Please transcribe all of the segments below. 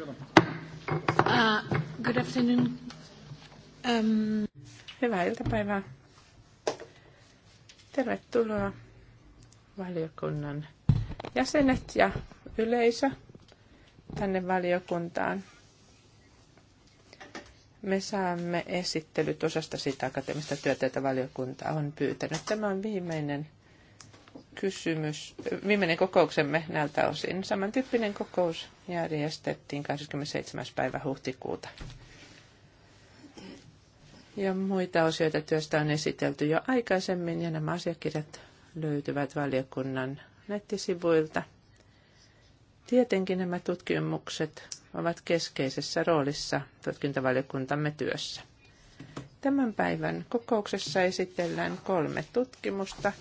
Uh, good afternoon. Um, Hyvää iltapäivää. Tervetuloa valiokunnan jäsenet ja yleisö tänne valiokuntaan. Me saamme esittelyt osasta sitä akateemista työtä, jota valiokunta on pyytänyt. Tämä on viimeinen kysymys, viimeinen kokouksemme näiltä osin. Samantyyppinen kokous järjestettiin 27. päivä huhtikuuta. Ja muita osioita työstä on esitelty jo aikaisemmin ja nämä asiakirjat löytyvät valiokunnan nettisivuilta. Tietenkin nämä tutkimukset ovat keskeisessä roolissa tutkintavaliokuntamme työssä. Tämän päivän kokouksessa esitellään kolme tutkimusta –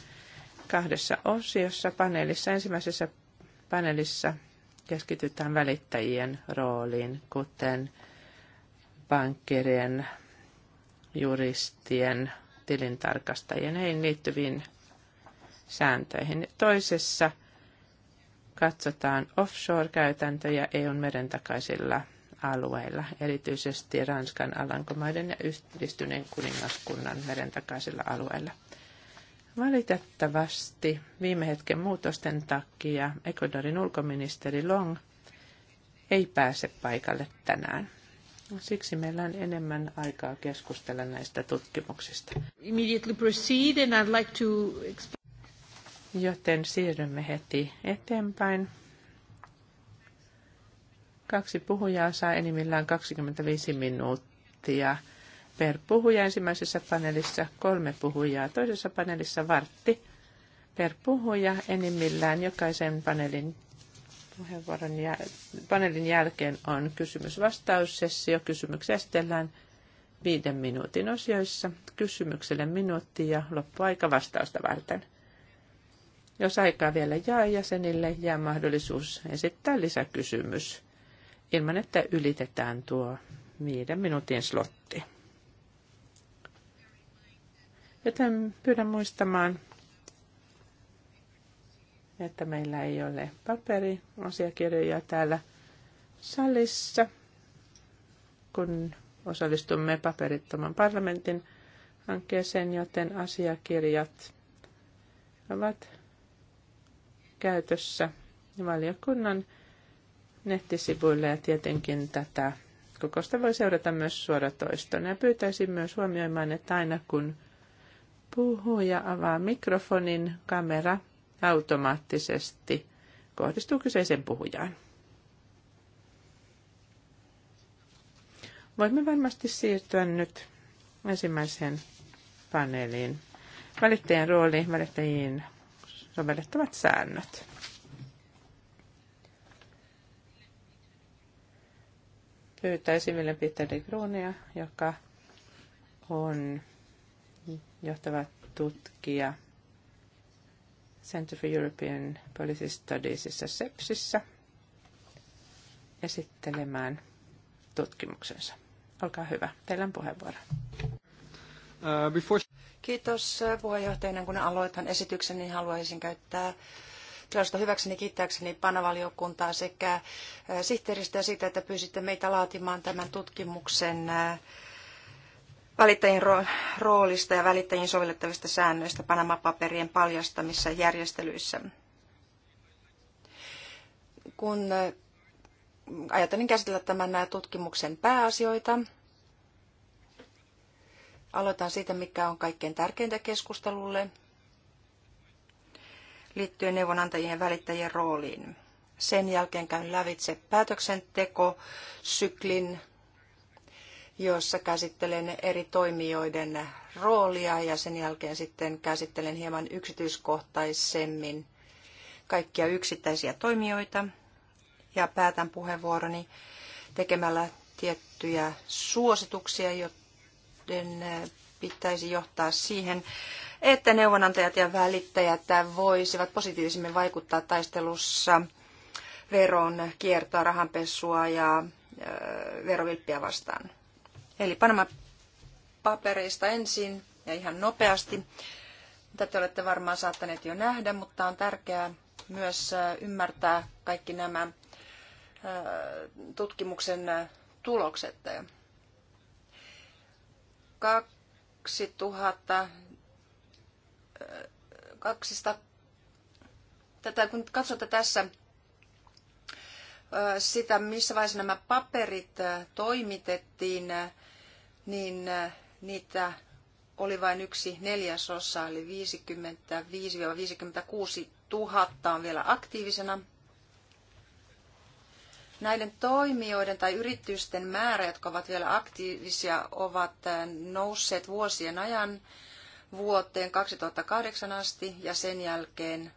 kahdessa osiossa paneelissa. Ensimmäisessä paneelissa keskitytään välittäjien rooliin, kuten pankkirien, juristien, tilintarkastajien, heihin liittyviin sääntöihin. Toisessa katsotaan offshore-käytäntöjä EUn merentakaisilla alueilla, erityisesti Ranskan, Alankomaiden ja Yhdistyneen kuningaskunnan merentakaisilla alueilla. Valitettavasti viime hetken muutosten takia Ecuadorin ulkoministeri Long ei pääse paikalle tänään. Siksi meillä on enemmän aikaa keskustella näistä tutkimuksista. proceed and I'd like to Joten siirrymme heti eteenpäin. Kaksi puhujaa saa enimmillään 25 minuuttia per puhuja ensimmäisessä paneelissa, kolme puhujaa toisessa paneelissa, vartti per puhuja enimmillään jokaisen paneelin puheenvuoron paneelin jälkeen on kysymys-vastaussessio. Kysymyksiä estellään viiden minuutin osioissa. Kysymykselle minuutti ja loppuaika vastausta varten. Jos aikaa vielä jää jäsenille, jää mahdollisuus esittää lisäkysymys ilman, että ylitetään tuo viiden minuutin slotti. Joten pyydän muistamaan, että meillä ei ole paperiasiakirjoja täällä salissa, kun osallistumme paperittoman parlamentin hankkeeseen, joten asiakirjat ovat käytössä valiokunnan nettisivuille ja tietenkin tätä kokousta voi seurata myös suoratoistona. Ja pyytäisin myös huomioimaan, että aina kun Puhuja avaa mikrofonin, kamera automaattisesti kohdistuu kyseisen puhujaan. Voimme varmasti siirtyä nyt ensimmäiseen paneeliin. Välittäjän rooli, välittäjiin sovellettavat säännöt. Pyytäisin Ville Peter de joka on johtava tutkija Center for European Policy Studiesissa Sepsissä esittelemään tutkimuksensa. Olkaa hyvä, teillä on puheenvuoro. Uh, before... Kiitos uh, puheenjohtajana. Kun aloitan esityksen, niin haluaisin käyttää tilaisuutta hyväkseni kiittääkseni panavaliokuntaa sekä uh, sihteeristä siitä, että pyysitte meitä laatimaan tämän tutkimuksen uh, välittäjien roolista ja välittäjien sovellettavista säännöistä Panama-paperien paljastamissa järjestelyissä. Kun ajattelin käsitellä tämän tutkimuksen pääasioita, aloitan siitä, mikä on kaikkein tärkeintä keskustelulle liittyen neuvonantajien ja välittäjien rooliin. Sen jälkeen käyn lävitse päätöksenteko, syklin, jossa käsittelen eri toimijoiden roolia ja sen jälkeen sitten käsittelen hieman yksityiskohtaisemmin kaikkia yksittäisiä toimijoita ja päätän puheenvuoroni tekemällä tiettyjä suosituksia, joiden eh, pitäisi johtaa siihen, että neuvonantajat ja välittäjät voisivat positiivisemmin vaikuttaa taistelussa veron kiertoa, rahanpesua ja eh, verovilppiä vastaan. Eli Panama-papereista ensin ja ihan nopeasti, mitä te olette varmaan saattaneet jo nähdä, mutta on tärkeää myös ymmärtää kaikki nämä tutkimuksen tulokset. 2000, 200, tätä, kun katsotte tässä sitä, missä vaiheessa nämä paperit toimitettiin, niin äh, niitä oli vain yksi neljäsosa, eli 55-56 000 on vielä aktiivisena. Näiden toimijoiden tai yritysten määrä, jotka ovat vielä aktiivisia, ovat äh, nousseet vuosien ajan vuoteen 2008 asti ja sen jälkeen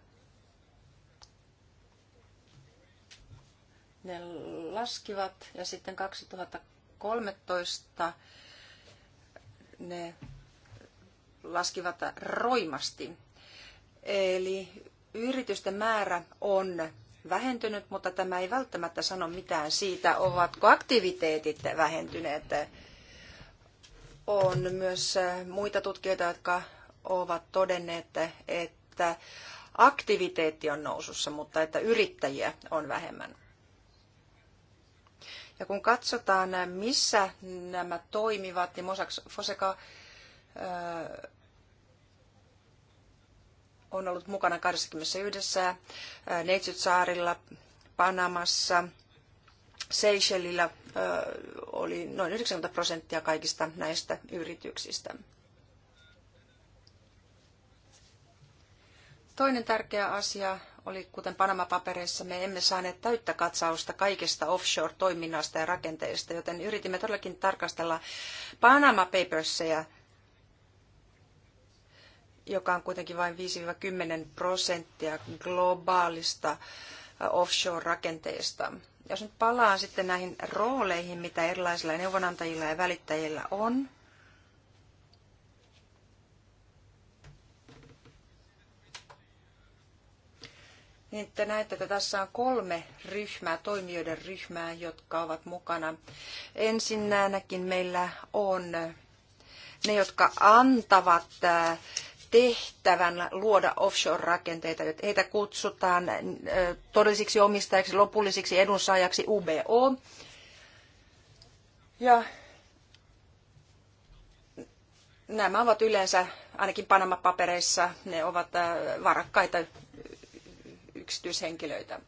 ne laskivat ja sitten 2013 ne laskivat roimasti. Eli yritysten määrä on vähentynyt, mutta tämä ei välttämättä sano mitään siitä, ovatko aktiviteetit vähentyneet. On myös muita tutkijoita, jotka ovat todenneet, että aktiviteetti on nousussa, mutta että yrittäjiä on vähemmän. Ja kun katsotaan, missä nämä toimivat, niin Mosaks Foseka on ollut mukana 21 Neitsytsaarilla, Panamassa, Seychellillä oli noin 90 prosenttia kaikista näistä yrityksistä. Toinen tärkeä asia oli kuten Panama-papereissa, me emme saaneet täyttä katsausta kaikesta offshore-toiminnasta ja rakenteista, joten yritimme todellakin tarkastella Panama Papersia, joka on kuitenkin vain 5-10 prosenttia globaalista offshore-rakenteesta. Jos nyt palaan sitten näihin rooleihin, mitä erilaisilla neuvonantajilla ja välittäjillä on, niin te näette, että tässä on kolme ryhmää, toimijoiden ryhmää, jotka ovat mukana. Ensinnäkin meillä on ne, jotka antavat äh, tehtävän luoda offshore-rakenteita. Heitä kutsutaan äh, todellisiksi omistajiksi, lopullisiksi edunsaajaksi UBO. Ja nämä ovat yleensä, ainakin Panama-papereissa, ne ovat äh, varakkaita yksityishenkilöitä.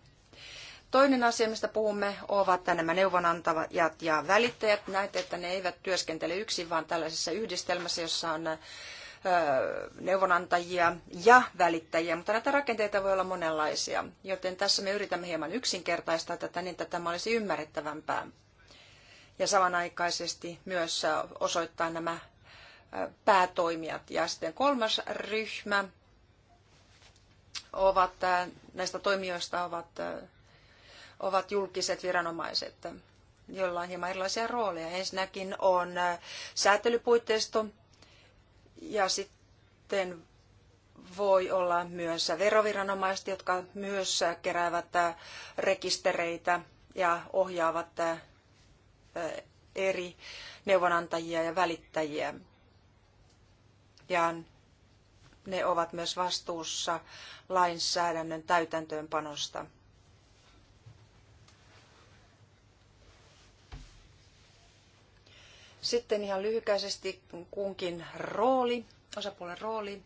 Toinen asia, mistä puhumme, ovat nämä neuvonantajat ja välittäjät. Näette, että ne eivät työskentele yksin, vaan tällaisessa yhdistelmässä, jossa on neuvonantajia ja välittäjiä, mutta näitä rakenteita voi olla monenlaisia, joten tässä me yritämme hieman yksinkertaistaa tätä niin, että tämä olisi ymmärrettävämpää. Ja samanaikaisesti myös osoittaa nämä päätoimijat. Ja sitten kolmas ryhmä ovat, näistä toimijoista ovat, ovat julkiset viranomaiset, joilla on hieman erilaisia rooleja. Ensinnäkin on säätelypuitteisto ja sitten voi olla myös veroviranomaiset, jotka myös keräävät rekistereitä ja ohjaavat eri neuvonantajia ja välittäjiä. Ja ne ovat myös vastuussa lainsäädännön täytäntöönpanosta. Sitten ihan lyhykäisesti kunkin rooli, osapuolen rooli.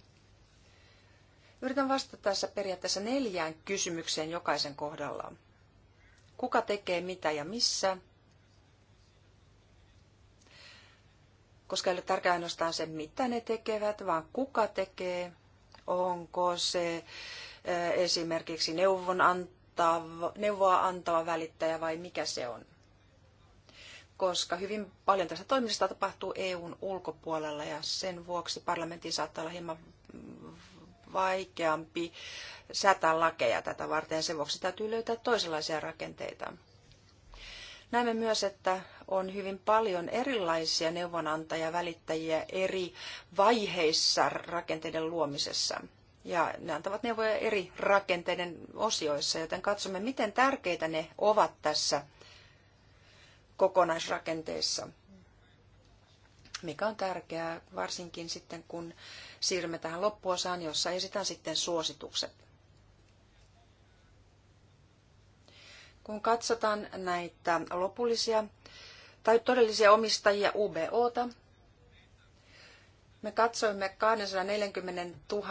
Yritän vastata tässä periaatteessa neljään kysymykseen jokaisen kohdalla. Kuka tekee mitä ja missä? koska ei ole tärkeää ainoastaan se, mitä ne tekevät, vaan kuka tekee, onko se eh, esimerkiksi neuvon antava, neuvoa antava välittäjä vai mikä se on. Koska hyvin paljon tästä toiminnasta tapahtuu EUn ulkopuolella ja sen vuoksi parlamentin saattaa olla hieman vaikeampi säätää lakeja tätä varten. Sen vuoksi täytyy löytää toisenlaisia rakenteita. Näemme myös, että on hyvin paljon erilaisia neuvonantajia, välittäjiä eri vaiheissa rakenteiden luomisessa. Ja ne antavat neuvoja eri rakenteiden osioissa, joten katsomme, miten tärkeitä ne ovat tässä kokonaisrakenteessa, mikä on tärkeää varsinkin sitten, kun siirrymme tähän loppuosaan, jossa esitän sitten suositukset. Kun katsotaan näitä lopullisia tai todellisia omistajia UBOta, me katsoimme 240 000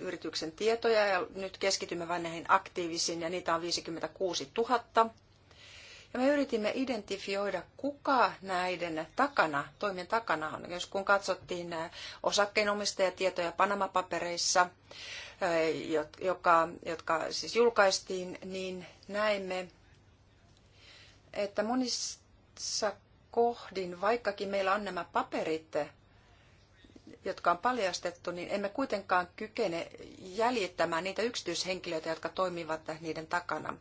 yrityksen tietoja ja nyt keskitymme vain näihin aktiivisiin ja niitä on 56 000. Ja me yritimme identifioida, kuka näiden takana, toimien takana on. Jos kun katsottiin äh, osakkeenomistajatietoja Panama-papereissa, äh, jotka jotka siis julkaistiin, niin näemme, että monissa kohdin, vaikkakin meillä on nämä paperit, jotka on paljastettu, niin emme kuitenkaan kykene jäljittämään niitä yksityishenkilöitä, jotka toimivat niiden takana.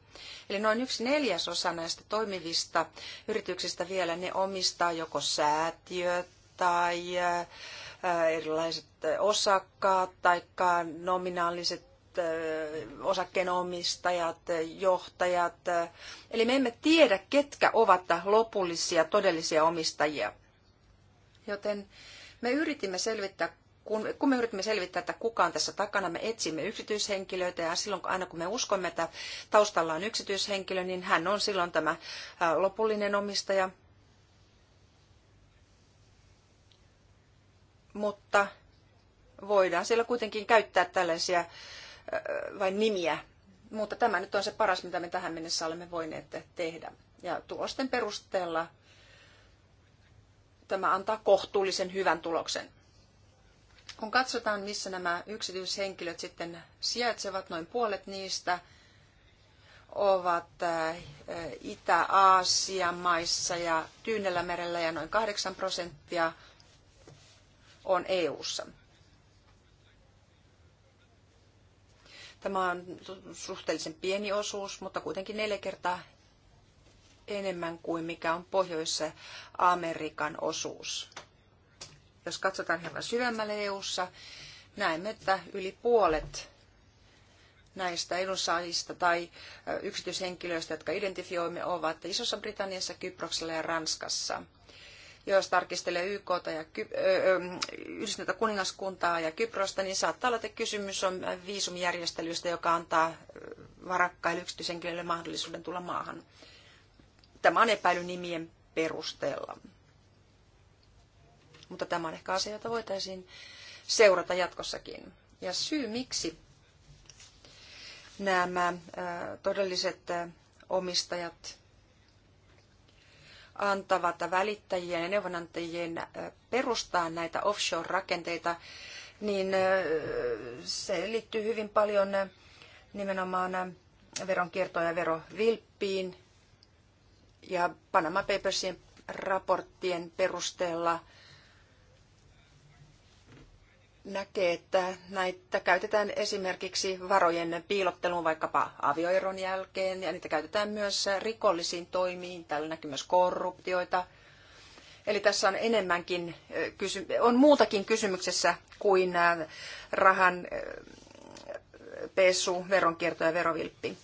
Eli noin yksi neljäsosa näistä toimivista yrityksistä vielä ne omistaa joko säätiö tai äh, erilaiset osakkaat tai nominaaliset äh, osakkeenomistajat, johtajat. Eli me emme tiedä, ketkä ovat lopullisia todellisia omistajia. Joten me yritimme selvittää kun, kun me yritimme selvittää, että kuka on tässä takana, me etsimme yksityishenkilöitä ja silloin aina kun me uskomme, että taustalla on yksityishenkilö, niin hän on silloin tämä lopullinen omistaja. Mutta voidaan siellä kuitenkin käyttää tällaisia vain nimiä, mutta tämä nyt on se paras, mitä me tähän mennessä olemme voineet tehdä. Ja tulosten perusteella tämä antaa kohtuullisen hyvän tuloksen. Kun katsotaan, missä nämä yksityishenkilöt sitten sijaitsevat, noin puolet niistä ovat eh, Itä-Aasian maissa ja Tyynellämerellä ja noin 8 prosenttia on EU:ssa. Tämä on suhteellisen pieni osuus, mutta kuitenkin neljä kertaa enemmän kuin mikä on pohjoisessa Amerikan osuus. Jos katsotaan hieman syvemmälle EU:ssa, näemme, että yli puolet näistä edunsaajista tai yksityishenkilöistä, jotka identifioimme, ovat Isossa Britanniassa, Kyproksella ja Ranskassa. Jos tarkistelee YK ja Ky- yhdistynyttä kuningaskuntaa ja Kyprosta, niin saattaa olla, että kysymys on viisumijärjestelystä, joka antaa varakkaille yksityishenkilöille mahdollisuuden tulla maahan. Tämä on epäily nimien perusteella. Mutta tämä on ehkä asia, jota voitaisiin seurata jatkossakin. Ja syy miksi nämä äh, todelliset äh, omistajat antavat välittäjien ja neuvonantajien äh, perustaa näitä offshore-rakenteita, niin se liittyy hyvin paljon nimenomaan veronkiertoon ja verovilppiin ja Panama Papersien raporttien perusteella näkee, että näitä käytetään esimerkiksi varojen piilotteluun vaikkapa avioeron jälkeen, ja niitä käytetään myös rikollisiin toimiin. Täällä näkyy myös korruptioita. Eli tässä on enemmänkin, on muutakin kysymyksessä kuin rahan pesu, veronkierto ja verovilppi.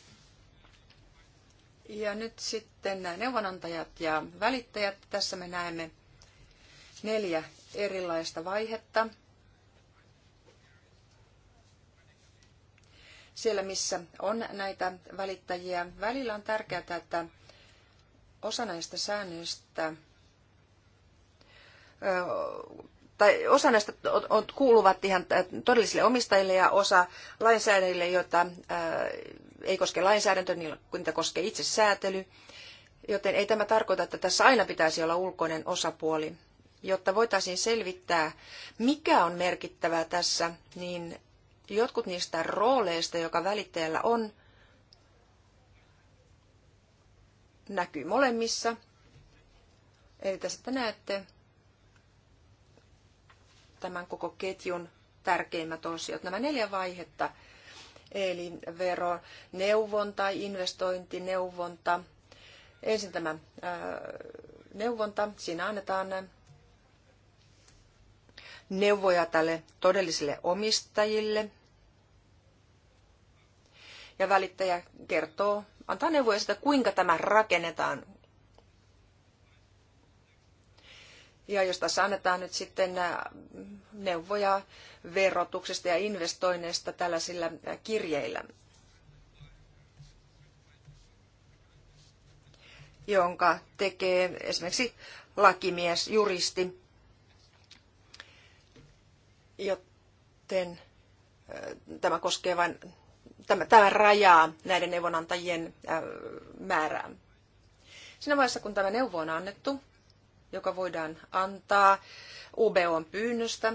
Ja nyt sitten nämä neuvonantajat ja välittäjät. Tässä me näemme neljä erilaista vaihetta. Siellä, missä on näitä välittäjiä, välillä on tärkeää, että osa näistä säännöistä tai osa näistä kuuluvat ihan todellisille omistajille ja osa lainsäädäjille, joita ei koske lainsäädäntö, niin niitä koskee itse säätely. Joten ei tämä tarkoita, että tässä aina pitäisi olla ulkoinen osapuoli. Jotta voitaisiin selvittää, mikä on merkittävää tässä, niin jotkut niistä rooleista, joka välittäjällä on, näkyy molemmissa. Eli tässä te näette tämän koko ketjun tärkeimmät osiot, nämä neljä vaihetta – eli veroneuvonta, investointineuvonta. Ensin tämä neuvonta, siinä annetaan neuvoja tälle todellisille omistajille. Ja välittäjä kertoo, antaa neuvoja sitä, kuinka tämä rakennetaan. Ja jos tässä annetaan nyt sitten neuvoja verotuksesta ja investoinneista tällaisilla kirjeillä, jonka tekee esimerkiksi lakimies, juristi, joten tämä koskee vain, tämä, tämä rajaa näiden neuvonantajien määrää. Siinä vaiheessa, kun tämä neuvo on annettu, joka voidaan antaa UBOn pyynnöstä,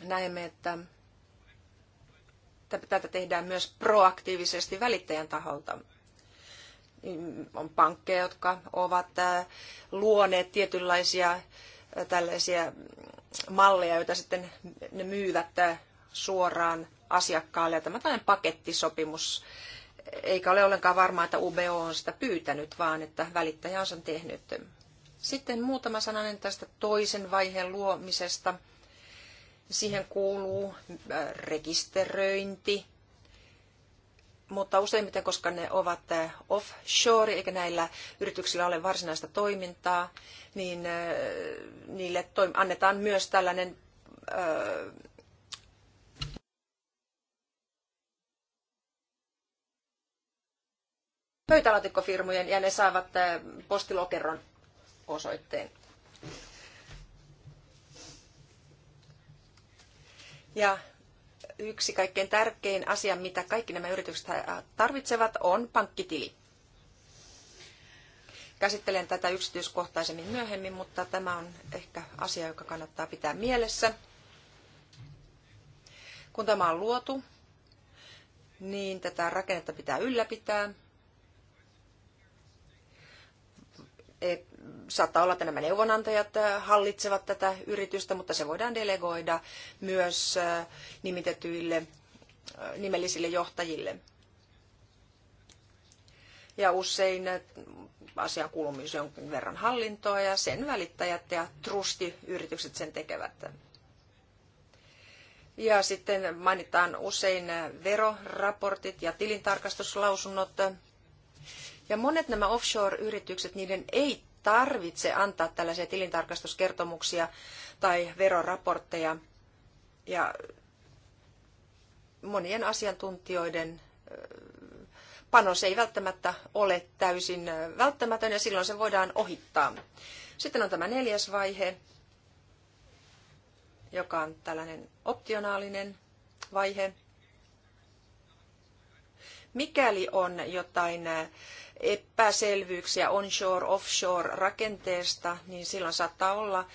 näemme, että tätä tehdään myös proaktiivisesti välittäjän taholta. On pankkeja, jotka ovat äh, luoneet tietynlaisia äh, tällaisia malleja, joita sitten ne myyvät äh, suoraan asiakkaalle. Ja tämä tällainen pakettisopimus, eikä ole ollenkaan varmaa, että UBO on sitä pyytänyt, vaan että välittäjä on sen tehnyt. Sitten muutama sananen tästä toisen vaiheen luomisesta – Siihen kuuluu äh, rekisteröinti, mutta useimmiten, koska ne ovat äh, offshore, eikä näillä yrityksillä ole varsinaista toimintaa, niin äh, niille annetaan myös tällainen pöytälaatikkofirmojen ja ne saavat postilokeron osoitteen. Ja yksi kaikkein tärkein asia, mitä kaikki nämä yritykset tarvitsevat, on pankkitili. Käsittelen tätä yksityiskohtaisemmin myöhemmin, mutta tämä on ehkä asia, joka kannattaa pitää mielessä. Kun tämä on luotu, niin tätä rakennetta pitää ylläpitää. E- saattaa olla, että nämä neuvonantajat äh, hallitsevat tätä yritystä, mutta se voidaan delegoida myös äh, nimitetyille äh, nimellisille johtajille. Ja usein asiaan kuuluu myös jonkin verran hallintoa ja sen välittäjät ja trustiyritykset sen tekevät. Ja sitten mainitaan usein veroraportit ja tilintarkastuslausunnot. Ja monet nämä offshore-yritykset, niiden ei tarvitse antaa tällaisia tilintarkastuskertomuksia tai veroraportteja. Ja monien asiantuntijoiden panos ei välttämättä ole täysin välttämätön ja silloin se voidaan ohittaa. Sitten on tämä neljäs vaihe, joka on tällainen optionaalinen vaihe. Mikäli on jotain epäselvyyksiä onshore, offshore rakenteesta, niin silloin saattaa olla,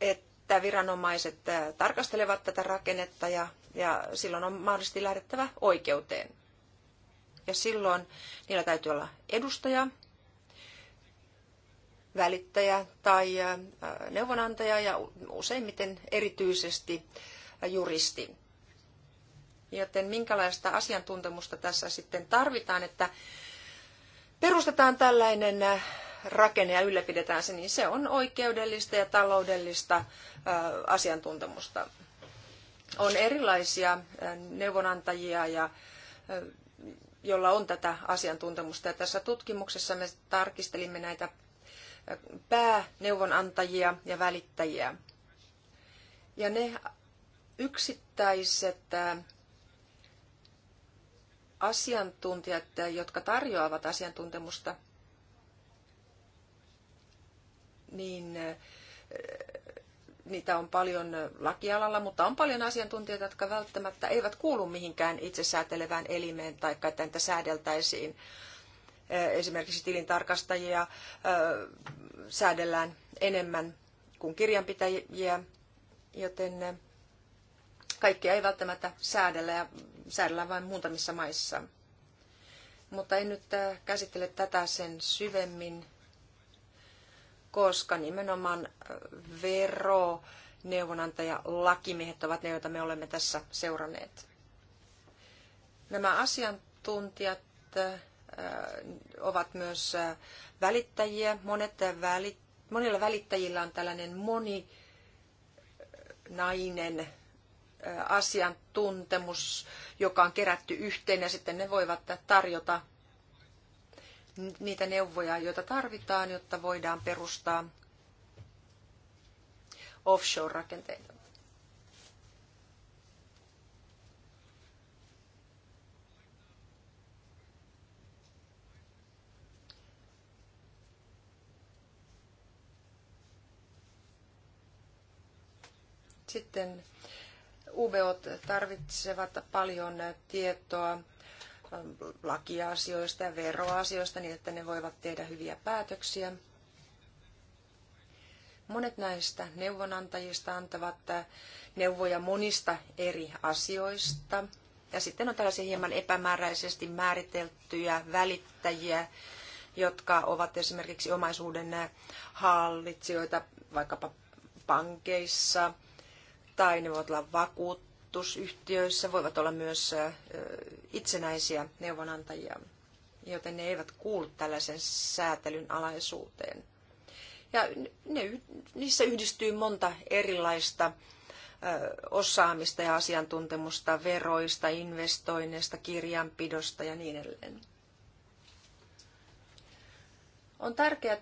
että viranomaiset tarkastelevat tätä rakennetta ja, ja silloin on mahdollisesti lähdettävä oikeuteen. Ja silloin niillä täytyy olla edustaja, välittäjä tai neuvonantaja ja useimmiten erityisesti juristi. Joten minkälaista asiantuntemusta tässä sitten tarvitaan, että perustetaan tällainen äh, rakenne ja ylläpidetään se, niin se on oikeudellista ja taloudellista äh, asiantuntemusta. On erilaisia äh, neuvonantajia, ja, jolla on tätä asiantuntemusta. Ja tässä tutkimuksessa me tarkistelimme näitä pääneuvonantajia ja välittäjiä. Ja ne yksittäiset asiantuntijat, jotka tarjoavat asiantuntemusta, niin niitä on paljon lakialalla, mutta on paljon asiantuntijoita, jotka välttämättä eivät kuulu mihinkään itsesäätelevään elimeen tai että niitä säädeltäisiin. Esimerkiksi tilintarkastajia säädellään enemmän kuin kirjanpitäjiä, joten kaikkia ei välttämättä säädellä ja säädellään vain muutamissa maissa. Mutta en nyt äh, käsittele tätä sen syvemmin, koska nimenomaan äh, vero, neuvonantaja, lakimiehet ovat ne, joita me olemme tässä seuranneet. Nämä asiantuntijat äh, ovat myös välittäjiä. Monet välit, monilla välittäjillä on tällainen moninainen asiantuntemus, joka on kerätty yhteen ja sitten ne voivat tarjota niitä neuvoja, joita tarvitaan, jotta voidaan perustaa offshore-rakenteita. Sitten UBOt tarvitsevat paljon tietoa ähm, lakiasioista ja veroasioista niin, että ne voivat tehdä hyviä päätöksiä. Monet näistä neuvonantajista antavat äh, neuvoja monista eri asioista. Ja sitten on tällaisia hieman epämääräisesti määriteltyjä välittäjiä, jotka ovat esimerkiksi omaisuuden äh, hallitsijoita vaikkapa pankeissa tai ne voivat olla vakuutusyhtiöissä, voivat olla myös itsenäisiä neuvonantajia, joten ne eivät kuulu tällaisen säätelyn alaisuuteen. Ja ne, niissä yhdistyy monta erilaista osaamista ja asiantuntemusta veroista, investoinneista, kirjanpidosta ja niin edelleen. On tärkeää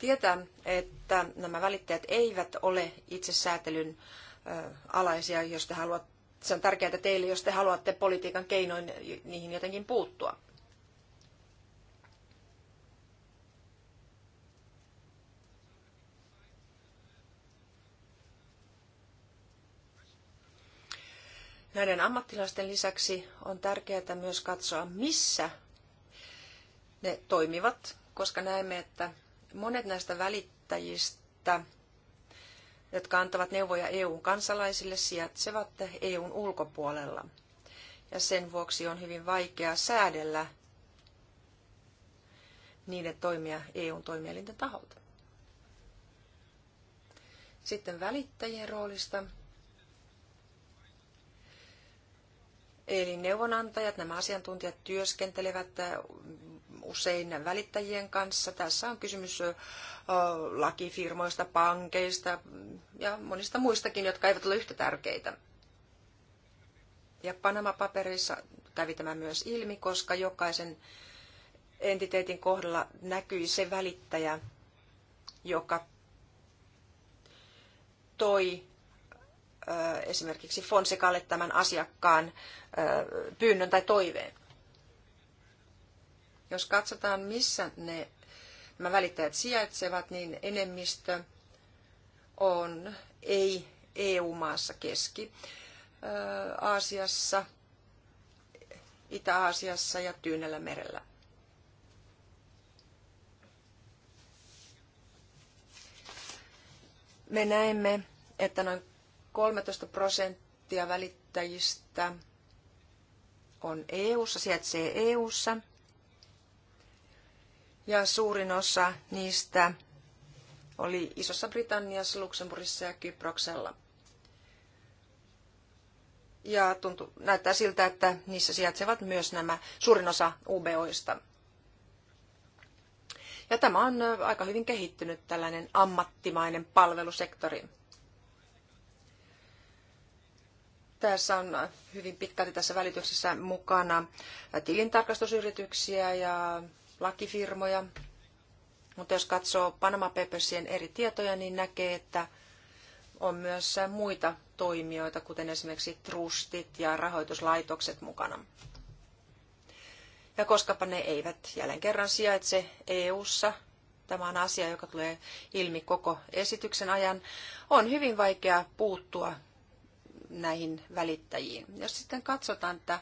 tietää, että nämä välittäjät eivät ole itsesäätelyn alaisia, jos te haluatte, se on tärkeää teille, jos te haluatte politiikan keinoin niihin jotenkin puuttua. Näiden ammattilaisten lisäksi on tärkeää myös katsoa, missä ne toimivat, koska näemme, että Monet näistä välittäjistä, jotka antavat neuvoja EUn kansalaisille, sijaitsevat EUn ulkopuolella. Ja sen vuoksi on hyvin vaikea säädellä niiden toimia EUn toimielinten taholta. Sitten välittäjien roolista. Eli neuvonantajat, nämä asiantuntijat työskentelevät usein välittäjien kanssa. Tässä on kysymys lakifirmoista, pankeista ja monista muistakin, jotka eivät ole yhtä tärkeitä. Ja Panama-paperissa kävi tämä myös ilmi, koska jokaisen entiteetin kohdalla näkyi se välittäjä, joka toi esimerkiksi Fonsekalle tämän asiakkaan pyynnön tai toiveen. Jos katsotaan, missä ne, nämä välittäjät sijaitsevat, niin enemmistö on ei EU-maassa keski. Aasiassa, Itä-Aasiassa ja Tyynellä merellä. Me näemme, että noin 13 prosenttia välittäjistä on EU-ssa, sijaitsee EU-ssa – ja suurin osa niistä oli Isossa Britanniassa, Luxemburgissa ja Kyproksella. Ja tuntuu, näyttää siltä, että niissä sijaitsevat myös nämä suurin osa UBOista. Ja tämä on aika hyvin kehittynyt tällainen ammattimainen palvelusektori. Tässä on hyvin pitkälti tässä välityksessä mukana tilintarkastusyrityksiä ja lakifirmoja. Mutta jos katsoo Panama Papersien eri tietoja, niin näkee, että on myös muita toimijoita, kuten esimerkiksi trustit ja rahoituslaitokset mukana. Ja koskapa ne eivät jälleen kerran sijaitse EU:ssa, tämä on asia, joka tulee ilmi koko esityksen ajan, on hyvin vaikea puuttua näihin välittäjiin. Jos sitten katsotaan, että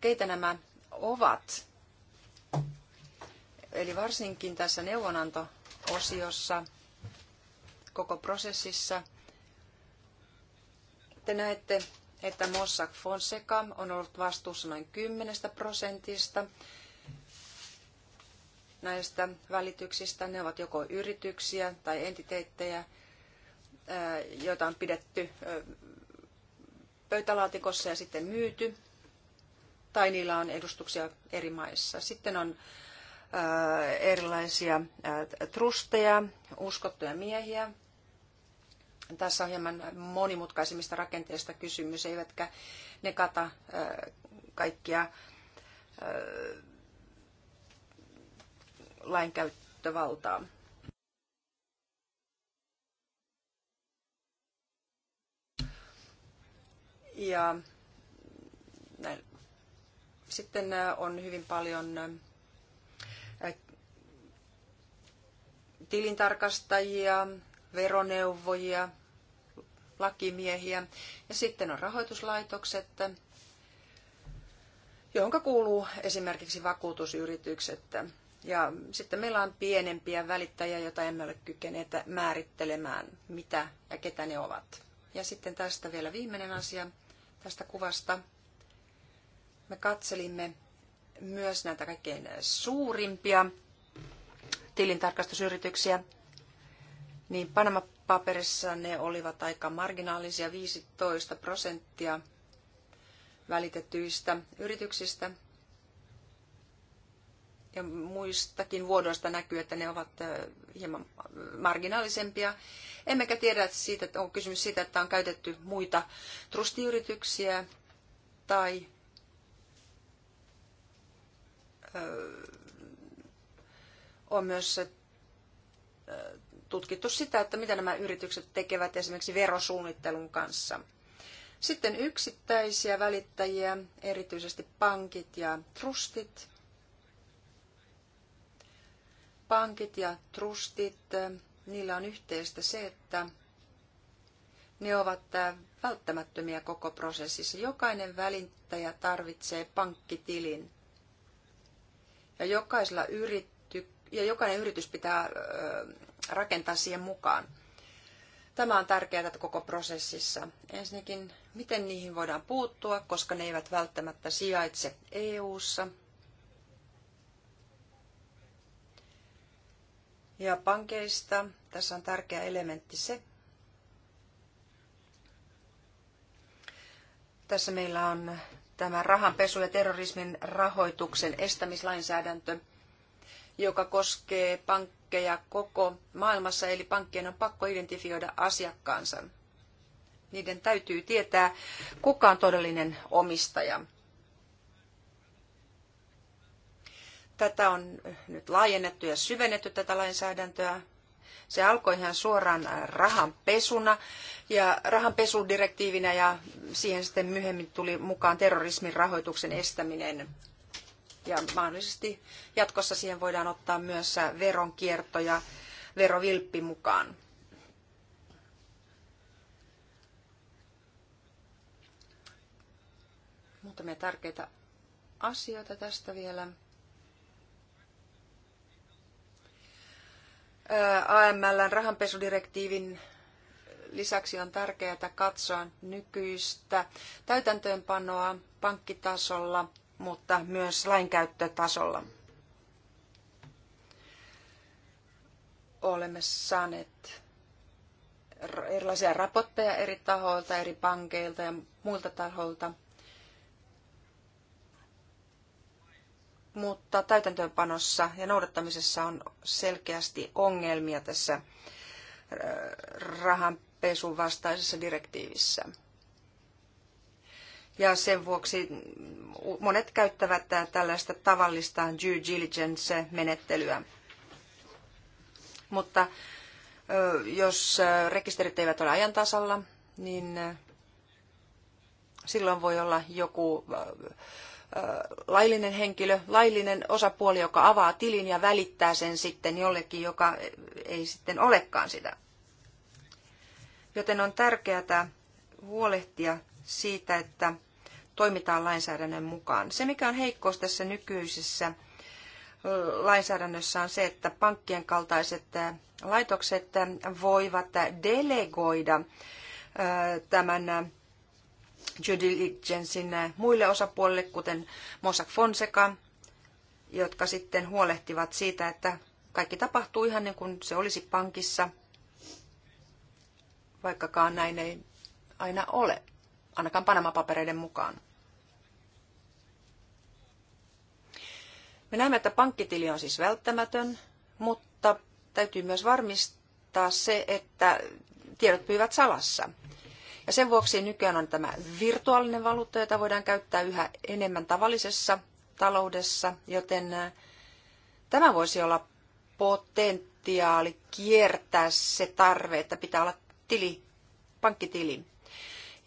keitä nämä ovat, Eli varsinkin tässä neuvonanto-osiossa, koko prosessissa, te näette, että Mossack Fonseca on ollut vastuussa noin 10 prosentista näistä välityksistä. Ne ovat joko yrityksiä tai entiteettejä, joita on pidetty pöytälaatikossa ja sitten myyty, tai niillä on edustuksia eri maissa. Sitten on Äh, erilaisia äh, trusteja, uskottuja miehiä. Tässä on hieman monimutkaisemmista rakenteista kysymys, eivätkä ne kata äh, kaikkia lainkäyttövaltaa. Ja Sitten on hyvin paljon tilintarkastajia, veroneuvojia, lakimiehiä ja sitten on rahoituslaitokset, johonka kuuluu esimerkiksi vakuutusyritykset. Ja sitten meillä on pienempiä välittäjiä, joita emme ole kykeneet määrittelemään, mitä ja ketä ne ovat. Ja sitten tästä vielä viimeinen asia tästä kuvasta. Me katselimme myös näitä kaikkein suurimpia tilintarkastusyrityksiä, niin Panama-paperissa ne olivat aika marginaalisia, 15 prosenttia välitetyistä yrityksistä. Ja muistakin vuodoista näkyy, että ne ovat hieman marginaalisempia. Emmekä tiedä siitä, että on kysymys siitä, että on käytetty muita trustiyrityksiä tai on myös tutkittu sitä, että mitä nämä yritykset tekevät esimerkiksi verosuunnittelun kanssa. Sitten yksittäisiä välittäjiä, erityisesti pankit ja trustit. Pankit ja trustit, niillä on yhteistä se, että ne ovat välttämättömiä koko prosessissa. Jokainen välittäjä tarvitsee pankkitilin. Ja jokaisella yrittäjällä ja jokainen yritys pitää rakentaa siihen mukaan. Tämä on tärkeää koko prosessissa. Ensinnäkin, miten niihin voidaan puuttua, koska ne eivät välttämättä sijaitse EU-ssa. Ja pankeista, tässä on tärkeä elementti se, Tässä meillä on tämä rahanpesu ja terrorismin rahoituksen estämislainsäädäntö joka koskee pankkeja koko maailmassa, eli pankkien on pakko identifioida asiakkaansa. Niiden täytyy tietää, kuka on todellinen omistaja. Tätä on nyt laajennettu ja syvennetty tätä lainsäädäntöä. Se alkoi ihan suoraan rahanpesuna ja rahanpesudirektiivinä ja siihen sitten myöhemmin tuli mukaan terrorismin rahoituksen estäminen ja mahdollisesti jatkossa siihen voidaan ottaa myös veronkierto ja verovilppi mukaan. Muutamia tärkeitä asioita tästä vielä. AMLn rahanpesudirektiivin lisäksi on tärkeää katsoa nykyistä täytäntöönpanoa pankkitasolla mutta myös lainkäyttötasolla. Olemme saaneet erilaisia raportteja eri tahoilta, eri pankeilta ja muilta tahoilta. Mutta täytäntöönpanossa ja noudattamisessa on selkeästi ongelmia tässä äh, rahanpesun vastaisessa direktiivissä ja sen vuoksi monet käyttävät tällaista tavallista due diligence-menettelyä. Mutta jos rekisterit eivät ole ajan tasalla, niin silloin voi olla joku laillinen henkilö, laillinen osapuoli, joka avaa tilin ja välittää sen sitten jollekin, joka ei sitten olekaan sitä. Joten on tärkeää huolehtia siitä, että toimitaan lainsäädännön mukaan. Se, mikä on heikkous tässä nykyisessä lainsäädännössä on se, että pankkien kaltaiset laitokset voivat delegoida tämän due diligencein muille osapuolille, kuten Mossack Fonseca, jotka sitten huolehtivat siitä, että kaikki tapahtuu ihan niin kuin se olisi pankissa, vaikkakaan näin ei aina ole, ainakaan Panama-papereiden mukaan. Me näemme, että pankkitili on siis välttämätön, mutta täytyy myös varmistaa se, että tiedot pysyvät salassa. Ja sen vuoksi nykyään on tämä virtuaalinen valuutta, jota voidaan käyttää yhä enemmän tavallisessa taloudessa, joten äh, tämä voisi olla potentiaali kiertää se tarve, että pitää olla tili, pankkitili.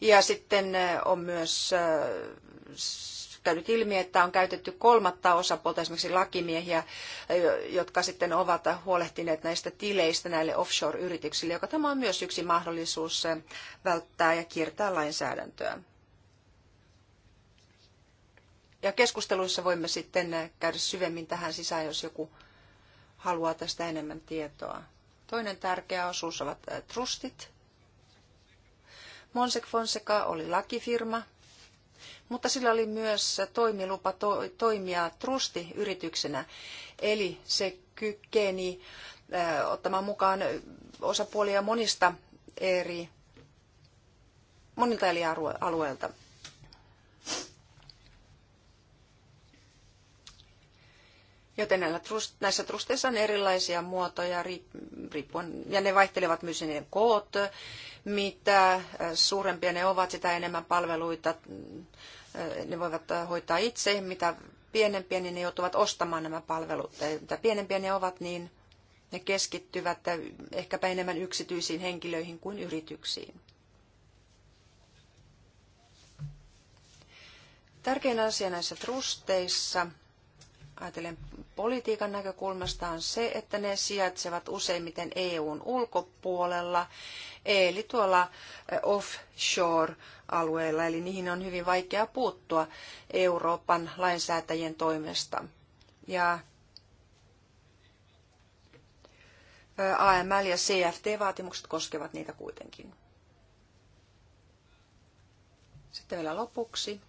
Ja sitten äh, on myös äh, käynyt ilmi, että on käytetty kolmatta osapuolta, esimerkiksi lakimiehiä, jotka sitten ovat huolehtineet näistä tileistä näille offshore-yrityksille, joka tämä on myös yksi mahdollisuus välttää ja kiertää lainsäädäntöä. Ja keskusteluissa voimme sitten käydä syvemmin tähän sisään, jos joku haluaa tästä enemmän tietoa. Toinen tärkeä osuus ovat trustit. Monsek Fonseca oli lakifirma, mutta sillä oli myös toimilupa to- toimia trustiyrityksenä, eli se kykeni äh, ottamaan mukaan osapuolia monista eri, monilta eri alueilta. Joten näillä trust, näissä trusteissa on erilaisia muotoja, riippuen, ja ne vaihtelevat myös niiden koot, mitä äh, suurempia ne ovat, sitä enemmän palveluita äh, ne voivat äh, hoitaa itse. Mitä pienempiä, niin ne joutuvat ostamaan nämä palvelut. Mitä pienempiä ne ovat, niin ne keskittyvät ehkäpä enemmän yksityisiin henkilöihin kuin yrityksiin. Tärkein asia näissä trusteissa – ajatellen politiikan näkökulmasta on se, että ne sijaitsevat useimmiten EUn ulkopuolella, eli tuolla offshore-alueilla, eli niihin on hyvin vaikea puuttua Euroopan lainsäätäjien toimesta. Ja AML ja CFT-vaatimukset koskevat niitä kuitenkin. Sitten vielä lopuksi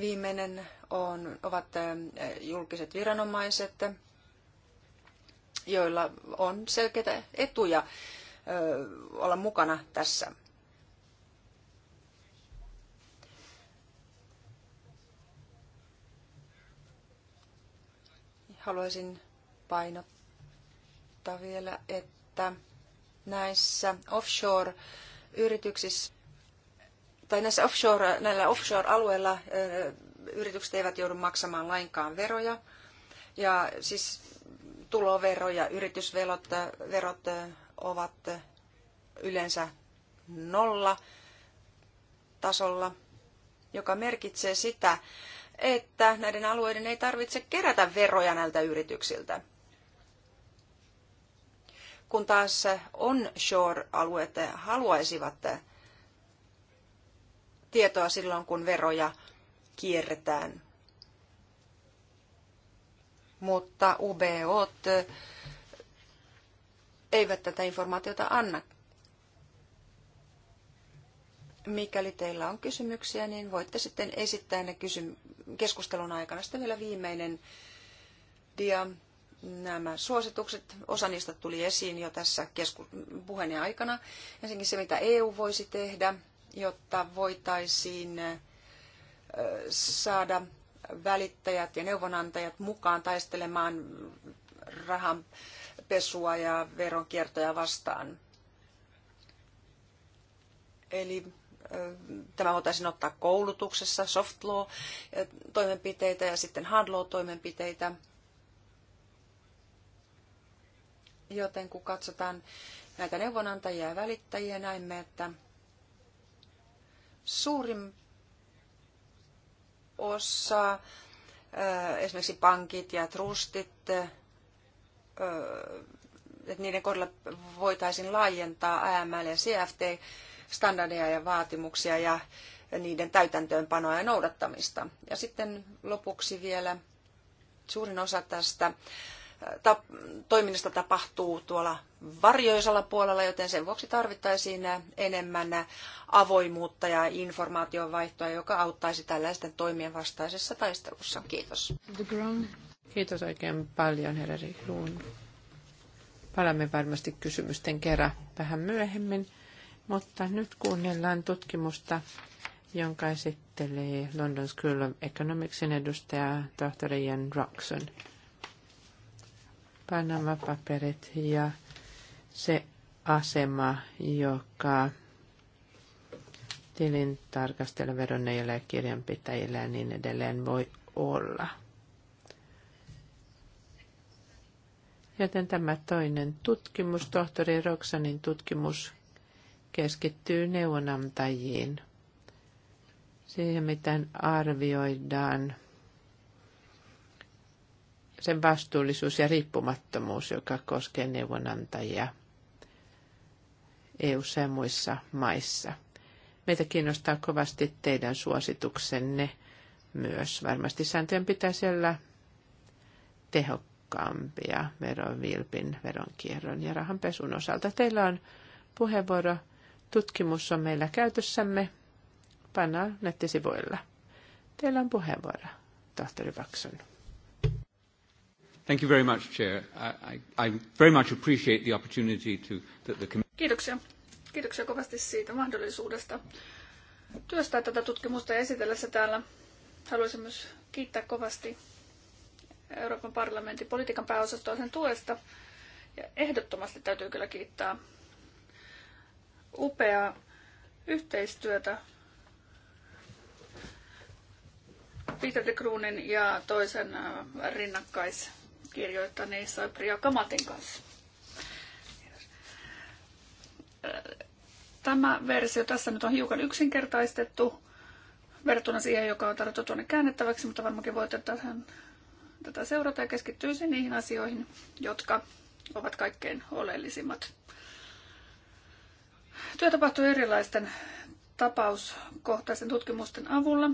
Viimeinen on, ovat julkiset viranomaiset, joilla on selkeitä etuja olla mukana tässä. Haluaisin painottaa vielä, että näissä offshore-yrityksissä tai näissä offshore, näillä offshore-alueilla eh, yritykset eivät joudu maksamaan lainkaan veroja. Ja siis tulovero ja yritysverot eh, verot eh, ovat yleensä nolla tasolla, joka merkitsee sitä, että näiden alueiden ei tarvitse kerätä veroja näiltä yrityksiltä. Kun taas onshore-alueet haluaisivat tietoa silloin, kun veroja kierretään. Mutta UBO eivät tätä informaatiota anna. Mikäli teillä on kysymyksiä, niin voitte sitten esittää ne kysym- keskustelun aikana. Sitten vielä viimeinen dia. Nämä suositukset, osa niistä tuli esiin jo tässä kesku- puheen aikana. Ensinnäkin se, mitä EU voisi tehdä, jotta voitaisiin saada välittäjät ja neuvonantajat mukaan taistelemaan rahanpesua ja veronkiertoja vastaan. Eli tämä voitaisiin ottaa koulutuksessa, soft law-toimenpiteitä ja sitten hard law-toimenpiteitä. Joten kun katsotaan näitä neuvonantajia ja välittäjiä, näemme, että Suurin osa, äh, esimerkiksi pankit ja trustit, äh, että niiden kohdalla voitaisiin laajentaa AML ja CFT-standardeja ja vaatimuksia ja niiden täytäntöönpanoa ja noudattamista. Ja sitten lopuksi vielä suurin osa tästä toiminnasta tapahtuu tuolla varjoisalla puolella, joten sen vuoksi tarvittaisiin enemmän avoimuutta ja informaation vaihtoa, joka auttaisi tällaisten toimien vastaisessa taistelussa. Kiitos. Kiitos oikein paljon, herra Luun. Palaamme varmasti kysymysten kerran vähän myöhemmin, mutta nyt kuunnellaan tutkimusta, jonka esittelee London School of Economicsin edustaja tohtori Jan Roxon. Panama-paperit ja se asema, joka tilin tarkastella ja kirjanpitäjille ja niin edelleen voi olla. Joten tämä toinen tutkimus, tohtori Roksanin tutkimus, keskittyy neuvonantajiin. Siihen, miten arvioidaan sen vastuullisuus ja riippumattomuus, joka koskee neuvonantajia eu ja muissa maissa. Meitä kiinnostaa kovasti teidän suosituksenne myös. Varmasti sääntöjen pitäisi olla tehokkaampia veronvilpin, veronkierron ja rahanpesun osalta. Teillä on puheenvuoro. Tutkimus on meillä käytössämme. Pannaan nettisivuilla. Teillä on puheenvuoro, tohtori Vakson. Thank you very much, Chair. I, I, I very much appreciate the opportunity to, that the Kiitoksia. Kiitoksia kovasti siitä mahdollisuudesta työstää tätä tutkimusta ja esitellä se täällä. Haluaisin myös kiittää kovasti Euroopan parlamentin politiikan pääosastoa sen tuesta. Ja ehdottomasti täytyy kyllä kiittää upeaa yhteistyötä Peter de Kroonin ja toisen äh, rinnakkaisen Kirjoittaneissa Priya Kamatin kanssa. Tämä versio tässä nyt on hiukan yksinkertaistettu verrattuna siihen, joka on tarjottu tuonne käännettäväksi, mutta varmaankin voitte tähän, tätä seurata ja keskittyisi niihin asioihin, jotka ovat kaikkein oleellisimmat. Työ tapahtuu erilaisten tapauskohtaisen tutkimusten avulla.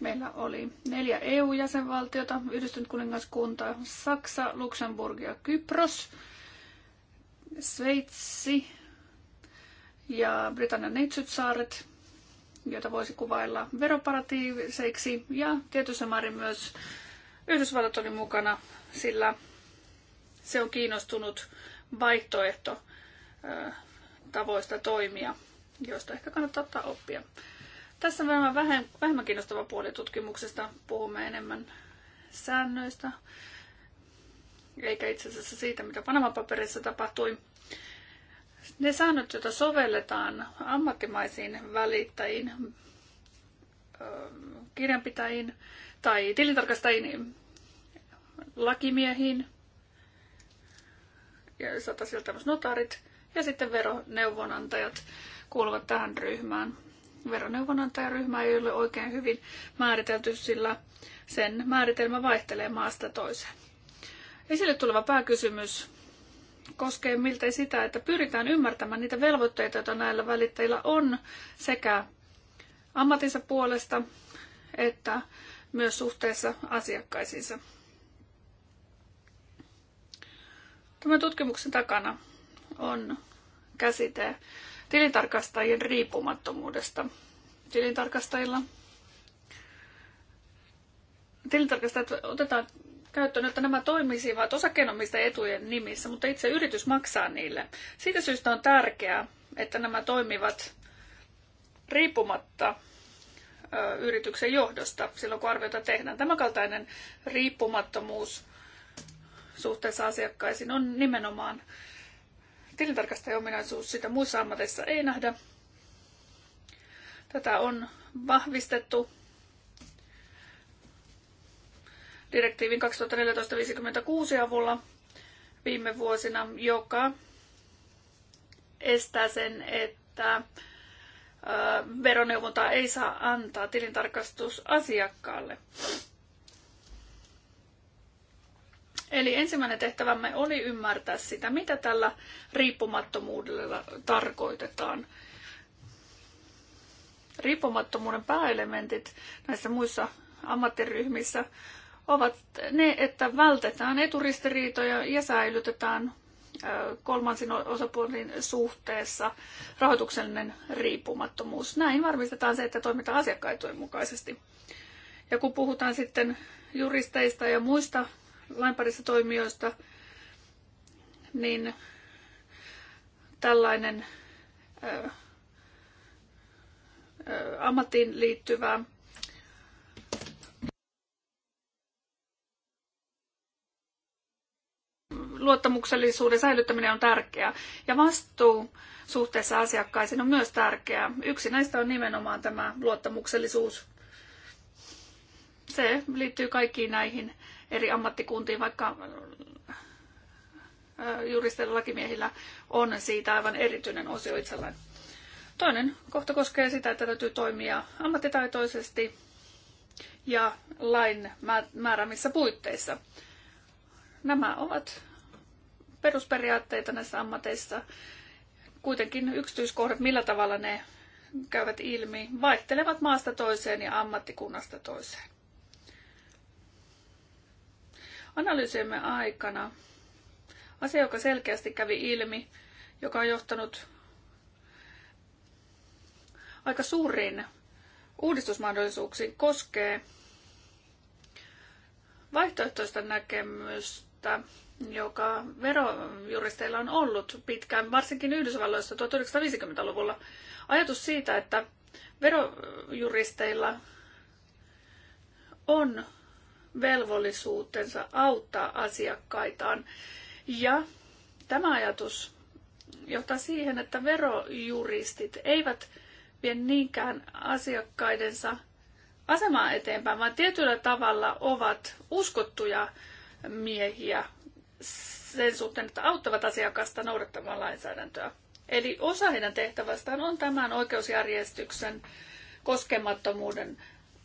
Meillä oli neljä EU-jäsenvaltiota, Yhdistynyt kuningaskunta, Saksa, Luxemburg ja Kypros, Sveitsi ja Britannian Neitsytsaaret, joita voisi kuvailla veroparatiiseiksi ja tietyssä määrin myös Yhdysvallat oli mukana, sillä se on kiinnostunut vaihtoehto tavoista toimia, joista ehkä kannattaa ottaa oppia. Tässä on varmaan vähän, vähemmän kiinnostava puoli tutkimuksesta. Puhumme enemmän säännöistä, eikä itse asiassa siitä, mitä Panama-paperissa tapahtui. Ne säännöt, joita sovelletaan ammattimaisiin välittäjiin, kirjanpitäjiin tai tilintarkastajiin, lakimiehiin, ja saataisiin myös notaarit, ja sitten veroneuvonantajat kuuluvat tähän ryhmään. Veroneuvonantajaryhmä ei ole oikein hyvin määritelty, sillä sen määritelmä vaihtelee maasta toiseen. Esille tuleva pääkysymys koskee miltei sitä, että pyritään ymmärtämään niitä velvoitteita, joita näillä välittäjillä on sekä ammatinsa puolesta että myös suhteessa asiakkaisiinsa. Tämän tutkimuksen takana on käsite tilintarkastajien riippumattomuudesta. Tilintarkastajilla tilintarkastajat otetaan käyttöön, että nämä toimisivat osakkeenomista etujen nimissä, mutta itse yritys maksaa niille. Siitä syystä on tärkeää, että nämä toimivat riippumatta yrityksen johdosta silloin, kun arviota tehdään. Tämä kaltainen riippumattomuus suhteessa asiakkaisiin on nimenomaan tilintarkastajan ominaisuus, sitä muissa ammateissa ei nähdä. Tätä on vahvistettu direktiivin 2014-56 avulla viime vuosina, joka estää sen, että veroneuvontaa ei saa antaa tilintarkastusasiakkaalle. asiakkaalle Eli ensimmäinen tehtävämme oli ymmärtää sitä, mitä tällä riippumattomuudella tarkoitetaan. Riippumattomuuden pääelementit näissä muissa ammattiryhmissä ovat ne, että vältetään eturistiriitoja ja säilytetään kolmansin osapuolin suhteessa rahoituksellinen riippumattomuus. Näin varmistetaan se, että toimitaan asiakkaitojen mukaisesti. Ja kun puhutaan sitten juristeista ja muista lain parissa toimijoista, niin tällainen ö, ö, ammattiin liittyvä luottamuksellisuuden säilyttäminen on tärkeää ja vastuu suhteessa asiakkaisiin on myös tärkeää. Yksi näistä on nimenomaan tämä luottamuksellisuus. Se liittyy kaikkiin näihin eri ammattikuntiin, vaikka juristeilla lakimiehillä on siitä aivan erityinen osio itsellään. Toinen kohta koskee sitä, että täytyy toimia ammattitaitoisesti ja lain määräämissä puitteissa. Nämä ovat perusperiaatteita näissä ammateissa. Kuitenkin yksityiskohdat, millä tavalla ne käyvät ilmi, vaihtelevat maasta toiseen ja ammattikunnasta toiseen analyysimme aikana asia, joka selkeästi kävi ilmi, joka on johtanut aika suurin uudistusmahdollisuuksiin, koskee vaihtoehtoista näkemystä, joka verojuristeilla on ollut pitkään, varsinkin Yhdysvalloissa 1950-luvulla. Ajatus siitä, että verojuristeilla on velvollisuutensa auttaa asiakkaitaan. Ja tämä ajatus johtaa siihen, että verojuristit eivät vie niinkään asiakkaidensa asemaa eteenpäin, vaan tietyllä tavalla ovat uskottuja miehiä sen suhteen, että auttavat asiakasta noudattamaan lainsäädäntöä. Eli osa heidän tehtävästään on tämän oikeusjärjestyksen koskemattomuuden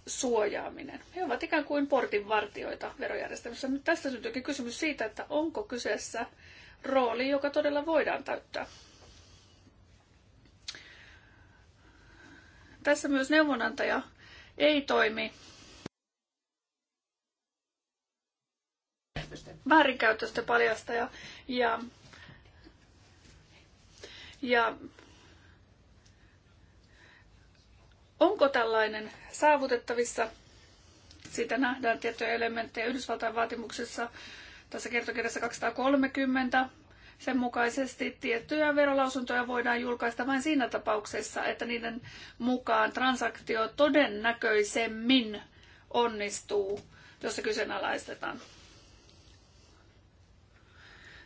suojaaminen. He ovat ikään kuin portinvartioita verojärjestelmässä. Nyt tästä syntyykin kysymys siitä, että onko kyseessä rooli, joka todella voidaan täyttää. Tässä myös neuvonantaja ei toimi väärinkäytösten paljastaja ja, ja Onko tällainen saavutettavissa? Siitä nähdään tiettyjä elementtejä Yhdysvaltain vaatimuksessa tässä kertokirjassa 230. Sen mukaisesti tiettyjä verolausuntoja voidaan julkaista vain siinä tapauksessa, että niiden mukaan transaktio todennäköisemmin onnistuu, jos se kyseenalaistetaan.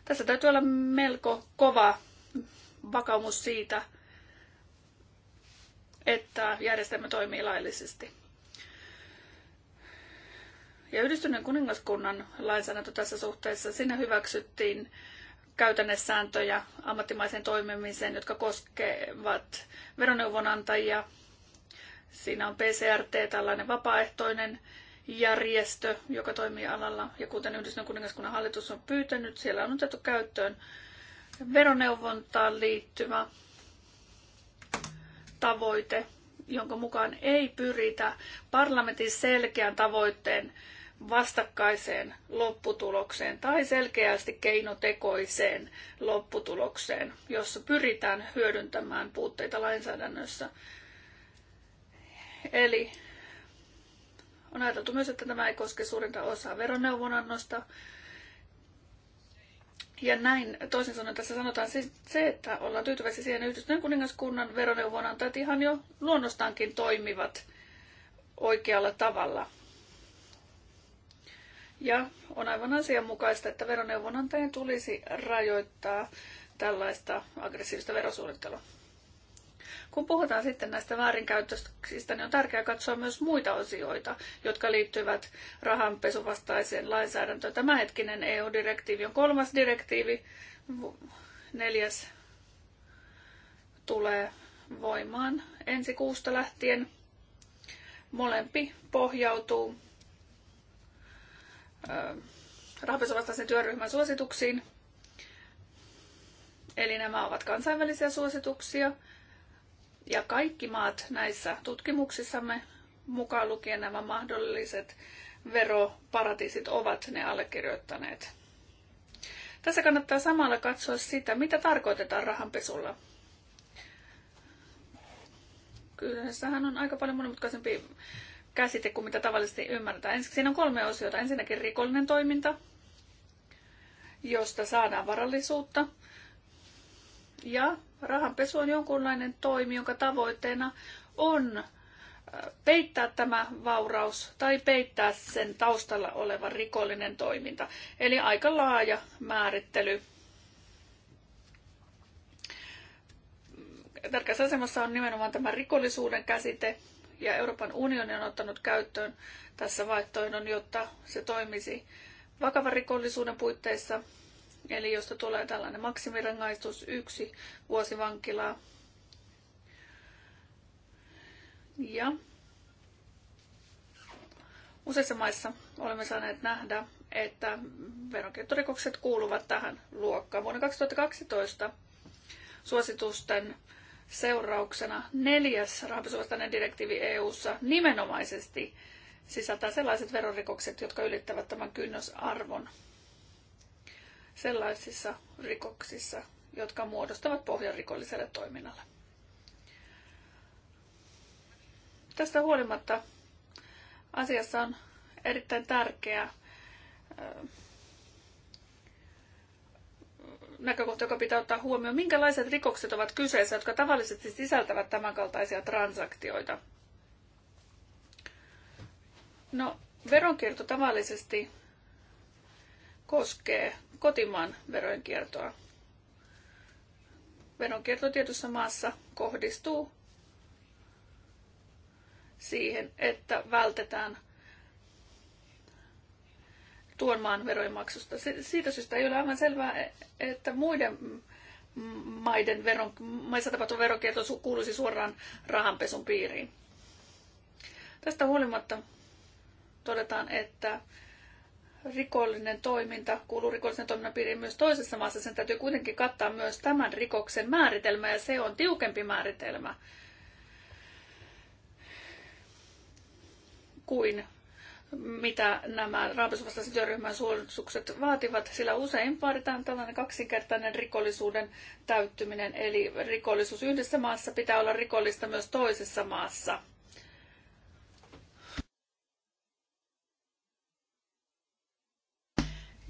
Tässä täytyy olla melko kova vakaumus siitä, että järjestelmä toimii laillisesti. Ja yhdistyneen kuningaskunnan lainsäädäntö tässä suhteessa, siinä hyväksyttiin käytännesääntöjä ammattimaiseen toimimiseen, jotka koskevat veroneuvonantajia. Siinä on PCRT, tällainen vapaaehtoinen järjestö, joka toimii alalla. Ja kuten Yhdistyneen kuningaskunnan hallitus on pyytänyt, siellä on otettu käyttöön veroneuvontaan liittyvä tavoite, jonka mukaan ei pyritä parlamentin selkeän tavoitteen vastakkaiseen lopputulokseen tai selkeästi keinotekoiseen lopputulokseen, jossa pyritään hyödyntämään puutteita lainsäädännössä. Eli on ajateltu myös, että tämä ei koske suurinta osaa veroneuvonannosta, ja näin, toisin sanoen tässä sanotaan siis se, että ollaan tyytyväisiä siihen, Yhdistyneen kuningaskunnan veroneuvonantajat ihan jo luonnostaankin toimivat oikealla tavalla. Ja on aivan asianmukaista, että veroneuvonantajien tulisi rajoittaa tällaista aggressiivista verosuunnittelua. Kun puhutaan sitten näistä väärinkäytöksistä, niin on tärkeää katsoa myös muita osioita, jotka liittyvät rahanpesuvastaiseen lainsäädäntöön. Tämänhetkinen EU-direktiivi on kolmas direktiivi, neljäs tulee voimaan ensi kuusta lähtien. Molempi pohjautuu rahanpesuvastaisen työryhmän suosituksiin. Eli nämä ovat kansainvälisiä suosituksia – ja kaikki maat näissä tutkimuksissamme, mukaan lukien nämä mahdolliset veroparatiisit, ovat ne allekirjoittaneet. Tässä kannattaa samalla katsoa sitä, mitä tarkoitetaan rahanpesulla. hän on aika paljon monimutkaisempi käsite kuin mitä tavallisesti ymmärretään. Ensiksi siinä on kolme osiota. Ensinnäkin rikollinen toiminta, josta saadaan varallisuutta. Ja Rahanpesu on jonkunlainen toimi, jonka tavoitteena on äh, peittää tämä vauraus tai peittää sen taustalla oleva rikollinen toiminta. Eli aika laaja määrittely. Tärkeässä asemassa on nimenomaan tämä rikollisuuden käsite, ja Euroopan unioni on ottanut käyttöön tässä vaihtoehdon, jotta se toimisi vakavan rikollisuuden puitteissa eli josta tulee tällainen maksimirangaistus yksi vuosi vankilaa. Ja useissa maissa olemme saaneet nähdä, että veronkiertorikokset kuuluvat tähän luokkaan. Vuonna 2012 suositusten seurauksena neljäs rahanpesuvastainen direktiivi EU:ssa nimenomaisesti sisältää sellaiset verorikokset, jotka ylittävät tämän kynnysarvon sellaisissa rikoksissa, jotka muodostavat pohjan rikolliselle toiminnalle. Tästä huolimatta asiassa on erittäin tärkeä näkökohta, joka pitää ottaa huomioon, minkälaiset rikokset ovat kyseessä, jotka tavallisesti sisältävät tämänkaltaisia transaktioita. No, veronkierto tavallisesti koskee kotimaan verojen kiertoa. Veronkierto tietyssä maassa kohdistuu siihen, että vältetään tuon maan verojen maksusta. Siitä syystä ei ole aivan selvää, että muiden maiden veron, maissa tapahtuva verokierto kuuluisi suoraan rahanpesun piiriin. Tästä huolimatta todetaan, että rikollinen toiminta kuuluu rikollisen toiminnan piiriin myös toisessa maassa, sen täytyy kuitenkin kattaa myös tämän rikoksen määritelmä ja se on tiukempi määritelmä kuin mitä nämä rahanpesuvastaisen työryhmän suositukset vaativat, sillä usein vaaditaan tällainen kaksinkertainen rikollisuuden täyttyminen, eli rikollisuus yhdessä maassa pitää olla rikollista myös toisessa maassa.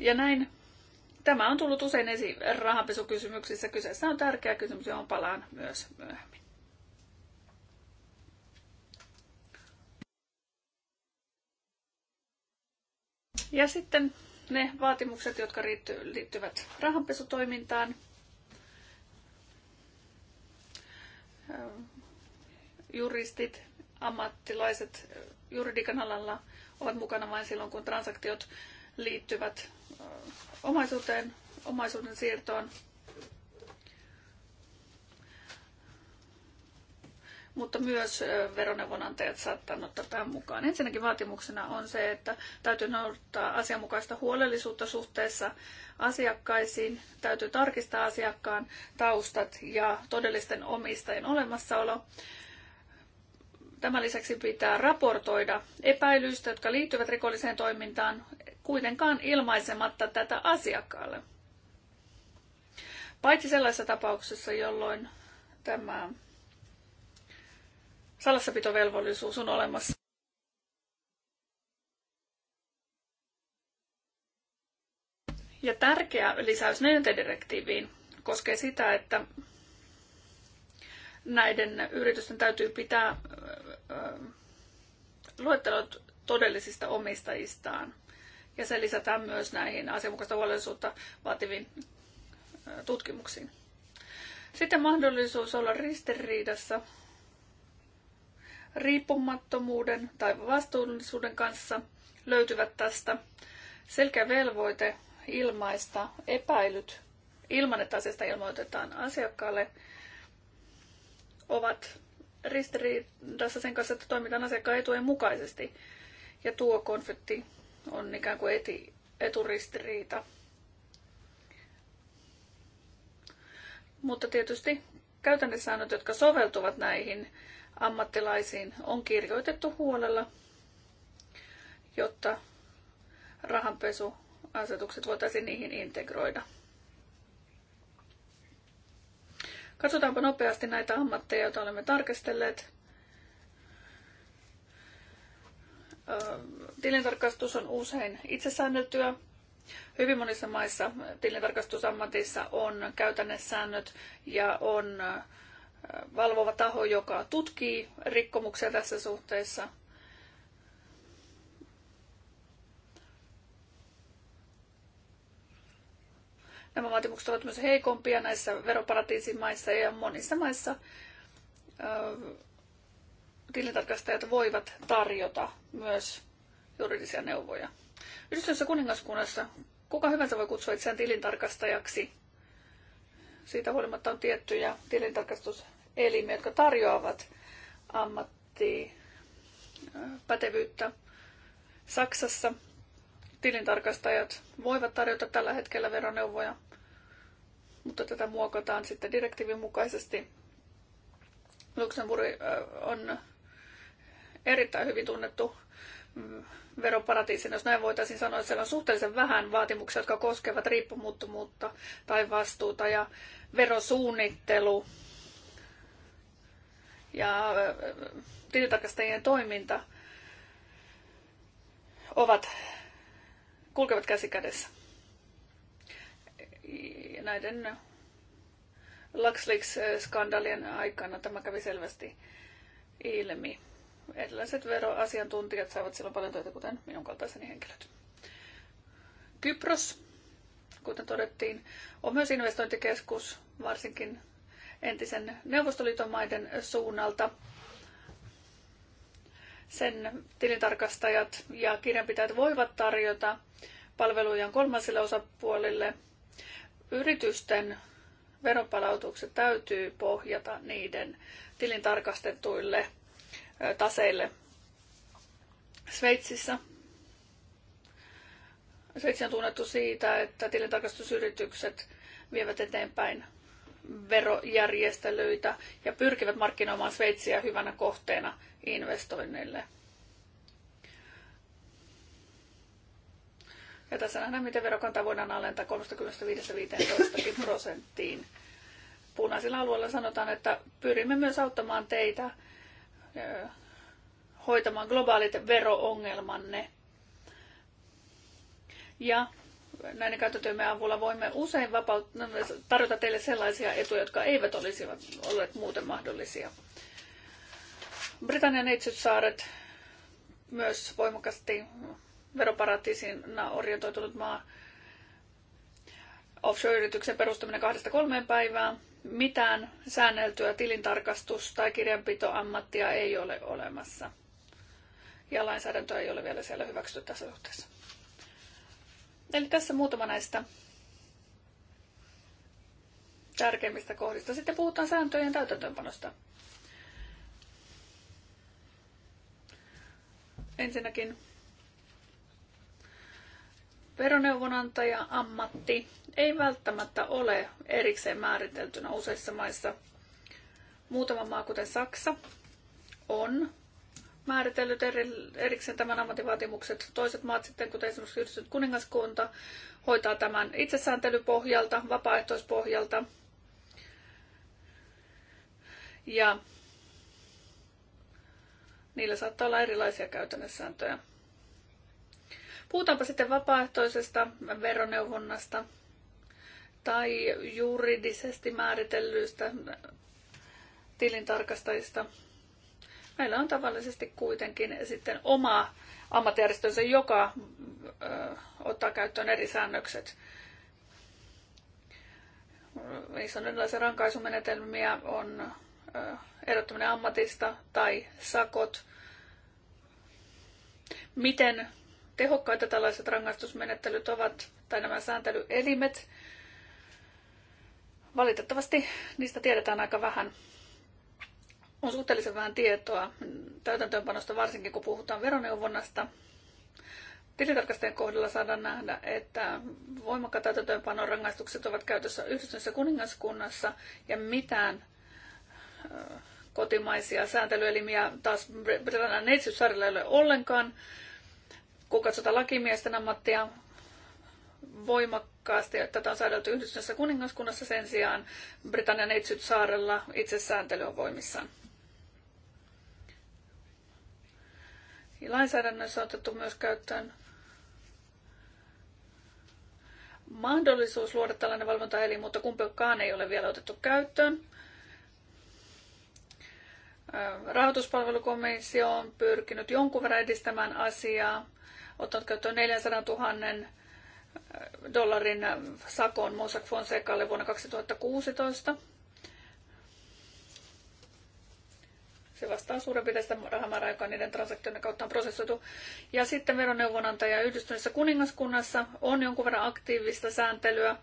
Ja näin tämä on tullut usein esiin rahanpesukysymyksissä. Kyseessä on tärkeä kysymys, johon palaan myös myöhemmin. Ja sitten ne vaatimukset, jotka liittyvät rahanpesutoimintaan. Juristit, ammattilaiset juridikan alalla ovat mukana vain silloin, kun transaktiot liittyvät omaisuuteen, omaisuuden siirtoon. Mutta myös veroneuvonantajat saattaa ottaa tähän mukaan. Ensinnäkin vaatimuksena on se, että täytyy noudattaa asianmukaista huolellisuutta suhteessa asiakkaisiin, täytyy tarkistaa asiakkaan taustat ja todellisten omistajien olemassaolo. Tämän lisäksi pitää raportoida epäilyistä, jotka liittyvät rikolliseen toimintaan kuitenkaan ilmaisematta tätä asiakkaalle. Paitsi sellaisessa tapauksessa, jolloin tämä salassapitovelvollisuus on olemassa. Ja tärkeä lisäys 4 direktiiviin koskee sitä, että näiden yritysten täytyy pitää luettelot todellisista omistajistaan – ja se lisätään myös näihin asianmukaista huolellisuutta vaativiin tutkimuksiin. Sitten mahdollisuus olla ristiriidassa riippumattomuuden tai vastuullisuuden kanssa löytyvät tästä. Selkeä velvoite ilmaista epäilyt ilman, että asiasta ilmoitetaan asiakkaalle, ovat ristiriidassa sen kanssa, että toimitaan asiakkaan etujen mukaisesti ja tuo konflikti on ikään kuin eti, eturistiriita. Mutta tietysti käytännössä säännöt, jotka soveltuvat näihin ammattilaisiin, on kirjoitettu huolella, jotta rahanpesuasetukset voitaisiin niihin integroida. Katsotaanpa nopeasti näitä ammatteja, joita olemme tarkastelleet. Öö, Tilintarkastus on usein itsesäänneltyä. Hyvin monissa maissa tilintarkastusammatissa on käytännessäännöt ja on valvova taho, joka tutkii rikkomuksia tässä suhteessa. Nämä vaatimukset ovat myös heikompia näissä veroparatiisin maissa ja monissa maissa tilintarkastajat voivat tarjota myös juridisia neuvoja. Yhdistyneessä kuningaskunnassa kuka hyvänsä voi kutsua itseään tilintarkastajaksi. Siitä huolimatta on tiettyjä tilintarkastuselimiä, jotka tarjoavat ammattipätevyyttä. Saksassa tilintarkastajat voivat tarjota tällä hetkellä veroneuvoja, mutta tätä muokataan sitten direktiivin mukaisesti. Luxemburg on erittäin hyvin tunnettu mm, veroparatiisin, jos näin voitaisiin sanoa, että siellä on suhteellisen vähän vaatimuksia, jotka koskevat riippumattomuutta tai vastuuta ja verosuunnittelu ja äh, tilitarkastajien toiminta ovat, kulkevat käsi kädessä. Ja näiden LuxLeaks-skandaalien aikana tämä kävi selvästi ilmi erilaiset veroasiantuntijat saivat silloin paljon töitä, kuten minun kaltaiseni henkilöt. Kypros, kuten todettiin, on myös investointikeskus, varsinkin entisen Neuvostoliiton maiden suunnalta. Sen tilintarkastajat ja kirjanpitäjät voivat tarjota palvelujaan kolmansille osapuolille. Yritysten veropalautukset täytyy pohjata niiden tilintarkastettuille taseille Sveitsissä. Sveitsi on tunnettu siitä, että tilintarkastusyritykset vievät eteenpäin verojärjestelyitä ja pyrkivät markkinoimaan Sveitsiä hyvänä kohteena investoinneille. Ja tässä nähdään, miten verokanta voidaan alentaa 35-15 prosenttiin. Punaisilla alueilla sanotaan, että pyrimme myös auttamaan teitä Eh, hoitamaan globaalit veroongelmanne. Ja näiden käyttötyömme avulla voimme usein vapaut- no, tarjota teille sellaisia etuja, jotka eivät olisi olleet muuten mahdollisia. Britannian neitsytsaaret myös voimakkaasti veroparatiisina orientoitunut maa. Offshore-yrityksen perustaminen kahdesta kolmeen päivään mitään säänneltyä tilintarkastus- tai kirjanpitoammattia ei ole olemassa. Ja lainsäädäntöä ei ole vielä siellä hyväksytty tässä suhteessa. Eli tässä muutama näistä tärkeimmistä kohdista. Sitten puhutaan sääntöjen täytäntöönpanosta. Ensinnäkin Veroneuvonantaja ammatti ei välttämättä ole erikseen määriteltynä useissa maissa. Muutama maa, kuten Saksa, on määritellyt erikseen tämän ammattivaatimukset. Toiset maat sitten, kuten esimerkiksi Yhdistynyt kuningaskunta, hoitaa tämän itsesääntelypohjalta, vapaaehtoispohjalta. Ja niillä saattaa olla erilaisia käytännössääntöjä. Puhutaanpa sitten vapaaehtoisesta veroneuvonnasta tai juridisesti määritellyistä tilintarkastajista. Meillä on tavallisesti kuitenkin sitten oma ammattijärjestönsä, joka ö, ottaa käyttöön eri säännökset. Niissä on erilaisia rankaisumenetelmiä, on erottaminen ammatista tai sakot. Miten tehokkaita tällaiset rangaistusmenettelyt ovat, tai nämä sääntelyelimet. Valitettavasti niistä tiedetään aika vähän. On suhteellisen vähän tietoa täytäntöönpanosta, varsinkin kun puhutaan veroneuvonnasta. Tilitarkastajien kohdalla saadaan nähdä, että voimakkaat täytäntöönpanon rangaistukset ovat käytössä yhdistyneessä kuningaskunnassa ja mitään kotimaisia sääntelyelimiä taas Britannian neitsyyssaarilla ei ole ollenkaan kun katsotaan lakimiesten ammattia voimakkaasti, tätä on säädelty yhdistyneessä kuningaskunnassa sen sijaan Britannian neitsyt saarella itsesääntely on voimissaan. Lainsäädännössä on otettu myös käyttöön mahdollisuus luoda tällainen valvontaeli, mutta kumpikaan ei ole vielä otettu käyttöön. Rahoituspalvelukomissio on pyrkinyt jonkun verran edistämään asiaa, ottanut käyttöön 400 000 äh, dollarin äh, sakon Mossack Fonsecalle vuonna 2016. Se vastaa suurin piirtein sitä rahamäärää, joka niiden transaktioiden kautta on prosessoitu. Ja sitten veroneuvonantaja yhdistyneessä kuningaskunnassa on jonkun verran aktiivista sääntelyä,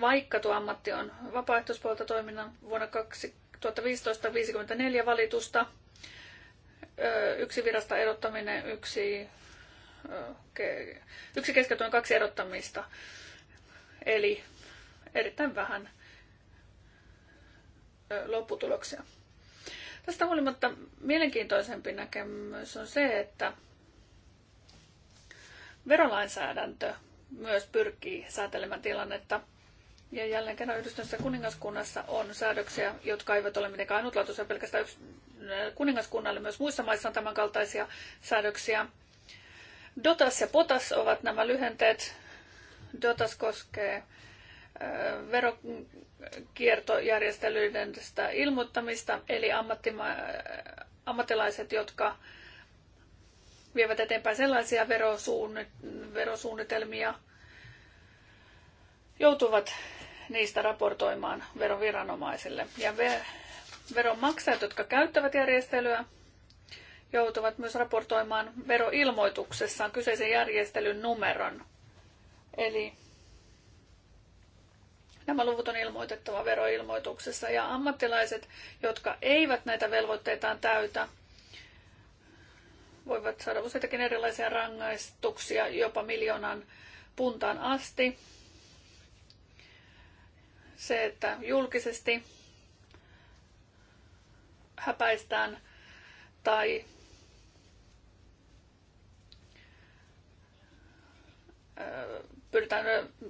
vaikka tuo ammatti on vapaaehtoispuolta toiminnan vuonna 2015 54 valitusta, yksi virasta erottaminen, yksi yksi keskeytys on kaksi erottamista. Eli erittäin vähän lopputuloksia. Tästä huolimatta mielenkiintoisempi näkemys on se, että verolainsäädäntö myös pyrkii säätelemään tilannetta. Ja jälleen kerran yhdistyneessä kuningaskunnassa on säädöksiä, jotka eivät ole mitenkään ainutlaatuisia pelkästään yksi kuningaskunnalle. Myös muissa maissa on tämänkaltaisia säädöksiä. DOTAS ja POTAS ovat nämä lyhenteet. DOTAS koskee verokiertojärjestelyiden ilmoittamista, eli ammattilaiset, jotka vievät eteenpäin sellaisia verosuunnitelmia, joutuvat niistä raportoimaan veroviranomaisille. Ja veronmaksajat, jotka käyttävät järjestelyä, joutuvat myös raportoimaan veroilmoituksessaan kyseisen järjestelyn numeron. Eli nämä luvut on ilmoitettava veroilmoituksessa ja ammattilaiset, jotka eivät näitä velvoitteitaan täytä, voivat saada useitakin erilaisia rangaistuksia jopa miljoonan puntaan asti. Se, että julkisesti häpäistään tai pyritään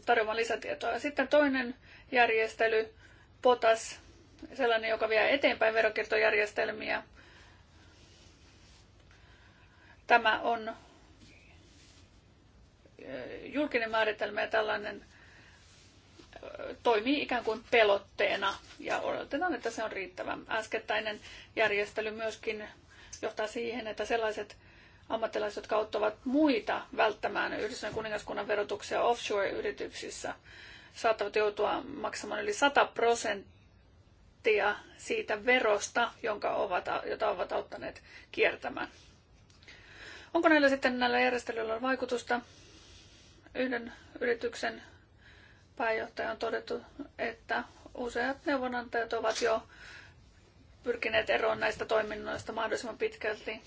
tarjoamaan lisätietoa. Sitten toinen järjestely, POTAS, sellainen, joka vie eteenpäin verokirtojärjestelmiä. Tämä on julkinen määritelmä ja tällainen toimii ikään kuin pelotteena ja odotetaan, että se on riittävä. Äskettäinen järjestely myöskin johtaa siihen, että sellaiset ammattilaiset, jotka auttavat muita välttämään Yhdistyneen kuningaskunnan verotuksia offshore-yrityksissä, saattavat joutua maksamaan yli 100 prosenttia siitä verosta, jonka ovat, jota ovat auttaneet kiertämään. Onko näillä sitten näillä järjestelyillä vaikutusta? Yhden yrityksen pääjohtaja on todettu, että useat neuvonantajat ovat jo pyrkineet eroon näistä toiminnoista mahdollisimman pitkälti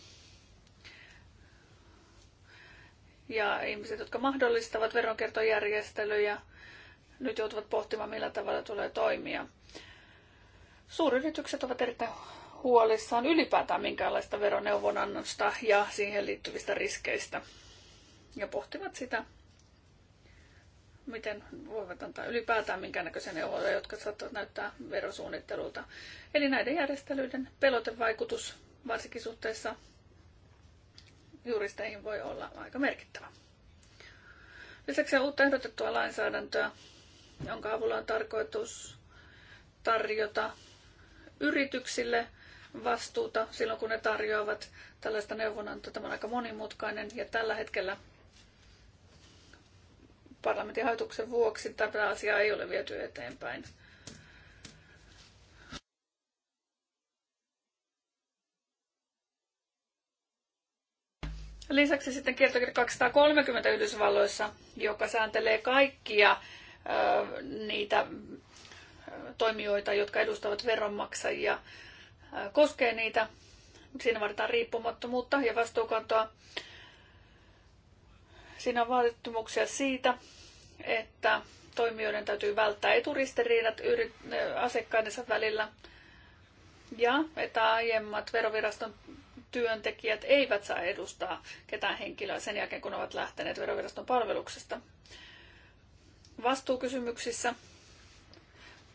ja ihmiset, jotka mahdollistavat veronkiertojärjestelyjä, nyt joutuvat pohtimaan, millä tavalla tulee toimia. Suuryritykset ovat erittäin huolissaan ylipäätään minkäänlaista veroneuvonannosta ja siihen liittyvistä riskeistä. Ja pohtivat sitä, miten voivat antaa ylipäätään minkäännäköisiä neuvoja, jotka saattavat näyttää verosuunnittelulta. Eli näiden järjestelyiden pelotevaikutus, varsinkin suhteessa juristeihin voi olla aika merkittävä. Lisäksi on uutta ehdotettua lainsäädäntöä, jonka avulla on tarkoitus tarjota yrityksille vastuuta silloin, kun ne tarjoavat tällaista neuvonantoa. Tämä on aika monimutkainen ja tällä hetkellä parlamentin hallituksen vuoksi tätä asiaa ei ole viety eteenpäin. Lisäksi sitten kiertokirja 230 Yhdysvalloissa, joka sääntelee kaikkia ö, niitä toimijoita, jotka edustavat veronmaksajia, ö, koskee niitä. Siinä vaaditaan riippumattomuutta ja vastuukantoa. Siinä on vaatimuksia siitä, että toimijoiden täytyy välttää eturistiriidat asiakkaidensa välillä ja että aiemmat veroviraston työntekijät eivät saa edustaa ketään henkilöä sen jälkeen, kun ovat lähteneet veroviraston palveluksesta. Vastuukysymyksissä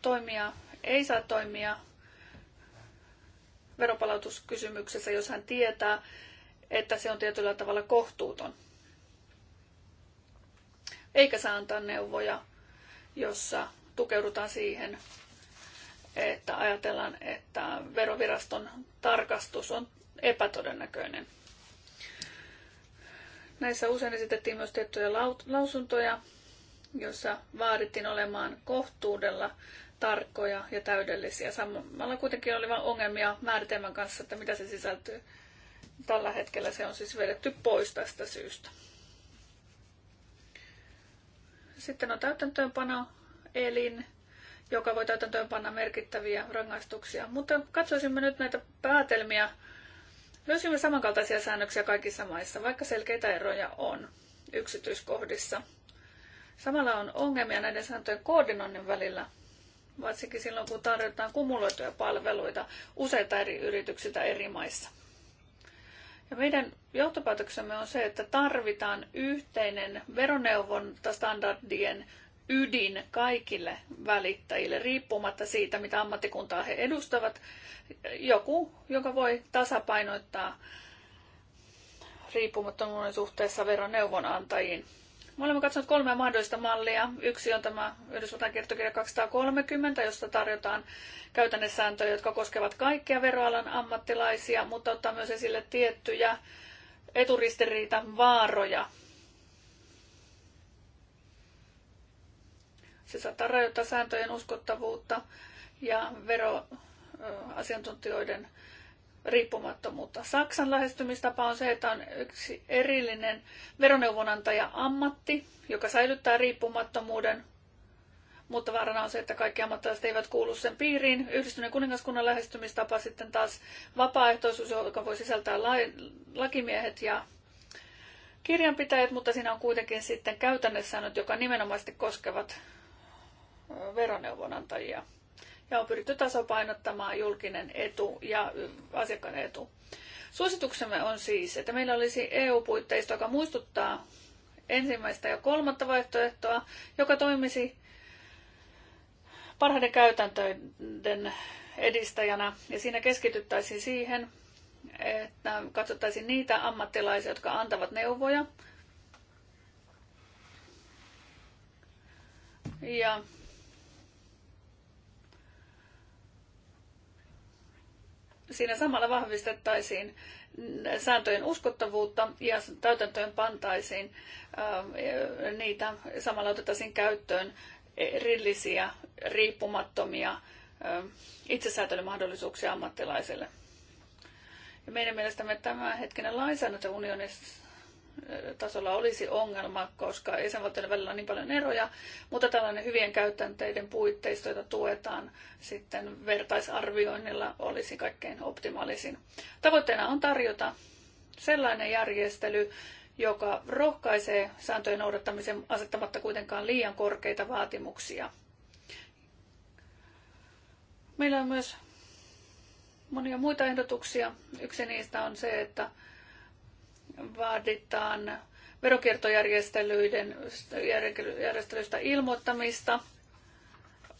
toimia ei saa toimia veropalautuskysymyksessä, jos hän tietää, että se on tietyllä tavalla kohtuuton. Eikä saa antaa neuvoja, jossa tukeudutaan siihen, että ajatellaan, että veroviraston tarkastus on epätodennäköinen. Näissä usein esitettiin myös tiettyjä lausuntoja, joissa vaadittiin olemaan kohtuudella tarkkoja ja täydellisiä. Samalla kuitenkin oli vain ongelmia määritelmän kanssa, että mitä se sisältyy. Tällä hetkellä se on siis vedetty pois tästä syystä. Sitten on täytäntöönpano elin, joka voi täytäntöönpanna merkittäviä rangaistuksia. Mutta katsoisimme nyt näitä päätelmiä myös samankaltaisia säännöksiä kaikissa maissa, vaikka selkeitä eroja on yksityiskohdissa. Samalla on ongelmia näiden sääntöjen koordinoinnin välillä, varsinkin silloin kun tarjotaan kumuloituja palveluita useita eri yrityksiltä eri maissa. Ja meidän johtopäätöksemme on se, että tarvitaan yhteinen veroneuvontastandardien standardien ydin kaikille välittäjille, riippumatta siitä, mitä ammattikuntaa he edustavat. Joku, joka voi tasapainoittaa riippumattomuuden suhteessa veroneuvonantajiin. Me olemme katsoneet kolmea mahdollista mallia. Yksi on tämä Yhdysvaltain kertokirja 230, josta tarjotaan käytännössääntöjä, jotka koskevat kaikkia veroalan ammattilaisia, mutta ottaa myös esille tiettyjä eturistiriitan vaaroja Se saattaa rajoittaa sääntöjen uskottavuutta ja veroasiantuntijoiden riippumattomuutta. Saksan lähestymistapa on se, että on yksi erillinen veroneuvonantaja ammatti, joka säilyttää riippumattomuuden, mutta vaarana on se, että kaikki ammattilaiset eivät kuulu sen piiriin. Yhdistyneen kuningaskunnan lähestymistapa sitten taas vapaaehtoisuus, joka voi sisältää lakimiehet ja kirjanpitäjät, mutta siinä on kuitenkin sitten käytännössä joka nimenomaisesti koskevat veroneuvonantajia. Ja on pyritty tasapainottamaan julkinen etu ja asiakkaan etu. Suosituksemme on siis, että meillä olisi EU-puitteisto, joka muistuttaa ensimmäistä ja kolmatta vaihtoehtoa, joka toimisi parhaiden käytäntöiden edistäjänä. Ja siinä keskityttäisiin siihen, että katsottaisiin niitä ammattilaisia, jotka antavat neuvoja. Ja siinä samalla vahvistettaisiin sääntöjen uskottavuutta ja täytäntöön pantaisiin ähm, niitä, samalla otettaisiin käyttöön erillisiä, riippumattomia ähm, itsesäätelymahdollisuuksia ammattilaisille. Ja meidän mielestämme tämä hetkinen lainsäädäntö unionissa tasolla olisi ongelma, koska jäsenvaltioiden välillä on niin paljon eroja, mutta tällainen hyvien käytänteiden puitteisto, jota tuetaan sitten vertaisarvioinnilla, olisi kaikkein optimaalisin. Tavoitteena on tarjota sellainen järjestely, joka rohkaisee sääntöjen noudattamisen asettamatta kuitenkaan liian korkeita vaatimuksia. Meillä on myös monia muita ehdotuksia. Yksi niistä on se, että vaaditaan verokiertojärjestelyiden järjestelystä ilmoittamista,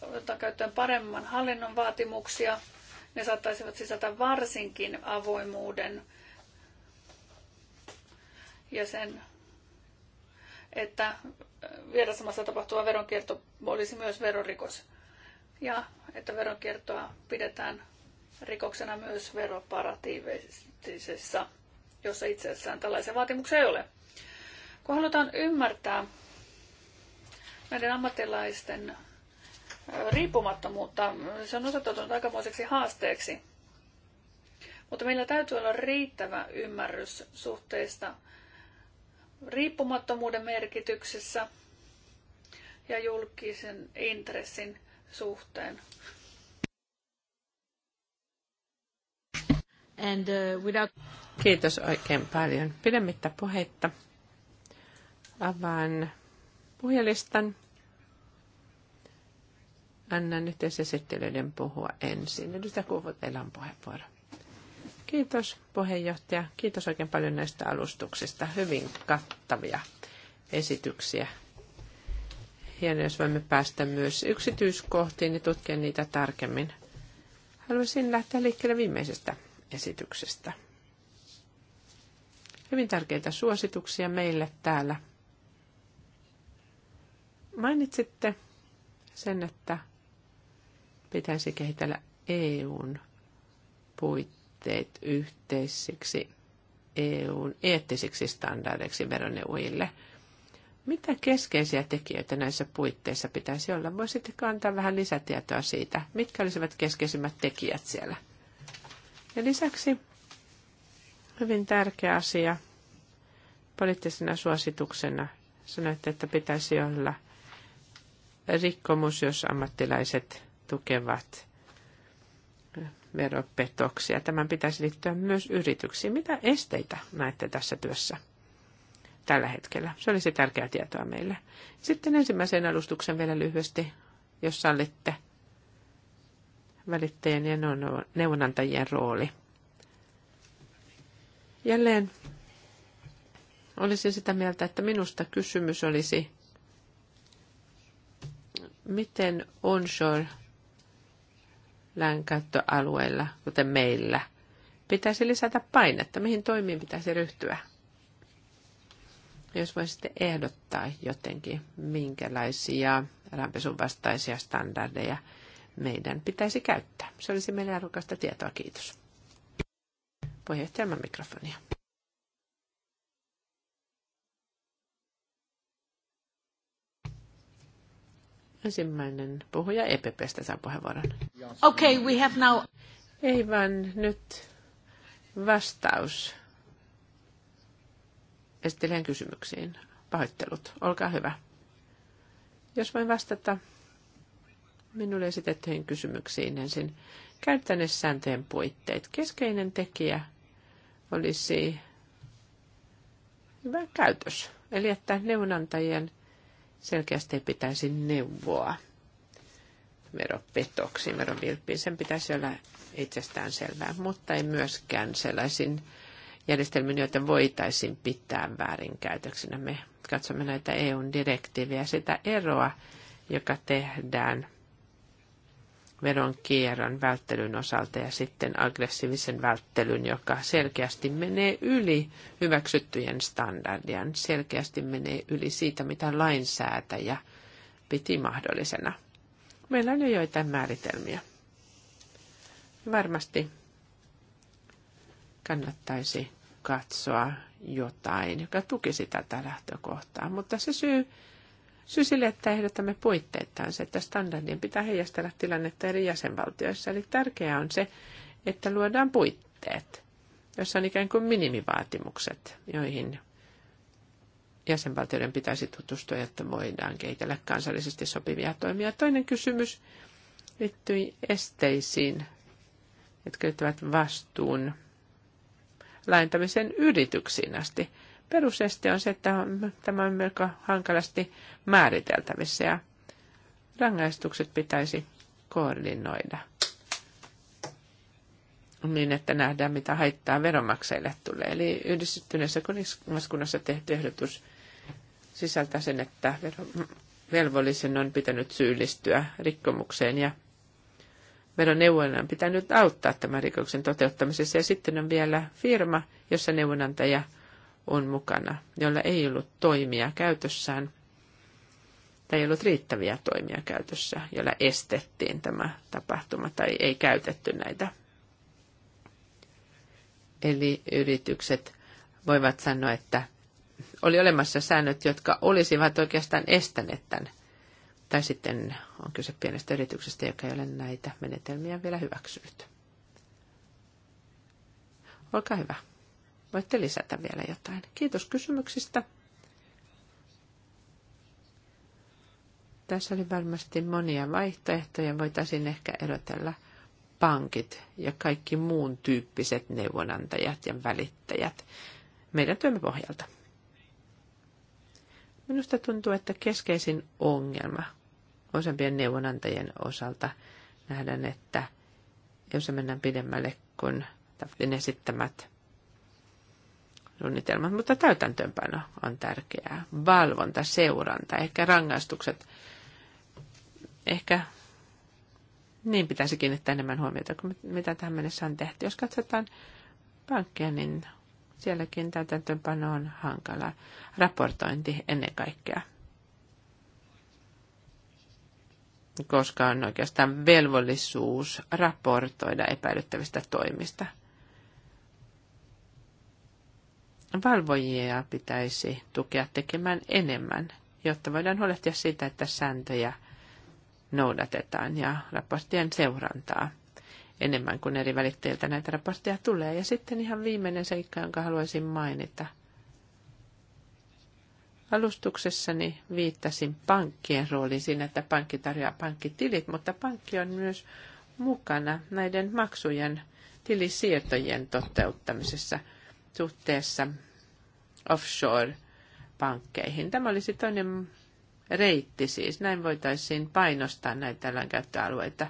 ottaa käyttöön paremman hallinnon vaatimuksia. Ne saattaisivat sisältää varsinkin avoimuuden ja sen, että vierasmaassa tapahtuva veronkierto olisi myös verorikos. Ja että veronkiertoa pidetään rikoksena myös veroparatiivisissa jossa itsessään tällaisia vaatimuksia ei ole. Kun halutaan ymmärtää näiden ammattilaisten riippumattomuutta, se on osoittautunut aikamoiseksi haasteeksi. Mutta meillä täytyy olla riittävä ymmärrys suhteesta riippumattomuuden merkityksessä ja julkisen intressin suhteen. And, uh, without... Kiitos oikein paljon. Pidemmittä puhetta. avaan puhujalistan. Annan esittelyiden puhua ensin. Edustaja Kuvo, teillä on puheenvuoro. Kiitos puheenjohtaja. Kiitos oikein paljon näistä alustuksista. Hyvin kattavia esityksiä. Hienoa, jos voimme päästä myös yksityiskohtiin ja tutkia niitä tarkemmin. Haluaisin lähteä liikkeelle viimeisestä esityksestä. Hyvin tärkeitä suosituksia meille täällä. Mainitsitte sen, että pitäisi kehitellä EUn puitteet yhteisiksi EUn eettisiksi standardeiksi veroneuvojille. Mitä keskeisiä tekijöitä näissä puitteissa pitäisi olla? Voisitteko antaa vähän lisätietoa siitä, mitkä olisivat keskeisimmät tekijät siellä? Ja lisäksi hyvin tärkeä asia poliittisena suosituksena sanoitte, että pitäisi olla rikkomus, jos ammattilaiset tukevat veropetoksia. Tämän pitäisi liittyä myös yrityksiin. Mitä esteitä näette tässä työssä tällä hetkellä? Se olisi tärkeää tietoa meille. Sitten ensimmäisen alustuksen vielä lyhyesti, jos sallitte – välittäjien ja neuvonantajien rooli. Jälleen olisin sitä mieltä, että minusta kysymys olisi, miten onshore länkäyttöalueilla kuten meillä, pitäisi lisätä painetta, mihin toimiin pitäisi ryhtyä. Jos voisitte ehdottaa jotenkin, minkälaisia rampesun vastaisia standardeja meidän pitäisi käyttää. Se olisi meille arvokasta tietoa. Kiitos. Puheenjohtajan mikrofonia. Ensimmäinen puhuja EPPstä saa puheenvuoron. Okay, we have now... Ei vaan nyt vastaus esittelijän kysymyksiin. Pahoittelut, olkaa hyvä. Jos voin vastata minulle esitettyihin kysymyksiin ensin. sääntöjen puitteet. Keskeinen tekijä olisi hyvä käytös. Eli että neuvonantajien selkeästi pitäisi neuvoa veropetoksiin, verovilppiin. Sen pitäisi olla itsestään selvää, mutta ei myöskään sellaisin järjestelmiin, joita voitaisiin pitää väärinkäytöksinä. Me katsomme näitä eu direktiiviä, sitä eroa, joka tehdään – veronkierron välttelyn osalta ja sitten aggressiivisen välttelyn, joka selkeästi menee yli hyväksyttyjen standardien, selkeästi menee yli siitä, mitä lainsäätäjä piti mahdollisena. Meillä on jo joitain määritelmiä. Varmasti kannattaisi katsoa jotain, joka tukisi tätä lähtökohtaa, mutta se syy, Syy sille, että ehdotamme puitteita on se, että standardien pitää heijastella tilannetta eri jäsenvaltioissa. Eli tärkeää on se, että luodaan puitteet, jossa on ikään kuin minimivaatimukset, joihin jäsenvaltioiden pitäisi tutustua, jotta voidaan kehitellä kansallisesti sopivia toimia. Toinen kysymys liittyi esteisiin, jotka liittyvät vastuun laajentamisen yrityksiin asti peruseste on se, että tämä on melko hankalasti määriteltävissä ja rangaistukset pitäisi koordinoida niin, että nähdään mitä haittaa veronmaksajille tulee. Eli yhdistyneessä kuningaskunnassa tehty ehdotus sisältää sen, että velvollisen on pitänyt syyllistyä rikkomukseen ja veroneuvonnan on pitänyt auttaa tämän rikoksen toteuttamisessa. Ja sitten on vielä firma, jossa neuvonantaja – on mukana, jolla ei ollut toimia käytössään tai ei ollut riittäviä toimia käytössä, jolla estettiin tämä tapahtuma tai ei käytetty näitä. Eli yritykset voivat sanoa, että oli olemassa säännöt, jotka olisivat oikeastaan estäneet tämän. Tai sitten on kyse pienestä yrityksestä, joka ei ole näitä menetelmiä vielä hyväksynyt. Olkaa hyvä. Voitte lisätä vielä jotain. Kiitos kysymyksistä. Tässä oli varmasti monia vaihtoehtoja. Voitaisiin ehkä erotella pankit ja kaikki muun tyyppiset neuvonantajat ja välittäjät meidän työmme pohjalta. Minusta tuntuu, että keskeisin ongelma osempien neuvonantajien osalta nähdään, että jos mennään pidemmälle kuin Taftin esittämät suunnitelmat, mutta täytäntöönpano on tärkeää. Valvonta, seuranta, ehkä rangaistukset. Ehkä niin pitäisi kiinnittää enemmän huomiota kuin mitä tähän mennessä on tehty. Jos katsotaan pankkia, niin sielläkin täytäntöönpano on hankala. Raportointi ennen kaikkea. Koska on oikeastaan velvollisuus raportoida epäilyttävistä toimista – valvojia pitäisi tukea tekemään enemmän, jotta voidaan huolehtia siitä, että sääntöjä noudatetaan ja raporttien seurantaa enemmän kuin eri välittäjiltä näitä raportteja tulee. Ja sitten ihan viimeinen seikka, jonka haluaisin mainita. Alustuksessani viittasin pankkien rooliin siinä, että pankki tarjoaa pankkitilit, mutta pankki on myös mukana näiden maksujen tilisiirtojen toteuttamisessa – suhteessa offshore-pankkeihin. Tämä olisi toinen reitti siis. Näin voitaisiin painostaa näitä käyttöalueita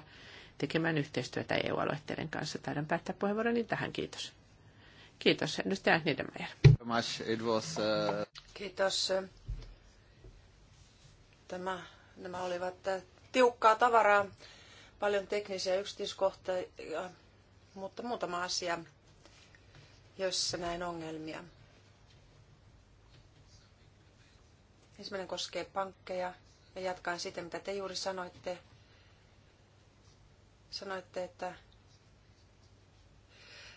tekemään yhteistyötä EU-aloitteiden kanssa. Taidan päättää puheenvuoroni tähän. Kiitos. Kiitos, edustaja Niedermayer. Kiitos. Tämä, nämä olivat tiukkaa tavaraa, paljon teknisiä yksityiskohtia, mutta muutama asia joissa näin ongelmia. Ensimmäinen koskee pankkeja ja jatkan sitä, mitä te juuri sanoitte. Sanoitte, että,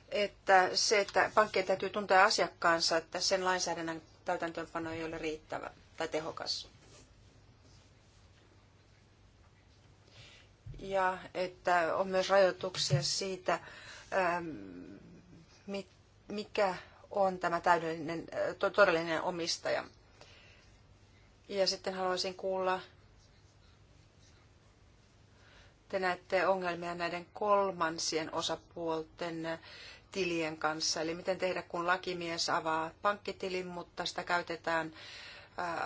että se, että pankkien täytyy tuntea asiakkaansa, että sen lainsäädännön täytäntöönpano ei ole riittävä tai tehokas. Ja että on myös rajoituksia siitä, ähm, mit, mikä on tämä täydellinen, todellinen omistaja. Ja sitten haluaisin kuulla, te näette ongelmia näiden kolmansien osapuolten tilien kanssa. Eli miten tehdä, kun lakimies avaa pankkitilin, mutta sitä käytetään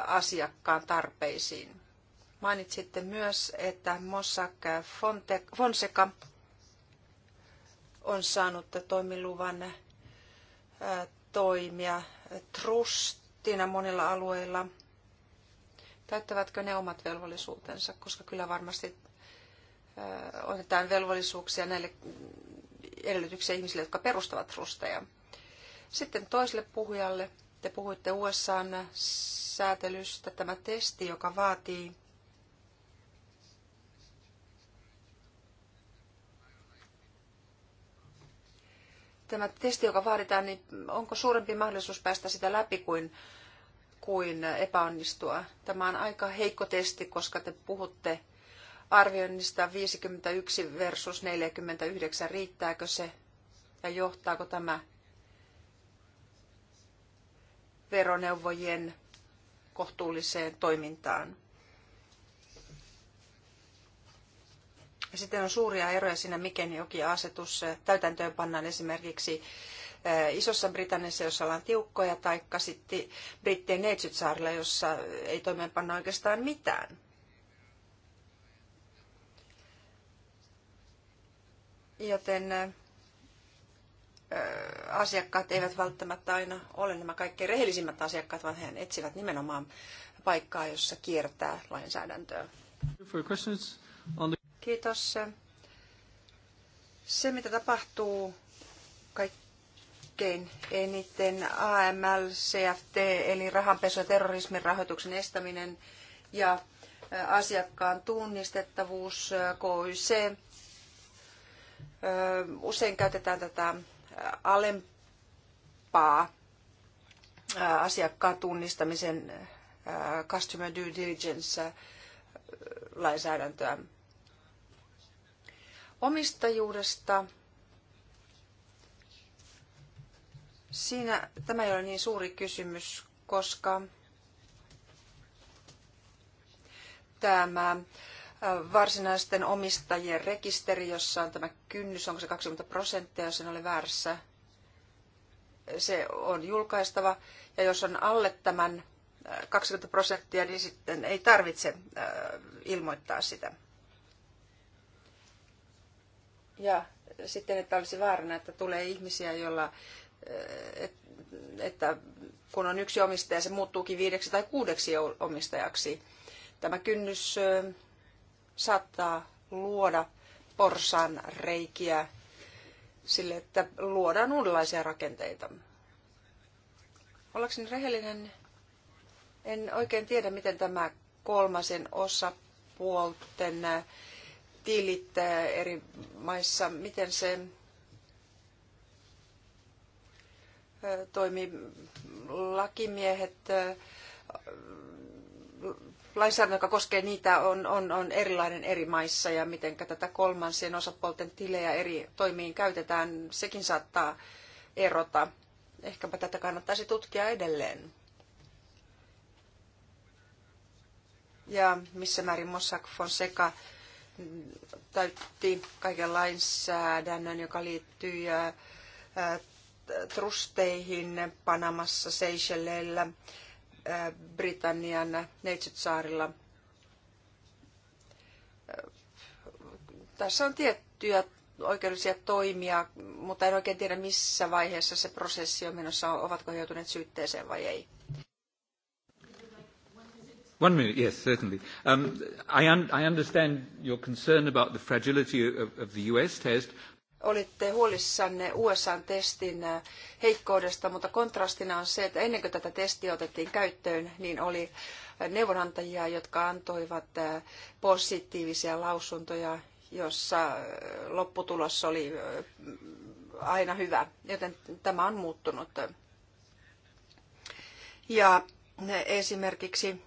asiakkaan tarpeisiin. Mainitsitte myös, että Mossack Fonseca on saanut toimiluvan toimia trustina monilla alueilla. Täyttävätkö ne omat velvollisuutensa, koska kyllä varmasti otetaan velvollisuuksia näille edellytyksiä ihmisille, jotka perustavat trusteja. Sitten toiselle puhujalle, te puhuitte usa säätelystä, tämä testi, joka vaatii tämä testi, joka vaaditaan, niin onko suurempi mahdollisuus päästä sitä läpi kuin, kuin epäonnistua? Tämä on aika heikko testi, koska te puhutte arvioinnista 51 versus 49. Riittääkö se ja johtaako tämä veroneuvojien kohtuulliseen toimintaan? Ja sitten on suuria eroja siinä, miten jokin asetus täytäntöön pannaan esimerkiksi eh, Isossa Britanniassa, jossa ollaan tiukkoja, tai sitten Brittien Neitsytsaarilla, jossa ei toimeenpanna oikeastaan mitään. Joten eh, asiakkaat eivät välttämättä aina ole nämä kaikkein rehellisimmät asiakkaat, vaan he etsivät nimenomaan paikkaa, jossa kiertää lainsäädäntöä. Kiitos. Se, mitä tapahtuu kaikkein eniten AML, CFT, eli rahanpesu ja terrorismin rahoituksen estäminen ja asiakkaan tunnistettavuus, KYC. Usein käytetään tätä alempaa asiakkaan tunnistamisen customer due diligence lainsäädäntöä Omistajuudesta siinä tämä ei ole niin suuri kysymys, koska tämä äh, varsinaisten omistajien rekisteri, jossa on tämä kynnys, onko se 20 prosenttia, jos en ole väärässä, se on julkaistava. Ja jos on alle tämän 20 äh, prosenttia, niin sitten ei tarvitse äh, ilmoittaa sitä. Ja sitten, että olisi vaarana, että tulee ihmisiä, joilla, eh, että kun on yksi omistaja, se muuttuukin viideksi tai kuudeksi omistajaksi. Tämä kynnys eh, saattaa luoda porsan reikiä sille, että luodaan uudenlaisia rakenteita. Ollakseni rehellinen, en oikein tiedä, miten tämä kolmasen osapuolten eh, tilit äh, eri maissa, miten se äh, toimii lakimiehet, äh, lainsäädäntö, joka koskee niitä, on, on, on erilainen eri maissa ja miten tätä kolmansien osapuolten tilejä eri toimiin käytetään, sekin saattaa erota. Ehkäpä tätä kannattaisi tutkia edelleen. Ja missä määrin Mossack Fonseca täytti kaiken lainsäädännön, joka liittyy trusteihin Panamassa, Seychelleillä, Britannian Neitsytsaarilla. Tässä on tiettyjä oikeudellisia toimia, mutta en oikein tiedä missä vaiheessa se prosessi on menossa, ovatko he joutuneet syytteeseen vai ei. One minute, yes, certainly. Um, I, un- I understand your concern about the fragility of, of the US test. Olitte huolissanne USA-testin äh, heikkoudesta, mutta kontrastina on se, että ennen kuin tätä testiä otettiin käyttöön, niin oli äh, neuvonantajia, jotka antoivat äh, positiivisia lausuntoja, jossa lopputulos oli aina hyvä, joten tämä on muuttunut. Ja esimerkiksi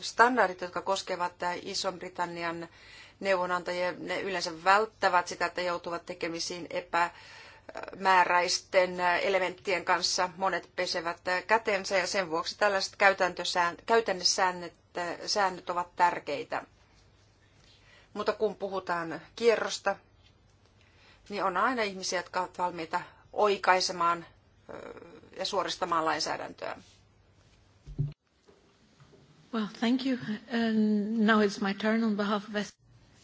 standardit, jotka koskevat Ison-Britannian neuvonantajia, ne yleensä välttävät sitä, että joutuvat tekemisiin määräisten elementtien kanssa. Monet pesevät kätensä ja sen vuoksi tällaiset käytännössäännöt säännöt ovat tärkeitä. Mutta kun puhutaan kierrosta, niin on aina ihmisiä, jotka ovat valmiita oikaisemaan ja suoristamaan lainsäädäntöä. Well, thank you. And uh, now it's my turn on behalf of S-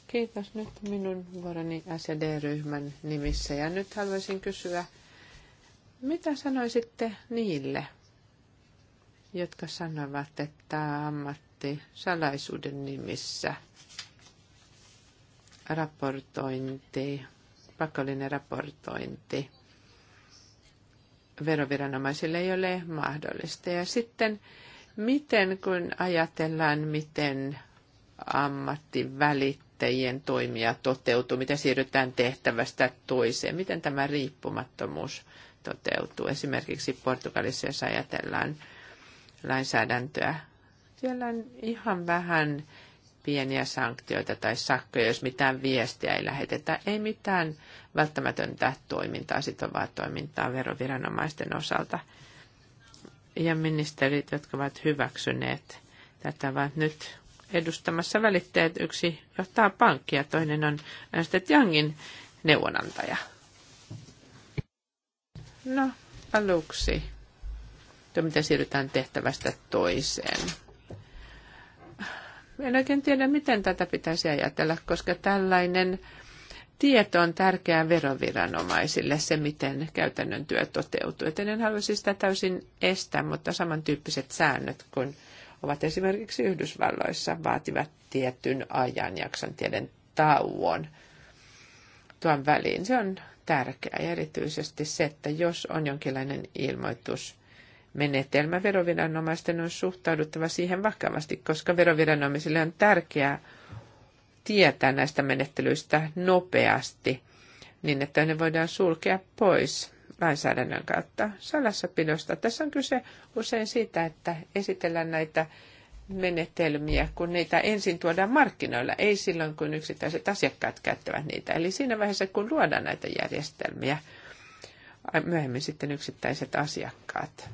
Kiitos nyt minun vuoroni sd ryhmän nimissä. Ja nyt haluaisin kysyä, mitä sanoisitte niille, jotka sanovat, että ammatti salaisuuden nimissä raportointi, pakollinen raportointi veroviranomaisille ei ole mahdollista. Ja sitten Miten kun ajatellaan, miten ammattivälittäjien toimia toteutuu, miten siirrytään tehtävästä toiseen, miten tämä riippumattomuus toteutuu. Esimerkiksi Portugalissa, jos ajatellaan lainsäädäntöä, siellä on ihan vähän pieniä sanktioita tai sakkoja, jos mitään viestiä ei lähetetä. Ei mitään välttämätöntä toimintaa, sitovaa toimintaa veroviranomaisten osalta ja ministerit, jotka ovat hyväksyneet tätä, ovat nyt edustamassa välitteet. Yksi johtaa pankkia, toinen on Ernst Youngin neuvonantaja. No, aluksi. Tuo, mitä siirrytään tehtävästä toiseen. En oikein tiedä, miten tätä pitäisi ajatella, koska tällainen Tieto on tärkeää veroviranomaisille, se miten käytännön työ toteutuu. Et en haluaisi siis sitä täysin estää, mutta samantyyppiset säännöt kuin ovat esimerkiksi Yhdysvalloissa vaativat tietyn ajanjakson tieden tauon tuon väliin. Se on tärkeää ja erityisesti se, että jos on jonkinlainen ilmoitus, Menetelmä veroviranomaisten on suhtauduttava siihen vakavasti, koska veroviranomaisille on tärkeää tietää näistä menettelyistä nopeasti, niin että ne voidaan sulkea pois lainsäädännön kautta salassapidosta. Tässä on kyse usein siitä, että esitellään näitä menetelmiä, kun niitä ensin tuodaan markkinoilla, ei silloin, kun yksittäiset asiakkaat käyttävät niitä. Eli siinä vaiheessa, kun luodaan näitä järjestelmiä, myöhemmin sitten yksittäiset asiakkaat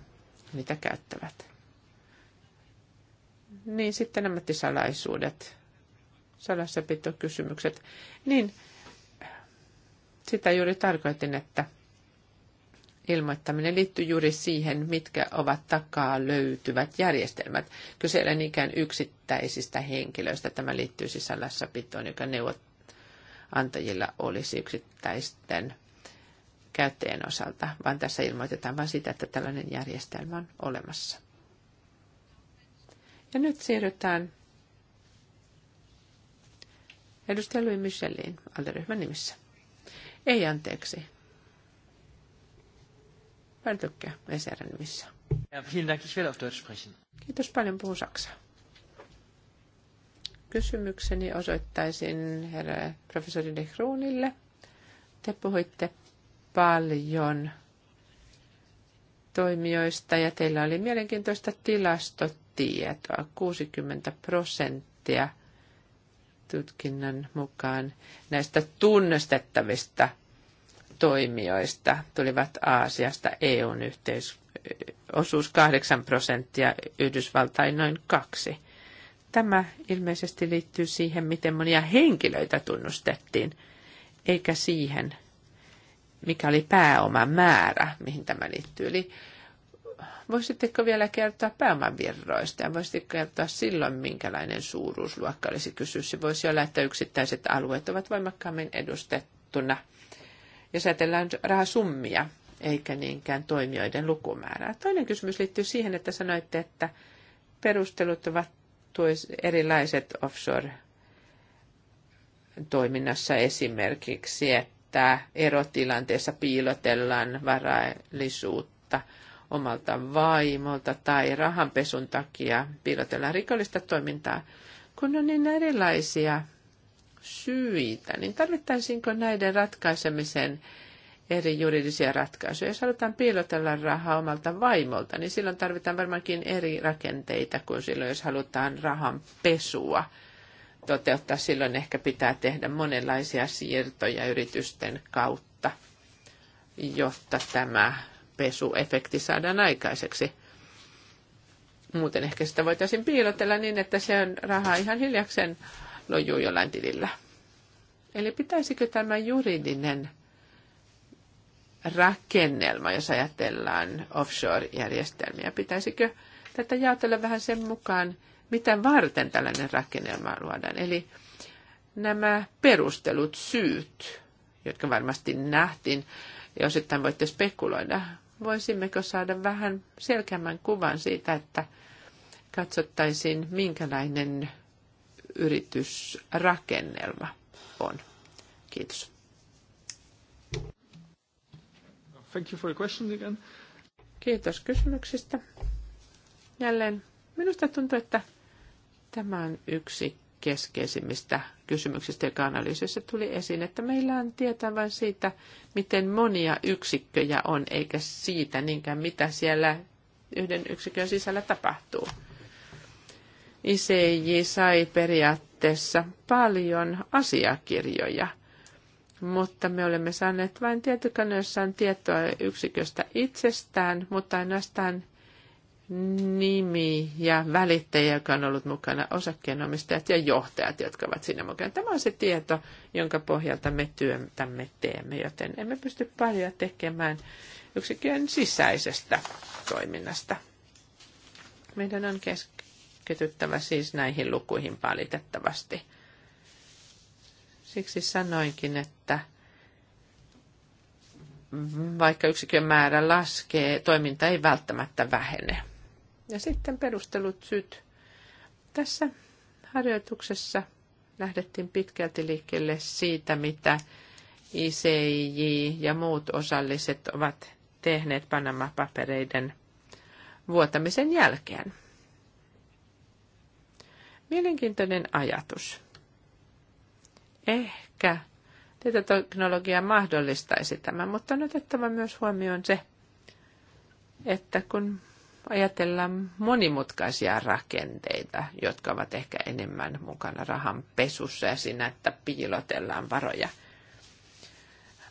niitä käyttävät. Niin sitten ammattisalaisuudet salassapitokysymykset, niin sitä juuri tarkoitin, että ilmoittaminen liittyy juuri siihen, mitkä ovat takaa löytyvät järjestelmät. Kyse ei ole niinkään yksittäisistä henkilöistä. Tämä liittyy siis salassapitoon, joka neuvonantajilla olisi yksittäisten käyttäjien osalta, vaan tässä ilmoitetaan vain sitä, että tällainen järjestelmä on olemassa. Ja nyt siirrytään Edustaja Louis Michelin, alderyhmän nimissä. Ei anteeksi. Pärtykkä, ECRn nimissä. Ja, vielen Dank, ich will auf Deutsch sprechen. Kiitos paljon, puhun saksaa. Kysymykseni osoittaisin herra professori De Kroonille. Te puhuitte paljon toimijoista ja teillä oli mielenkiintoista tilastotietoa. 60 prosenttia – tutkinnan mukaan näistä tunnistettavista toimijoista tulivat Aasiasta EUn yhteisosuus kahdeksan 8 prosenttia, Yhdysvaltain noin kaksi. Tämä ilmeisesti liittyy siihen, miten monia henkilöitä tunnustettiin, eikä siihen, mikä oli pääoman määrä, mihin tämä liittyy. Eli voisitteko vielä kertoa pääomavirroista ja voisitteko kertoa silloin, minkälainen suuruusluokka olisi kysyssä? Voisi olla, että yksittäiset alueet ovat voimakkaammin edustettuna. Jos ajatellaan rahasummia, eikä niinkään toimijoiden lukumäärää. Toinen kysymys liittyy siihen, että sanoitte, että perustelut ovat erilaiset offshore-toiminnassa esimerkiksi, että erotilanteessa piilotellaan varallisuutta – omalta vaimolta tai rahanpesun takia piilotella rikollista toimintaa, kun on niin erilaisia syitä, niin tarvittaisiinko näiden ratkaisemiseen eri juridisia ratkaisuja. Jos halutaan piilotella rahaa omalta vaimolta, niin silloin tarvitaan varmaankin eri rakenteita kuin silloin, jos halutaan rahan pesua toteuttaa. Silloin ehkä pitää tehdä monenlaisia siirtoja yritysten kautta, jotta tämä pesuefekti saadaan aikaiseksi. Muuten ehkä sitä voitaisiin piilotella niin, että se on rahaa ihan hiljaksen lojuu jollain tilillä. Eli pitäisikö tämä juridinen rakennelma, jos ajatellaan offshore-järjestelmiä, pitäisikö tätä jaotella vähän sen mukaan, mitä varten tällainen rakennelma luodaan. Eli nämä perustelut, syyt, jotka varmasti nähtiin, ja osittain voitte spekuloida, Voisimmeko saada vähän selkeämmän kuvan siitä, että katsottaisiin, minkälainen yritysrakennelma on. Kiitos. Thank you for your question again. Kiitos kysymyksistä. Jälleen minusta tuntuu, että tämä on yksi keskeisimmistä kysymyksistä, joka analyysissä tuli esiin, että meillä on tietää vain siitä, miten monia yksikköjä on, eikä siitä niinkään, mitä siellä yhden yksikön sisällä tapahtuu. ICJ sai periaatteessa paljon asiakirjoja, mutta me olemme saaneet vain tietokoneessaan tietoa yksiköstä itsestään, mutta ainoastaan nimi ja välittäjä, joka on ollut mukana, osakkeenomistajat ja johtajat, jotka ovat siinä mukana. Tämä on se tieto, jonka pohjalta me työtämme teemme, joten emme pysty paljon tekemään yksikön sisäisestä toiminnasta. Meidän on keskityttävä siis näihin lukuihin valitettavasti. Siksi sanoinkin, että vaikka yksikön määrä laskee, toiminta ei välttämättä vähene. Ja sitten perustelut syyt. Tässä harjoituksessa lähdettiin pitkälti liikkeelle siitä, mitä ICJ ja muut osalliset ovat tehneet Panama-papereiden vuotamisen jälkeen. Mielenkiintoinen ajatus. Ehkä tietoteknologia mahdollistaisi tämän, mutta on otettava myös huomioon se, että kun ajatella monimutkaisia rakenteita, jotka ovat ehkä enemmän mukana rahan pesussa ja siinä, että piilotellaan varoja.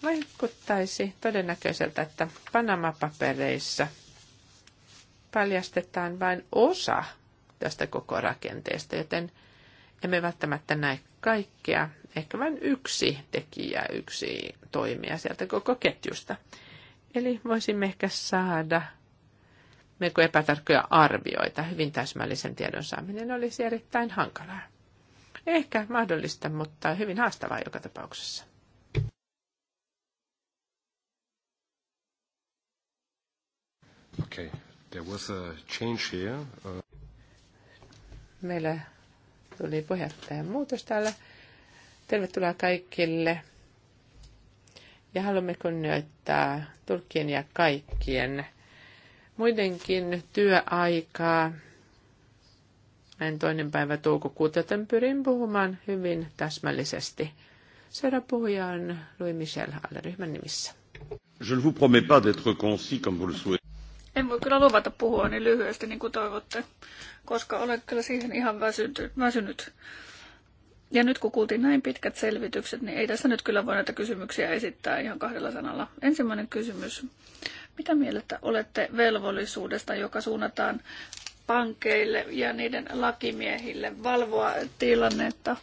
Vaikuttaisi todennäköiseltä, että Panama-papereissa paljastetaan vain osa tästä koko rakenteesta, joten emme välttämättä näe kaikkea, ehkä vain yksi tekijä, yksi toimija sieltä koko ketjusta. Eli voisimme ehkä saada melko epätarkkoja arvioita. Hyvin täsmällisen tiedon saaminen olisi erittäin hankalaa. Ehkä mahdollista, mutta hyvin haastavaa joka tapauksessa. Okay. There was a change here. Uh... Meillä tuli puheenjohtajan muutos täällä. Tervetuloa kaikille. Ja haluamme kunnioittaa tulkien ja kaikkien muidenkin työaikaa en toinen päivä toukokuuta, joten pyrin puhumaan hyvin täsmällisesti. Seuraava puhuja on Louis Michel alleryhmän nimissä. Je ne vous promets pas d'être concis comme vous le souhaitez. En voi kyllä luvata puhua niin lyhyesti niin kuin toivotte, koska olen kyllä siihen ihan väsynyt. väsynyt. Ja nyt kun kuultiin näin pitkät selvitykset, niin ei tässä nyt kyllä voi näitä kysymyksiä esittää ihan kahdella sanalla. Ensimmäinen kysymys mitä mieltä olette velvollisuudesta, joka suunnataan pankeille ja niiden lakimiehille valvoa tilannetta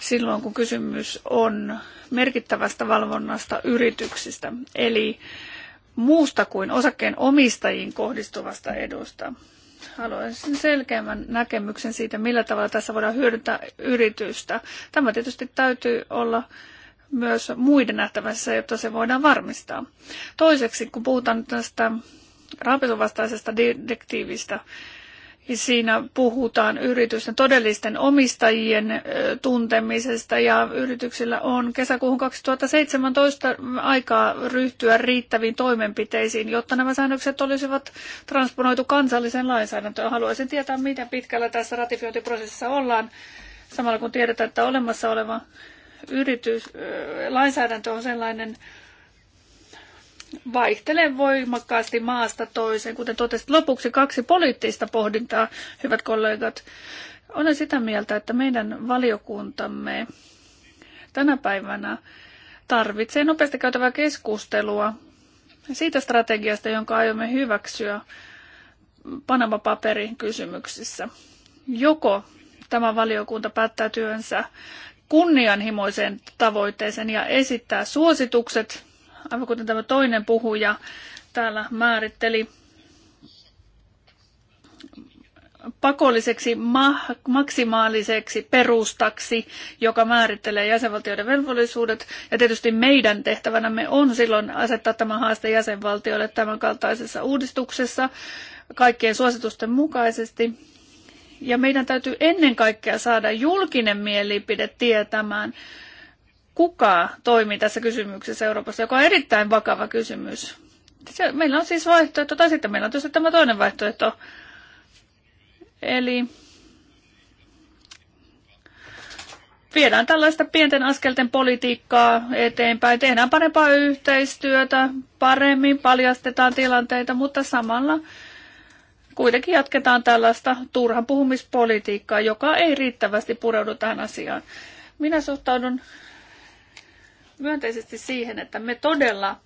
silloin, kun kysymys on merkittävästä valvonnasta yrityksistä, eli muusta kuin osakkeen omistajiin kohdistuvasta edusta? haluaisin selkeämmän näkemyksen siitä, millä tavalla tässä voidaan hyödyntää yritystä. Tämä tietysti täytyy olla myös muiden nähtävässä, jotta se voidaan varmistaa. Toiseksi, kun puhutaan tästä rahanpesuvastaisesta direktiivistä, niin Siinä puhutaan yritysten todellisten omistajien tuntemisesta ja yrityksillä on kesäkuuhun 2017 aikaa ryhtyä riittäviin toimenpiteisiin, jotta nämä säännökset olisivat transponoitu kansalliseen lainsäädäntöön. Haluaisin tietää, miten pitkällä tässä ratifiointiprosessissa ollaan, samalla kun tiedetään, että olemassa oleva yritys, lainsäädäntö on sellainen, vaihtelee voimakkaasti maasta toiseen. Kuten totesit lopuksi kaksi poliittista pohdintaa, hyvät kollegat. Olen sitä mieltä, että meidän valiokuntamme tänä päivänä tarvitsee nopeasti käytävää keskustelua siitä strategiasta, jonka aiomme hyväksyä Panama-paperin kysymyksissä. Joko tämä valiokunta päättää työnsä kunnianhimoiseen tavoitteeseen ja esittää suositukset, aivan kuten tämä toinen puhuja täällä määritteli pakolliseksi maksimaaliseksi perustaksi, joka määrittelee jäsenvaltioiden velvollisuudet. Ja tietysti meidän tehtävänämme on silloin asettaa tämä haaste jäsenvaltioille tämän kaltaisessa uudistuksessa kaikkien suositusten mukaisesti. Ja meidän täytyy ennen kaikkea saada julkinen mielipide tietämään, kuka toimii tässä kysymyksessä Euroopassa, joka on erittäin vakava kysymys. meillä on siis vaihtoehto, tai sitten meillä on tietysti tämä toinen vaihtoehto. Eli viedään tällaista pienten askelten politiikkaa eteenpäin, tehdään parempaa yhteistyötä, paremmin paljastetaan tilanteita, mutta samalla kuitenkin jatketaan tällaista turhan puhumispolitiikkaa, joka ei riittävästi pureudu tähän asiaan. Minä suhtaudun myönteisesti siihen, että me todella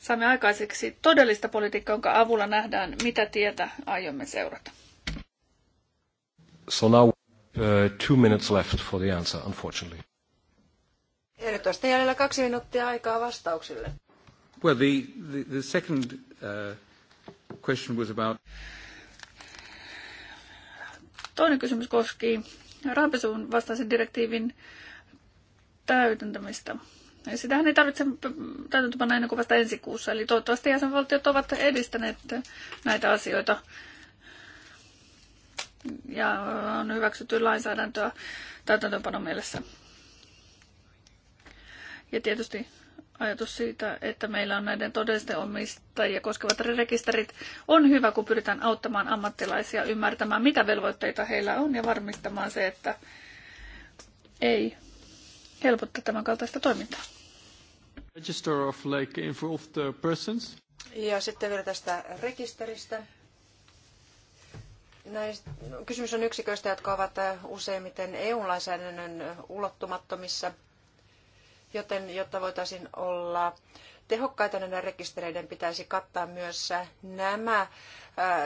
saamme aikaiseksi todellista politiikkaa, jonka avulla nähdään, mitä tietä aiomme seurata. So now uh, two minutes left for the answer, unfortunately. jäljellä kaksi minuuttia aikaa vastauksille. Well, the, the, the second uh, question was about... Toinen kysymys koski rahanpesuun vastaisen direktiivin täytäntämistä. Sitähän ei tarvitse täytäntöpanna ennen kuin vasta ensi kuussa, eli toivottavasti jäsenvaltiot ovat edistäneet näitä asioita ja on hyväksytty lainsäädäntöä täytäntöönpanon mielessä. Ja tietysti ajatus siitä, että meillä on näiden todellisten omistajia koskevat rekisterit, on hyvä, kun pyritään auttamaan ammattilaisia ymmärtämään, mitä velvoitteita heillä on ja varmistamaan se, että ei helpottaa tämän kaltaista toimintaa. Register of like involved uh, persons. Ja sitten vielä tästä rekisteristä. Näistä, no, kysymys on yksiköistä, jotka ovat uh, useimmiten EU-lainsäädännön ulottumattomissa – joten jotta voitaisiin olla tehokkaita näiden rekistereiden pitäisi kattaa myös nämä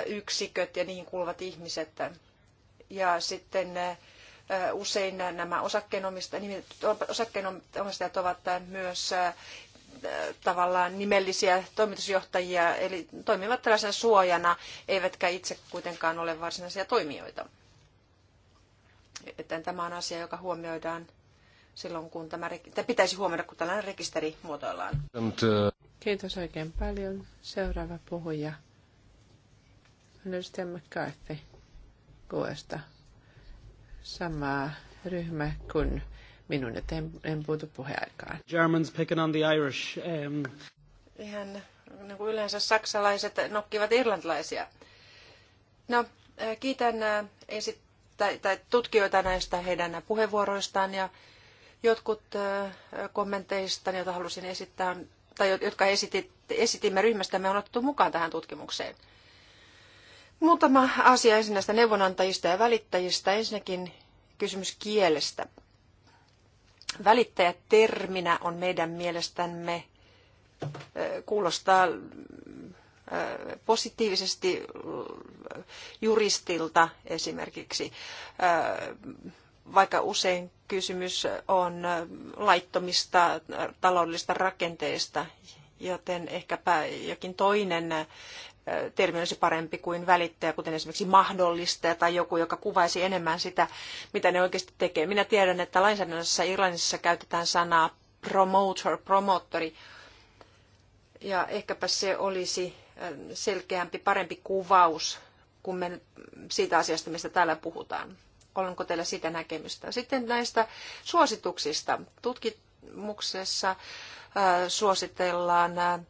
yksiköt ja niihin kuuluvat ihmiset. Ja sitten usein nämä osakkeenomistajat ovat myös tavallaan nimellisiä toimitusjohtajia, eli toimivat tällaisena suojana, eivätkä itse kuitenkaan ole varsinaisia toimijoita. Joten tämä on asia, joka huomioidaan silloin, kun tämä tai pitäisi huomioida, kun tällainen rekisteri muotoillaan. Uh, Kiitos oikein paljon. Seuraava puhuja on edustaja McCarthy Kuesta. Samaa ryhmä kuin minun, että en, en puutu puheaikaan. Germans picking on the Irish. Um... Ihan niin kuin yleensä saksalaiset nokkivat irlantilaisia. No, äh, kiitän äh, esit- tai, tai tutkijoita näistä heidän puheenvuoroistaan ja Jotkut kommenteista, joita halusin esittää, tai jotka esitit, esitimme ryhmästämme, on otettu mukaan tähän tutkimukseen. Muutama asia ensin näistä neuvonantajista ja välittäjistä. Ensinnäkin kysymys kielestä. Välittäjä terminä on meidän mielestämme kuulostaa positiivisesti juristilta esimerkiksi vaikka usein kysymys on laittomista taloudellisista rakenteista, joten ehkäpä jokin toinen termi olisi parempi kuin välittäjä, kuten esimerkiksi mahdollistaja tai joku, joka kuvaisi enemmän sitä, mitä ne oikeasti tekee. Minä tiedän, että lainsäädännössä Irlannissa käytetään sanaa promoter, promottori, ja ehkäpä se olisi selkeämpi, parempi kuvaus kuin me siitä asiasta, mistä täällä puhutaan. Onko teillä sitä näkemystä? Sitten näistä suosituksista. Tutkimuksessa äh, suositellaan äh,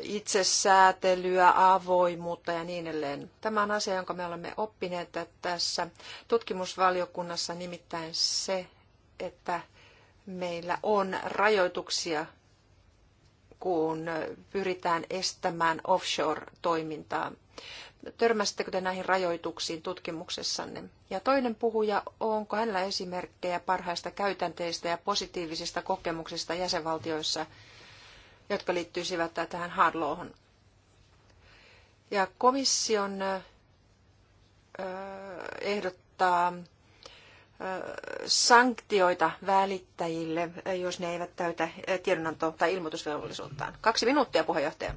itsesäätelyä, avoimuutta ja niin edelleen. Tämä on asia, jonka me olemme oppineet tässä tutkimusvaliokunnassa, nimittäin se, että meillä on rajoituksia, kun pyritään estämään offshore-toimintaa törmäsittekö te näihin rajoituksiin tutkimuksessanne? Ja toinen puhuja, onko hänellä esimerkkejä parhaista käytänteistä ja positiivisista kokemuksista jäsenvaltioissa, jotka liittyisivät tähän Hadloohon? Ja komission ehdottaa sanktioita välittäjille, jos ne eivät täytä tiedonanto- tai ilmoitusvelvollisuuttaan. Kaksi minuuttia, puheenjohtaja.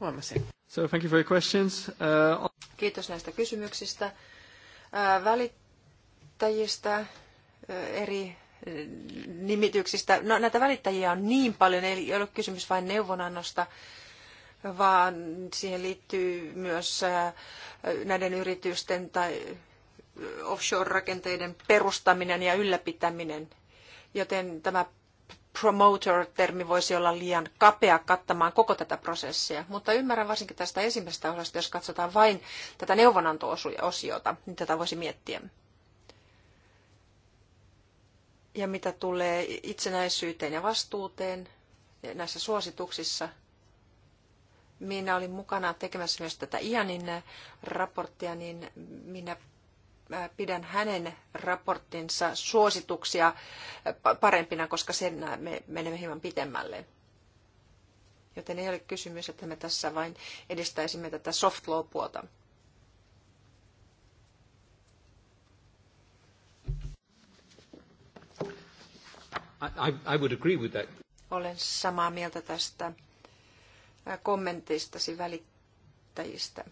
Huomasin. So thank you for your questions. Uh... Kiitos näistä kysymyksistä. Välittäjistä eri nimityksistä. No, näitä välittäjiä on niin paljon, ei ole kysymys vain neuvonannosta, vaan siihen liittyy myös näiden yritysten tai offshore-rakenteiden perustaminen ja ylläpitäminen. Joten tämä promoter-termi voisi olla liian kapea kattamaan koko tätä prosessia, mutta ymmärrän varsinkin tästä ensimmäisestä osasta, jos katsotaan vain tätä neuvonanto-osiota, niin tätä voisi miettiä. Ja mitä tulee itsenäisyyteen ja vastuuteen näissä suosituksissa, minä olin mukana tekemässä myös tätä Ianin raporttia, niin minä pidän hänen raporttinsa suosituksia parempina, koska sen äh, me menemme hieman pitemmälle. Joten ei ole kysymys, että me tässä vain edistäisimme tätä soft law-puolta. I, I would agree with that. Olen samaa mieltä tästä äh, kommenteistasi välittäjistä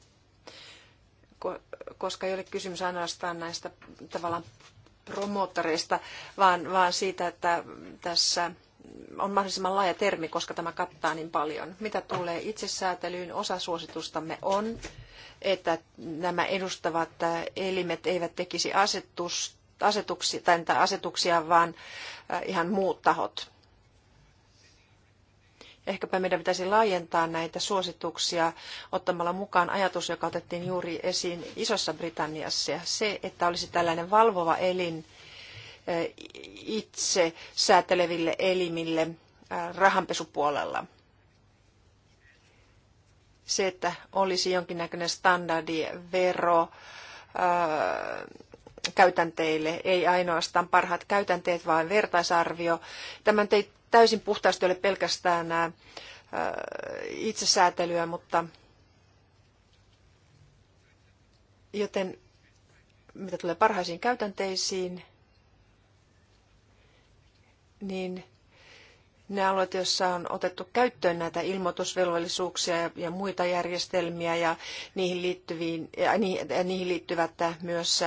koska ei ole kysymys ainoastaan näistä tavallaan promoottoreista, vaan, vaan siitä, että tässä on mahdollisimman laaja termi, koska tämä kattaa niin paljon. Mitä tulee itsesäätelyyn, osa suositustamme on, että nämä edustavat elimet eivät tekisi asetus, asetuksia, tai asetuksia, vaan ihan muut tahot. Ehkäpä meidän pitäisi laajentaa näitä suosituksia ottamalla mukaan ajatus, joka otettiin juuri esiin Isossa Britanniassa. Ja se, että olisi tällainen valvova elin eh, itse sääteleville elimille eh, rahanpesupuolella. Se, että olisi jonkinnäköinen vero eh, käytänteille, ei ainoastaan parhaat käytänteet, vaan vertaisarvio. Tämän täysin puhtaasti ole pelkästään ää, itsesäätelyä, mutta joten mitä tulee parhaisiin käytänteisiin, niin ne alueet, joissa on otettu käyttöön näitä ilmoitusvelvollisuuksia ja, ja muita järjestelmiä ja niihin, liittyviin, ja niihin, ja niihin liittyvät myös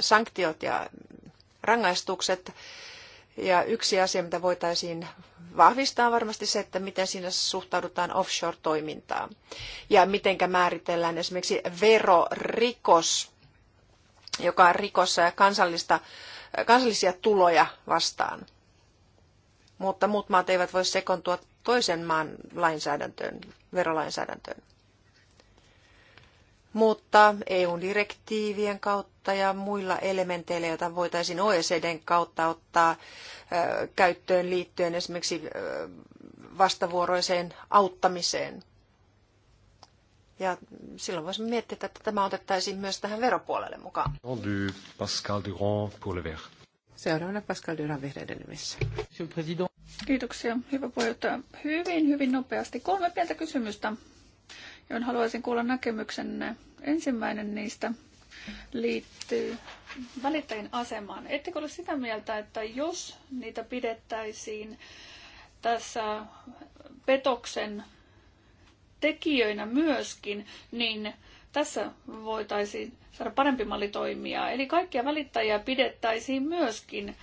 sanktiot ja rangaistukset, ja yksi asia, mitä voitaisiin vahvistaa, on varmasti se, että miten siinä suhtaudutaan offshore-toimintaan ja miten määritellään esimerkiksi verorikos, joka on rikos kansallista, kansallisia tuloja vastaan. Mutta muut maat eivät voi sekoontua toisen maan lainsäädäntöön, verolainsäädäntöön mutta EU-direktiivien kautta ja muilla elementeillä, joita voitaisiin OECDn kautta ottaa käyttöön liittyen esimerkiksi vastavuoroiseen auttamiseen. Ja silloin voisimme miettiä, että tämä otettaisiin myös tähän veropuolelle mukaan. Pascal Durand pour le vert. Seuraavana Pascal Durand vihreiden nimissä. Kiitoksia, hyvä puheenjohtaja. Hyvin, hyvin nopeasti. Kolme pientä kysymystä joihin haluaisin kuulla näkemyksenne. Ensimmäinen niistä liittyy välittäjien asemaan. Ettekö ole sitä mieltä, että jos niitä pidettäisiin tässä petoksen tekijöinä myöskin, niin tässä voitaisiin saada parempi malli toimia. Eli kaikkia välittäjiä pidettäisiin myöskin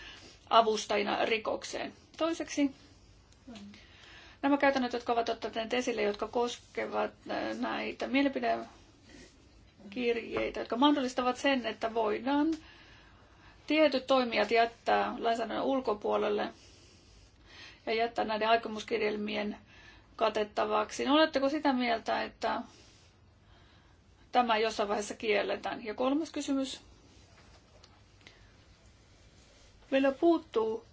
avustajina rikokseen. Toiseksi Nämä käytännöt, jotka ovat ottaneet esille, jotka koskevat äh, näitä mielipidekirjeitä, jotka mahdollistavat sen, että voidaan tietyt toimijat jättää lainsäädännön ulkopuolelle ja jättää näiden aikomuskirjelmien katettavaksi. No, oletteko sitä mieltä, että tämä jossain vaiheessa kielletään? Ja kolmas kysymys. Meillä puuttuu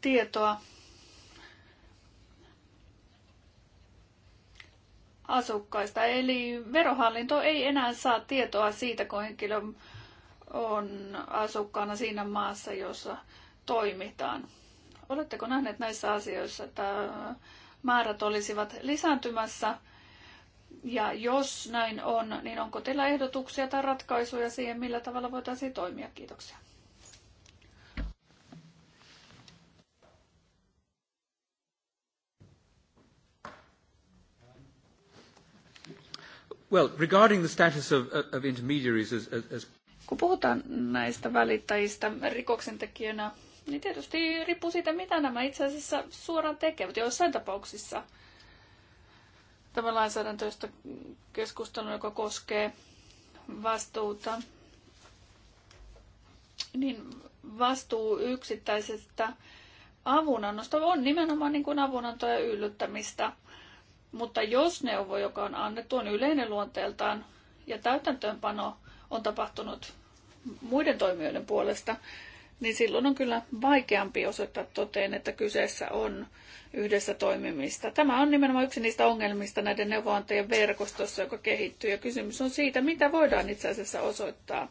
tietoa asukkaista. Eli verohallinto ei enää saa tietoa siitä, kun henkilö on asukkaana siinä maassa, jossa toimitaan. Oletteko nähneet näissä asioissa, että määrät olisivat lisääntymässä? Ja jos näin on, niin onko teillä ehdotuksia tai ratkaisuja siihen, millä tavalla voitaisiin toimia? Kiitoksia. Well, regarding the status of, of intermediaries as, as... Kun puhutaan näistä välittäjistä rikoksentekijöinä, niin tietysti riippuu siitä, mitä nämä itse asiassa suoraan tekevät. Joissain tapauksissa tämä lainsäädäntö, josta keskustelu, joka koskee vastuuta, niin vastuu yksittäisestä avunannosta on nimenomaan niin kuin avunantoja yllyttämistä – mutta jos neuvo, joka on annettu, on yleinen luonteeltaan ja täytäntöönpano on tapahtunut muiden toimijoiden puolesta, niin silloin on kyllä vaikeampi osoittaa toteen, että kyseessä on yhdessä toimimista. Tämä on nimenomaan yksi niistä ongelmista näiden neuvoantajien verkostossa, joka kehittyy. Ja kysymys on siitä, mitä voidaan itse asiassa osoittaa.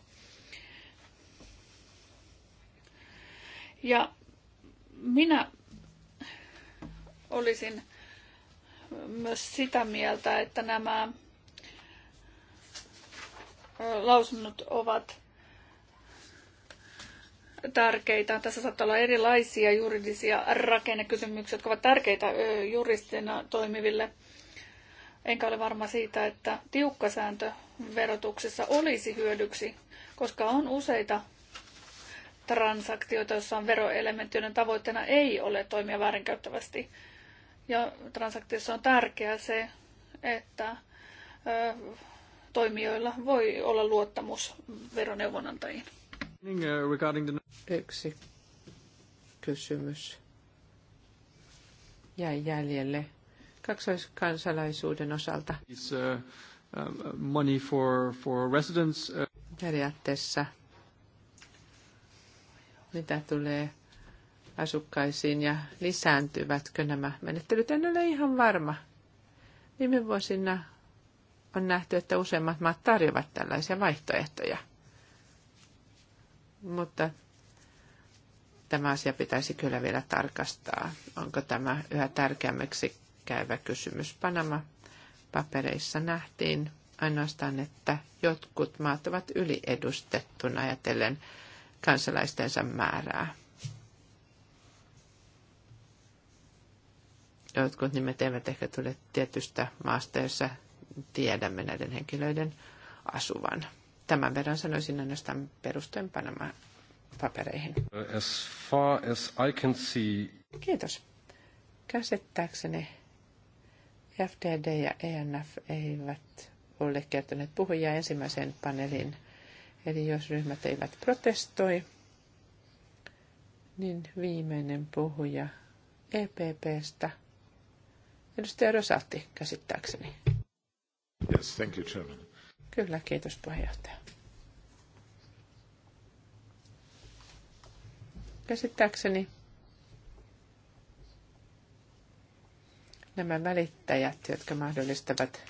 Ja minä olisin myös sitä mieltä, että nämä lausunnot ovat tärkeitä. Tässä saattaa olla erilaisia juridisia rakennekysymyksiä, jotka ovat tärkeitä juristina toimiville. Enkä ole varma siitä, että tiukka sääntö verotuksessa olisi hyödyksi, koska on useita transaktioita, joissa on veroelementti, joiden tavoitteena ei ole toimia väärinkäyttävästi. Ja transaktiossa on tärkeää se, että toimijoilla voi olla luottamus veroneuvonantajiin. Uh, Yksi kysymys jäi jäljelle kaksoiskansalaisuuden osalta. Uh, um, money for, for residents. Uh- Periaatteessa, mitä tulee asukkaisiin ja lisääntyvätkö nämä menettelyt. En ole ihan varma. Viime vuosina on nähty, että useimmat maat tarjoavat tällaisia vaihtoehtoja. Mutta tämä asia pitäisi kyllä vielä tarkastaa. Onko tämä yhä tärkeämmäksi käyvä kysymys? Panama-papereissa nähtiin ainoastaan, että jotkut maat ovat yliedustettuna ajatellen kansalaistensa määrää. Jotkut nimet eivät ehkä tule tietystä maasta, jossa tiedämme näiden henkilöiden asuvan. Tämän verran sanoisin ainoastaan perustuen Panama papereihin. As far as I can see... Kiitos. Käsittääkseni FDD ja ENF eivät ole kertoneet puhujia ensimmäiseen paneeliin. Eli jos ryhmät eivät protestoi, niin viimeinen puhuja EPPstä Edustaja Rosati, käsittääkseni. Yes, thank you, Chairman. Kyllä, kiitos puheenjohtaja. Käsittääkseni nämä välittäjät, jotka mahdollistavat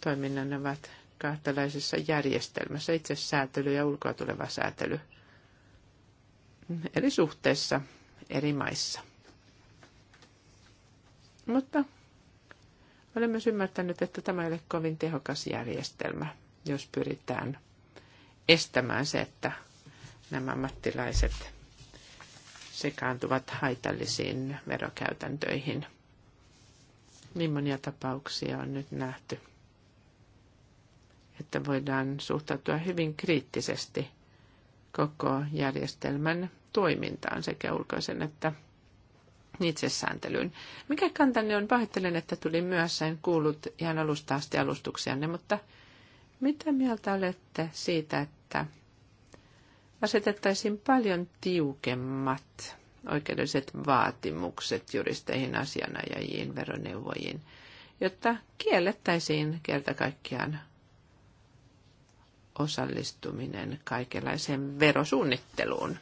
toiminnan, ovat kahtalaisessa järjestelmässä, itse säätely ja ulkoa tuleva säätely, eli suhteessa eri maissa. Mutta olen myös ymmärtänyt, että tämä ei ole kovin tehokas järjestelmä, jos pyritään estämään se, että nämä ammattilaiset sekaantuvat haitallisiin verokäytäntöihin. Niin monia tapauksia on nyt nähty, että voidaan suhtautua hyvin kriittisesti koko järjestelmän toimintaan sekä ulkoisen että itsesääntelyyn. Mikä kantanne on? Pahoittelen, että tuli myös en kuullut ihan alusta asti alustuksianne, mutta mitä mieltä olette siitä, että asetettaisiin paljon tiukemmat oikeudelliset vaatimukset juristeihin, asianajajiin, veroneuvojiin, jotta kiellettäisiin kerta kaikkiaan osallistuminen kaikenlaiseen verosuunnitteluun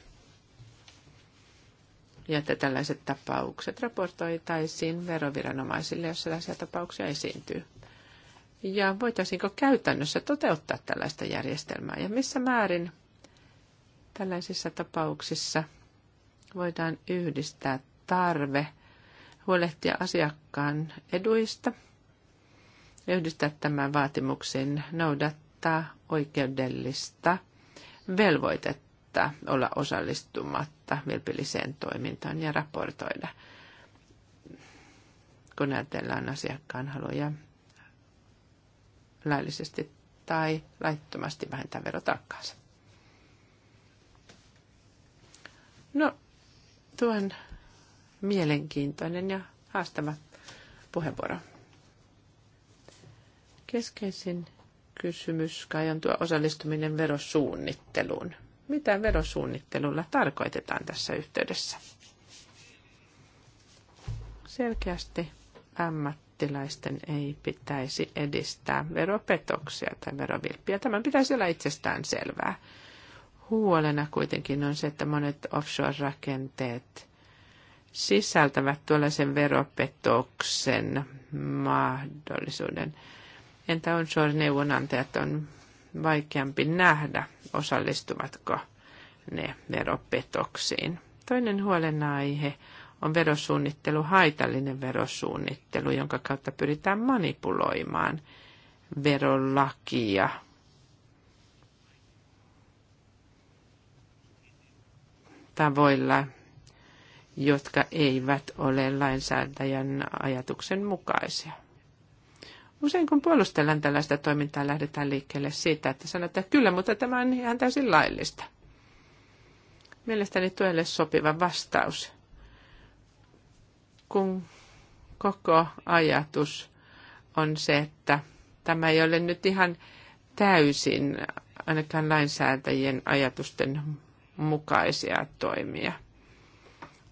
ja että tällaiset tapaukset raportoitaisiin veroviranomaisille, jos sellaisia tapauksia esiintyy. Ja voitaisiinko käytännössä toteuttaa tällaista järjestelmää ja missä määrin tällaisissa tapauksissa voidaan yhdistää tarve huolehtia asiakkaan eduista ja yhdistää tämän vaatimuksen noudattaa oikeudellista velvoitetta päättää olla osallistumatta vilpilliseen toimintaan ja raportoida, kun ajatellaan asiakkaan haluja laillisesti tai laittomasti vähentää verotaakkaansa. No, tuon mielenkiintoinen ja haastava puheenvuoro. Keskeisin kysymys kai on tuo osallistuminen verosuunnitteluun mitä verosuunnittelulla tarkoitetaan tässä yhteydessä. Selkeästi ammattilaisten ei pitäisi edistää veropetoksia tai verovilppiä. Tämän pitäisi olla itsestään selvää. Huolena kuitenkin on se, että monet offshore-rakenteet sisältävät tuollaisen veropetoksen mahdollisuuden. Entä onshore-neuvonantajat on vaikeampi nähdä, osallistuvatko ne veropetoksiin. Toinen huolenaihe on verosuunnittelu, haitallinen verosuunnittelu, jonka kautta pyritään manipuloimaan verolakia. Tavoilla, jotka eivät ole lainsäätäjän ajatuksen mukaisia. Usein kun puolustellaan tällaista toimintaa, lähdetään liikkeelle siitä, että sanotaan, että kyllä, mutta tämä on ihan täysin laillista. Mielestäni tuelle sopiva vastaus, kun koko ajatus on se, että tämä ei ole nyt ihan täysin ainakaan lainsäätäjien ajatusten mukaisia toimia.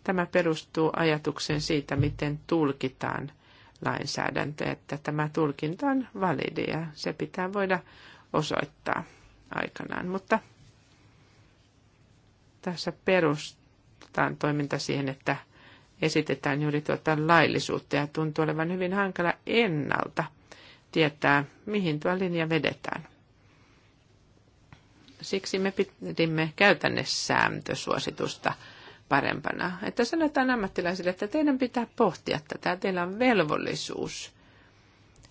Tämä perustuu ajatukseen siitä, miten tulkitaan lainsäädäntö, että tämä tulkinta on validi ja se pitää voida osoittaa aikanaan. Mutta tässä perustetaan toiminta siihen, että esitetään juuri tuota laillisuutta ja tuntuu olevan hyvin hankala ennalta tietää, mihin tuo linja vedetään. Siksi me pidimme käytännössä suositusta parempana. Että sanotaan ammattilaisille, että teidän pitää pohtia tätä, teillä on velvollisuus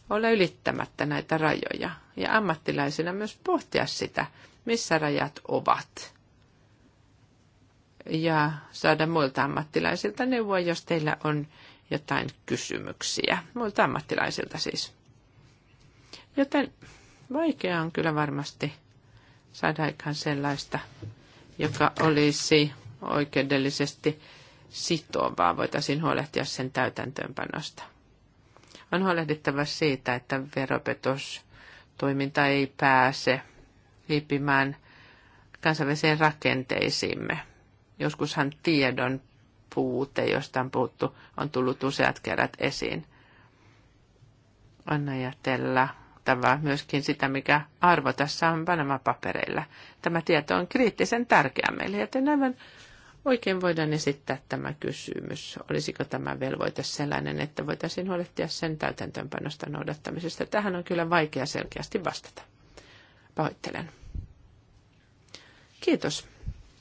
olla ylittämättä näitä rajoja. Ja ammattilaisina myös pohtia sitä, missä rajat ovat. Ja saada muilta ammattilaisilta neuvoa, jos teillä on jotain kysymyksiä. Muilta ammattilaisilta siis. Joten vaikea on kyllä varmasti saada aikaan sellaista, joka olisi oikeudellisesti sitovaa, voitaisiin huolehtia sen täytäntöönpanosta. On huolehdittava siitä, että veropetostoiminta ei pääse liipimään kansainvälisiin rakenteisiimme. Joskushan tiedon puute, josta on puhuttu, on tullut useat kerrat esiin. On ajatella merkittävää myöskin sitä, mikä arvo tässä on Panama-papereilla. Tämä tieto on kriittisen tärkeä meille, joten aivan oikein voidaan esittää tämä kysymys. Olisiko tämä velvoite sellainen, että voitaisiin huolehtia sen täytäntöönpanosta noudattamisesta? Tähän on kyllä vaikea selkeästi vastata. Pahoittelen. Kiitos.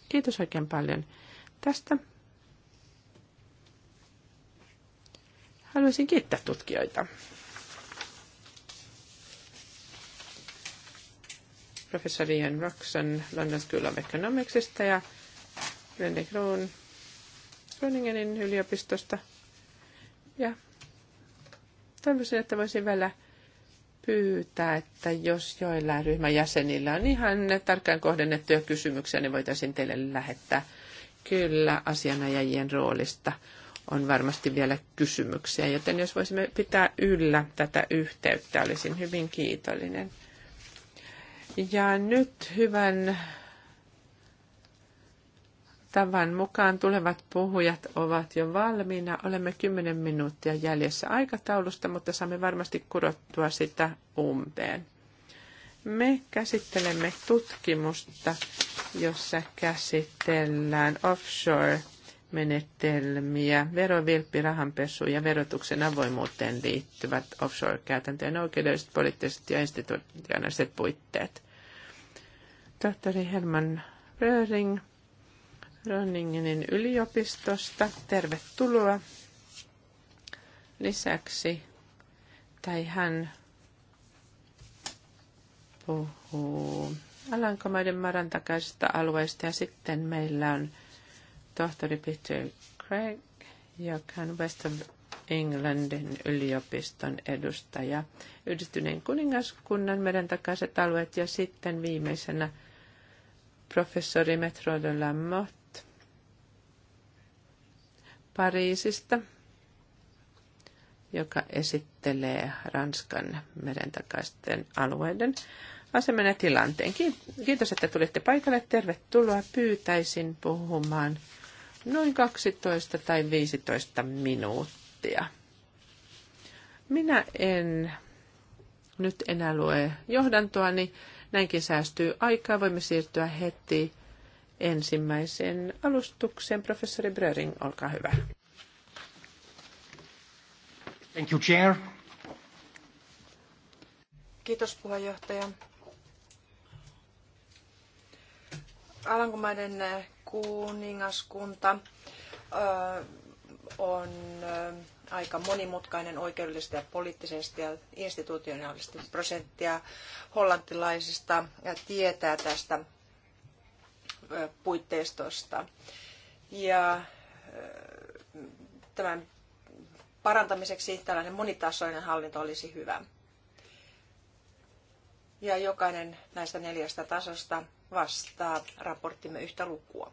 Kiitos oikein paljon tästä. Haluaisin kiittää tutkijoita. Professori Ian Roxon London School of Economicsista ja Brende Kroon Groningenin yliopistosta. Ja toivoisin, että voisin vielä pyytää, että jos joillain ryhmän jäsenillä on ihan tarkkaan kohdennettuja kysymyksiä, niin voitaisiin teille lähettää. Kyllä, asianajajien roolista on varmasti vielä kysymyksiä, joten jos voisimme pitää yllä tätä yhteyttä, olisin hyvin kiitollinen. Ja nyt hyvän tavan mukaan tulevat puhujat ovat jo valmiina. Olemme 10 minuuttia jäljessä aikataulusta, mutta saamme varmasti kurottua sitä umpeen. Me käsittelemme tutkimusta, jossa käsitellään offshore-menetelmiä, verovilppi, rahanpesu ja verotuksen avoimuuteen liittyvät offshore-käytäntöjen oikeudelliset, poliittiset ja institutionaaliset puitteet. Tohtori Herman Röring Groningenin yliopistosta. Tervetuloa. Lisäksi, tai hän puhuu Alankomaiden maran takaisesta alueesta ja sitten meillä on tohtori Peter Craig, joka on West of Englandin yliopiston edustaja, yhdistyneen kuningaskunnan meren takaiset alueet ja sitten viimeisenä professori Metro de la Pariisista, joka esittelee Ranskan merentakaisten alueiden aseman ja tilanteen. Kiitos, että tulitte paikalle. Tervetuloa. Pyytäisin puhumaan noin 12 tai 15 minuuttia. Minä en nyt enää lue johdantoani. Näinkin säästyy aikaa. Voimme siirtyä heti ensimmäisen alustuksen. Professori Bröring, olkaa hyvä. Thank you, Chair. Kiitos puheenjohtaja. Alankomaiden kuningaskunta on aika monimutkainen oikeudellisesti ja poliittisesti ja institutionaalisesti. Prosenttia hollantilaisista tietää tästä puitteistosta. Ja tämän parantamiseksi tällainen monitasoinen hallinto olisi hyvä. Ja jokainen näistä neljästä tasosta vastaa raporttimme yhtä lukua.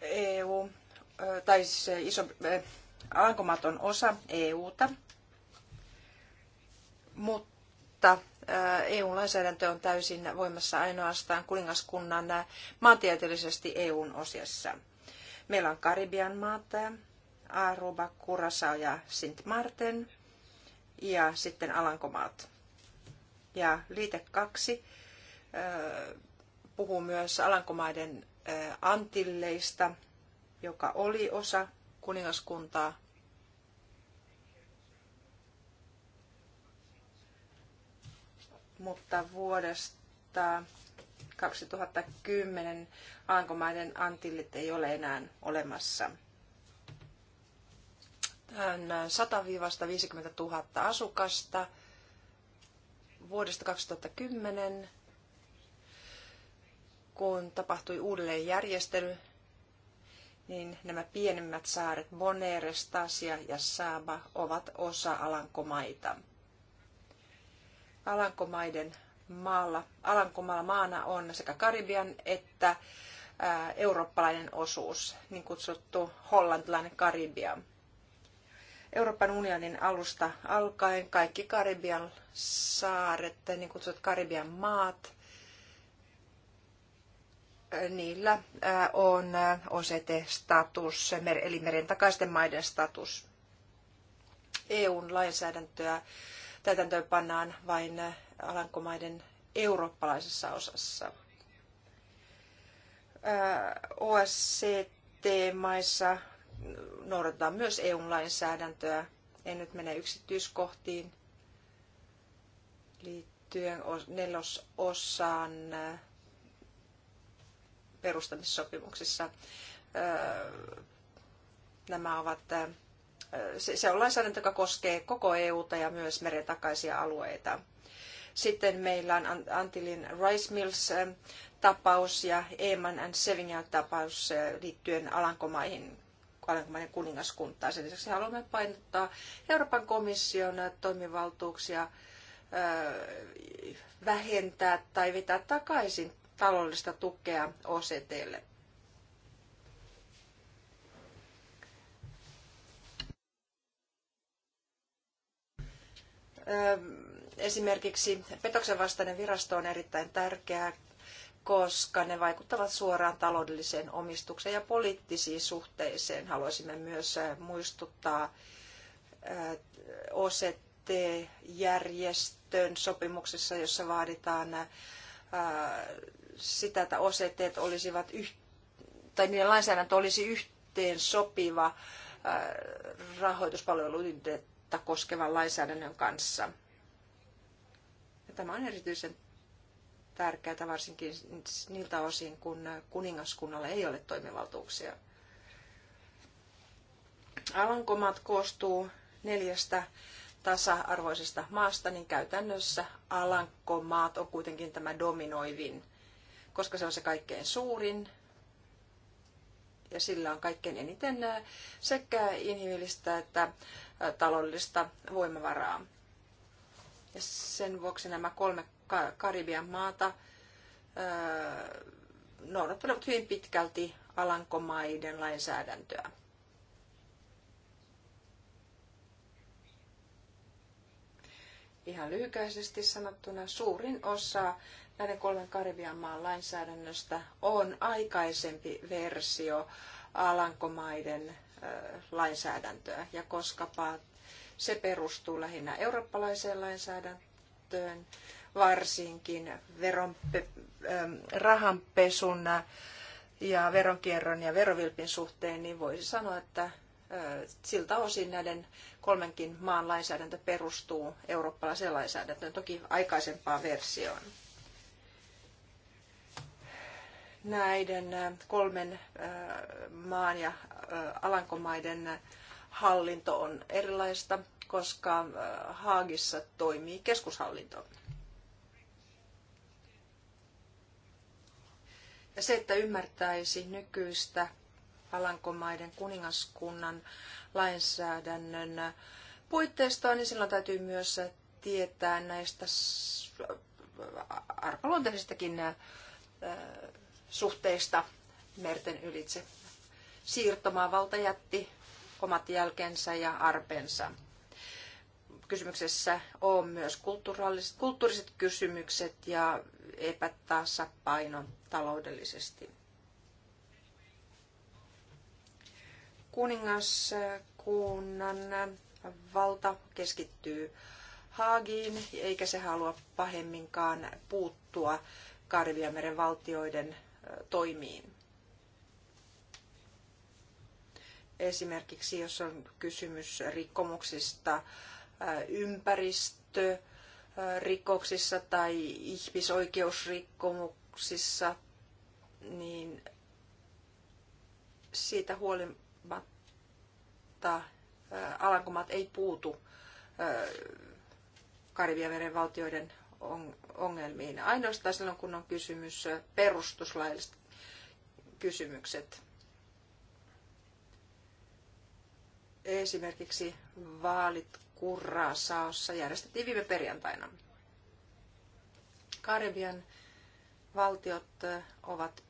EU, tai siis iso, Alankomaat on osa EUta, mutta EU-lainsäädäntö on täysin voimassa ainoastaan kuningaskunnan maantieteellisesti EUn osiassa. Meillä on Karibian maat, Aruba, Curaçao ja Sint Martin ja sitten Alankomaat. Ja liite kaksi puhuu myös Alankomaiden Antilleista, joka oli osa kuningaskuntaa mutta vuodesta 2010 alankomaiden Antillit ei ole enää olemassa. on 100-50 000 asukasta vuodesta 2010, kun tapahtui uudelleenjärjestely, niin nämä pienemmät saaret Bonaire, Stasia ja Saaba ovat osa Alankomaita – Alankomaiden maalla, Alankomaalla maana on sekä Karibian että eurooppalainen osuus, niin kutsuttu hollantilainen Karibia. Euroopan unionin alusta alkaen kaikki Karibian saaret, niin kutsutut Karibian maat, niillä on OCT-status, eli merentakaisten maiden status. EUn lainsäädäntöä täytäntöön pannaan vain äh, Alankomaiden eurooppalaisessa osassa. Äh, OSCT-maissa noudatetaan myös EU-lainsäädäntöä. En nyt mene yksityiskohtiin liittyen nelososan äh, perustamissopimuksissa. Nämä ovat se, se on lainsäädäntö, joka koskee koko EUta ja myös meren takaisia alueita. Sitten meillä on Antilin Rice Mills äh, tapaus ja Eman and Sevignat tapaus äh, liittyen Alankomaihin Alankomaiden kuningaskuntaan. Sen lisäksi haluamme painottaa Euroopan komission äh, toimivaltuuksia vähentää tai vetää takaisin taloudellista tukea OCTlle. Esimerkiksi petoksen vastainen virasto on erittäin tärkeää, koska ne vaikuttavat suoraan taloudelliseen omistukseen ja poliittisiin suhteisiin. Haluaisimme myös muistuttaa OCT-järjestön sopimuksessa, jossa vaaditaan sitä, että OCT olisivat tai niiden lainsäädäntö olisi yhteen sopiva rahoituspalveluiden taloutta koskevan lainsäädännön kanssa. Ja tämä on erityisen tärkeää varsinkin niiltä osin, kun kuningaskunnalla ei ole toimivaltuuksia. Alankomat koostuu neljästä tasa-arvoisesta maasta, niin käytännössä Alankomaat on kuitenkin tämä dominoivin, koska se on se kaikkein suurin ja sillä on kaikkein eniten sekä inhimillistä että taloudellista voimavaraa. Ja sen vuoksi nämä kolme Karibian maata noudattelevat hyvin pitkälti Alankomaiden lainsäädäntöä. Ihan lyhykäisesti sanottuna suurin osa näiden kolmen Karibian maan lainsäädännöstä on aikaisempi versio Alankomaiden lainsäädäntöä. Ja koska se perustuu lähinnä eurooppalaiseen lainsäädäntöön, varsinkin veron, rahanpesun ja veronkierron ja verovilpin suhteen, niin voisi sanoa, että siltä osin näiden kolmenkin maan lainsäädäntö perustuu eurooppalaiseen lainsäädäntöön, toki aikaisempaan versioon näiden äh, kolmen äh, maan ja äh, Alankomaiden hallinto on erilaista, koska Haagissa toimii keskushallinto. Ja se, että ymmärtäisi nykyistä Alankomaiden kuningaskunnan lainsäädännön puitteistoa, niin silloin täytyy myös tietää näistä arkaluonteisistakin suhteista merten ylitse. Siirtomaavalta jätti omat jälkensä ja arpensa. Kysymyksessä on myös kulttuuriset, kulttuuriset kysymykset ja epätasapaino taloudellisesti. Kuningaskunnan valta keskittyy Haagiin, eikä se halua pahemminkaan puuttua meren valtioiden toimiin. Esimerkiksi jos on kysymys rikkomuksista äh, ympäristörikoksissa tai ihmisoikeusrikkomuksissa, niin siitä huolimatta äh, Alankomaat ei puutu äh, Karibianmeren valtioiden ongelmiin. Ainoastaan silloin, kun on kysymys perustuslailliset kysymykset. Esimerkiksi vaalit saossa järjestettiin viime perjantaina. Karibian valtiot ovat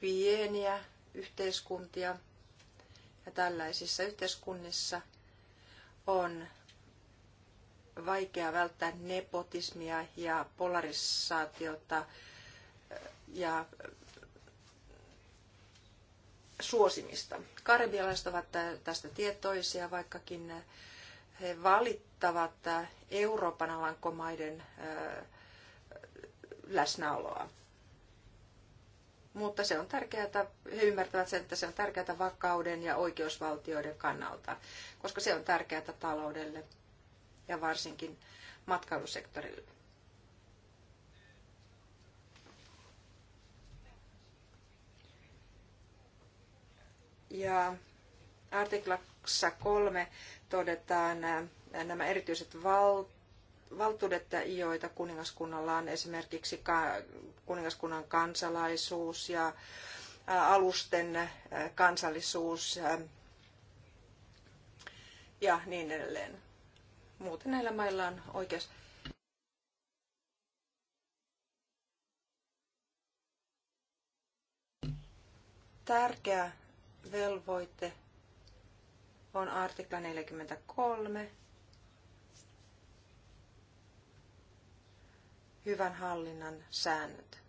pieniä yhteiskuntia ja tällaisissa yhteiskunnissa on vaikea välttää nepotismia ja polarisaatiota ja suosimista. Karibialaiset ovat tästä tietoisia, vaikkakin he valittavat Euroopan alankomaiden läsnäoloa. Mutta se on tärkeää, he ymmärtävät sen, että se on tärkeää vakauden ja oikeusvaltioiden kannalta, koska se on tärkeää taloudelle ja varsinkin matkailusektorille. Ja artiklassa kolme todetaan äh, nämä erityiset val, valtuudet, joita kuningaskunnalla on esimerkiksi kuningaskunnan kansalaisuus ja äh, alusten äh, kansallisuus ja niin edelleen. Muuten näillä mailla on oikeus tärkeä velvoite on artikla 43. Hyvän hallinnan säännöt.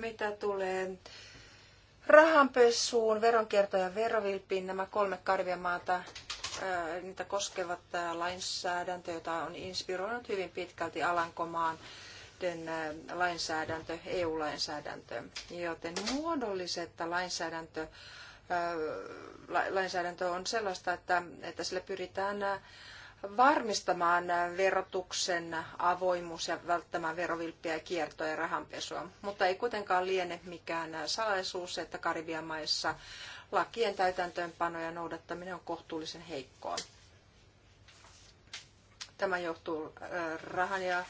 mitä tulee rahanpessuun, veronkierto ja verovilpiin, nämä kolme karviamaata, niitä koskevat lainsäädäntö, jota on inspiroinut hyvin pitkälti Alankomaan lainsäädäntö, EU-lainsäädäntö, joten muodolliset lainsäädäntö lainsäädäntö on sellaista, että, että sillä pyritään varmistamaan verotuksen avoimuus ja välttämään verovilppiä, kiertoa ja rahanpesua. Mutta ei kuitenkaan liene mikään salaisuus, että Karibian maissa lakien täytäntöönpano ja noudattaminen on kohtuullisen heikkoa. Tämä johtuu rahan ja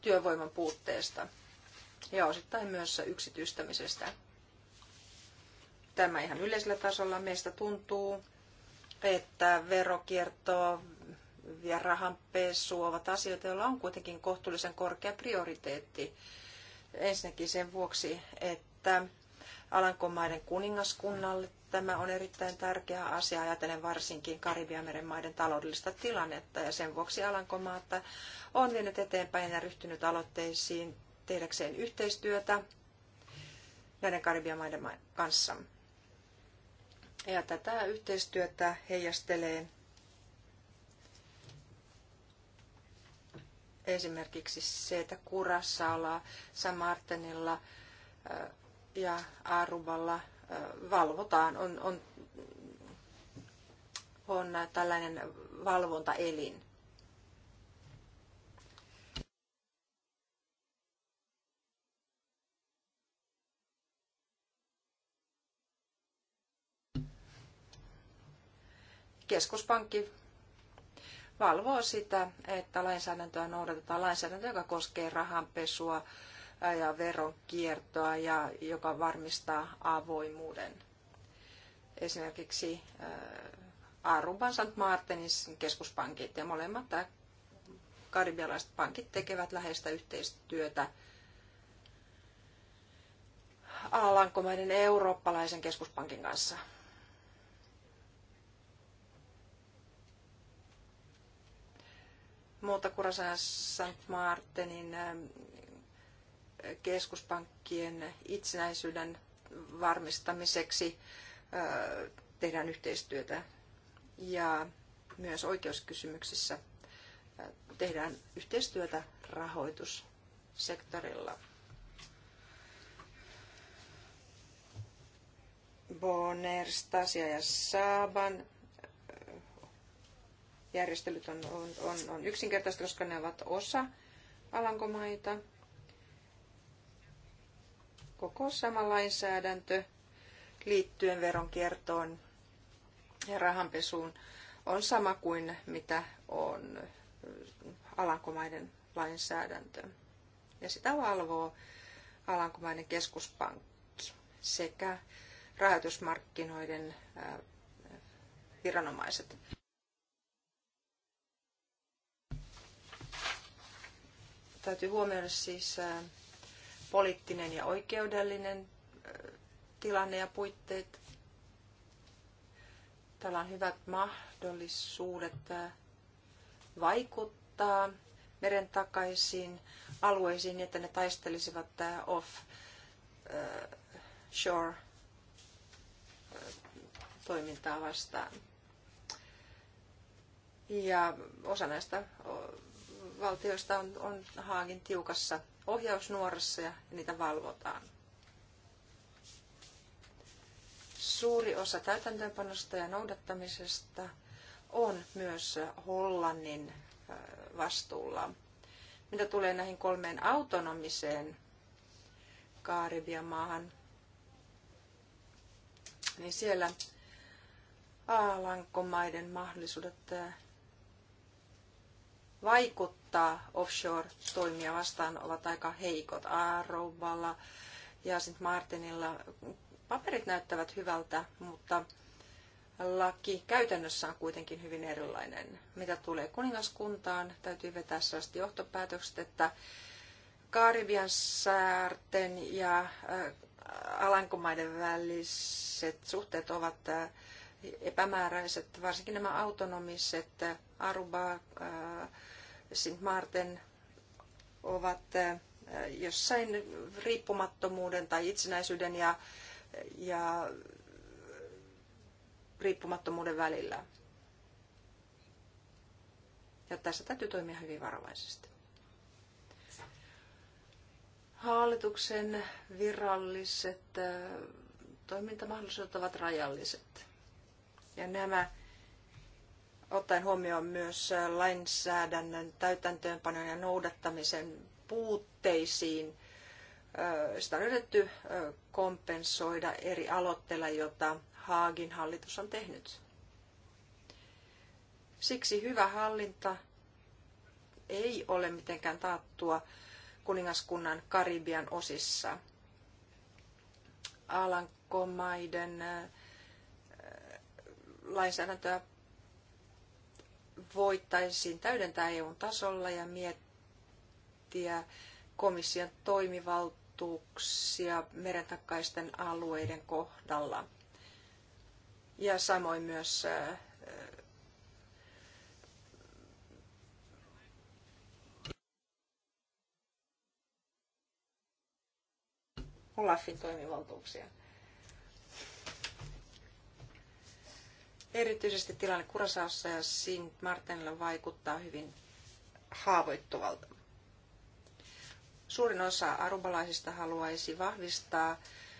työvoiman puutteesta ja osittain myös yksityistämisestä. Tämä ihan yleisellä tasolla meistä tuntuu että verokiertoa ja rahanpesu ovat asioita, joilla on kuitenkin kohtuullisen korkea prioriteetti. Ensinnäkin sen vuoksi, että Alankomaiden kuningaskunnalle tämä on erittäin tärkeä asia, ajatellen varsinkin Karibiameren maiden taloudellista tilannetta, ja sen vuoksi Alankomaat on vienyt eteenpäin ja ryhtynyt aloitteisiin tehdäkseen yhteistyötä näiden Karibian maiden kanssa. Ja tätä yhteistyötä heijastelee esimerkiksi se, että Kurassaalla, Samartenilla äh, ja Aruballa äh, valvotaan, on, on, on tällainen valvontaelin. keskuspankki valvoo sitä, että lainsäädäntöä noudatetaan, lainsäädäntöä, joka koskee rahanpesua ja veronkiertoa ja joka varmistaa avoimuuden. Esimerkiksi äh, Aruban St. Martinin keskuspankit ja molemmat äh, karibialaiset pankit tekevät läheistä yhteistyötä Alankomaiden eurooppalaisen keskuspankin kanssa. muuta kuin St. Martinin ähm, keskuspankkien itsenäisyyden varmistamiseksi äh, tehdään yhteistyötä ja myös oikeuskysymyksissä äh, tehdään yhteistyötä rahoitussektorilla. Bonner, Stasia ja Saban järjestelyt on, on, on, on yksinkertaiset, koska ne ovat osa Alankomaita. Koko sama lainsäädäntö liittyen veronkiertoon ja rahanpesuun on sama kuin mitä on Alankomaiden lainsäädäntö. Ja sitä valvoo Alankomaiden keskuspankki sekä rahoitusmarkkinoiden viranomaiset. Täytyy huomioida siis poliittinen ja oikeudellinen tilanne ja puitteet. Täällä on hyvät mahdollisuudet vaikuttaa meren takaisiin alueisiin, niin, että ne taistelisivat off shore toimintaa vastaan. Ja osa näistä valtioista on, on Haagin tiukassa ohjausnuorassa ja niitä valvotaan. Suuri osa täytäntöönpanosta ja noudattamisesta on myös Hollannin äh, vastuulla. Mitä tulee näihin kolmeen autonomiseen Kaaribian maahan, niin siellä Aalankomaiden mahdollisuudet äh, vaikuttaa ottaa offshore-toimia vastaan ovat aika heikot. Aroballa ja sitten Martinilla paperit näyttävät hyvältä, mutta laki käytännössä on kuitenkin hyvin erilainen. Mitä tulee kuningaskuntaan, täytyy vetää sellaiset johtopäätökset, että Karibian saarten ja äh, Alankomaiden väliset suhteet ovat äh, epämääräiset, varsinkin nämä autonomiset äh, Aruba, Sint Maarten ovat eh, jossain riippumattomuuden tai itsenäisyyden ja, ja riippumattomuuden välillä. Ja tässä täytyy toimia hyvin varovaisesti. Hallituksen viralliset eh, toimintamahdollisuudet ovat rajalliset. Ja nämä ottaen huomioon myös lainsäädännön täytäntöönpanon ja noudattamisen puutteisiin. Sitä on yritetty kompensoida eri aloitteilla, joita Haagin hallitus on tehnyt. Siksi hyvä hallinta ei ole mitenkään taattua kuningaskunnan Karibian osissa. Alankomaiden lainsäädäntöä voitaisiin täydentää EUn tasolla ja miettiä komission toimivaltuuksia merentakkaisten alueiden kohdalla. Ja samoin myös äh, Olafin toimivaltuuksia. Erityisesti tilanne Kurasaossa ja Sint Martinilla vaikuttaa hyvin haavoittuvalta. Suurin osa arubalaisista haluaisi vahvistaa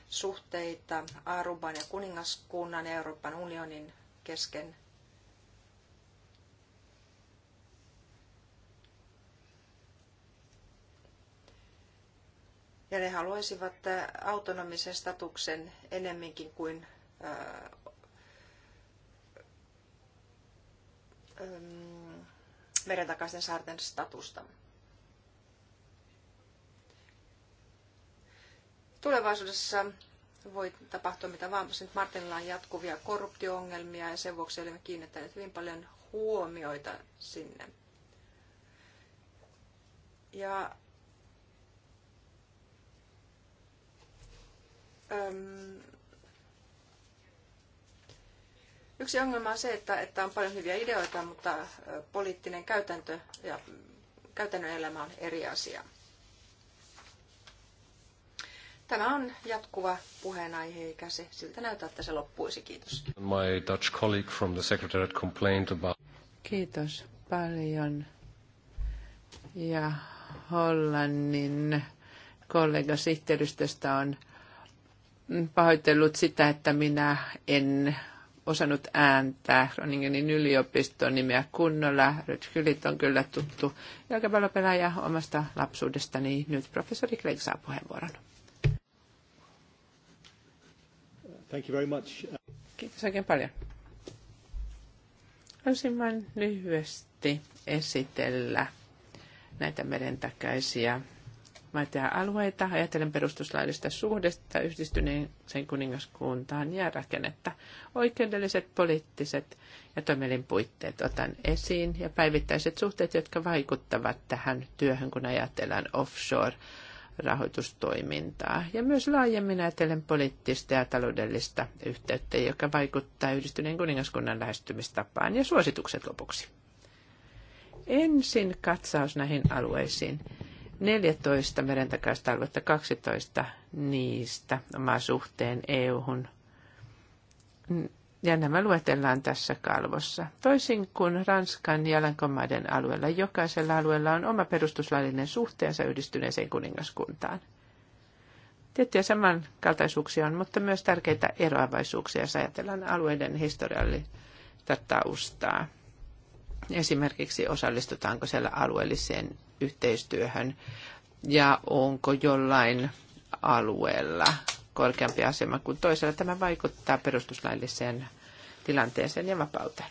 suhteita Aruban ja kuningaskunnan ja Euroopan unionin kesken. Ja ne haluaisivat autonomisen statuksen enemminkin kuin merentakaisten saarten statusta. Tulevaisuudessa voi tapahtua mitä vaan, mutta Martinilla on jatkuvia korruptioongelmia ja sen vuoksi olemme kiinnittäneet hyvin paljon huomioita sinne. Ja äm, Yksi ongelma on se, että, että on paljon hyviä ideoita, mutta poliittinen käytäntö ja käytännön elämä on eri asia. Tämä on jatkuva puheenaihe, eikä se siltä näytä, että se loppuisi. Kiitos. My Dutch colleague from the secretariat complained about... Kiitos paljon. Ja Hollannin kollega sihteeristöstä on pahoitellut sitä, että minä en osannut ääntää Groningenin yliopiston nimeä kunnolla. Rutkylit on kyllä tuttu jalkapallopelaaja omasta lapsuudestani. Nyt professori Greg saa puheenvuoron. Thank you very much. Kiitos oikein paljon. Haluaisin vain lyhyesti esitellä näitä merentakaisia maita alueita, ajatellen perustuslaillista suhdetta sen kuningaskuntaan ja rakennetta. Oikeudelliset, poliittiset ja toimielin puitteet otan esiin ja päivittäiset suhteet, jotka vaikuttavat tähän työhön, kun ajatellaan offshore rahoitustoimintaa ja myös laajemmin ajatellen poliittista ja taloudellista yhteyttä, joka vaikuttaa yhdistyneen kuningaskunnan lähestymistapaan ja suositukset lopuksi. Ensin katsaus näihin alueisiin 14 merentakaista aluetta, 12 niistä omaa suhteen EU-hun. Ja nämä luetellaan tässä kalvossa. Toisin kuin Ranskan ja Lankomaiden alueella, jokaisella alueella on oma perustuslaillinen suhteensa yhdistyneeseen kuningaskuntaan. Tiettyjä samankaltaisuuksia on, mutta myös tärkeitä eroavaisuuksia, jos ajatellaan alueiden historiallista taustaa. Esimerkiksi osallistutaanko siellä alueelliseen yhteistyöhön ja onko jollain alueella korkeampi asema kuin toisella. Tämä vaikuttaa perustuslailliseen tilanteeseen ja vapauteen.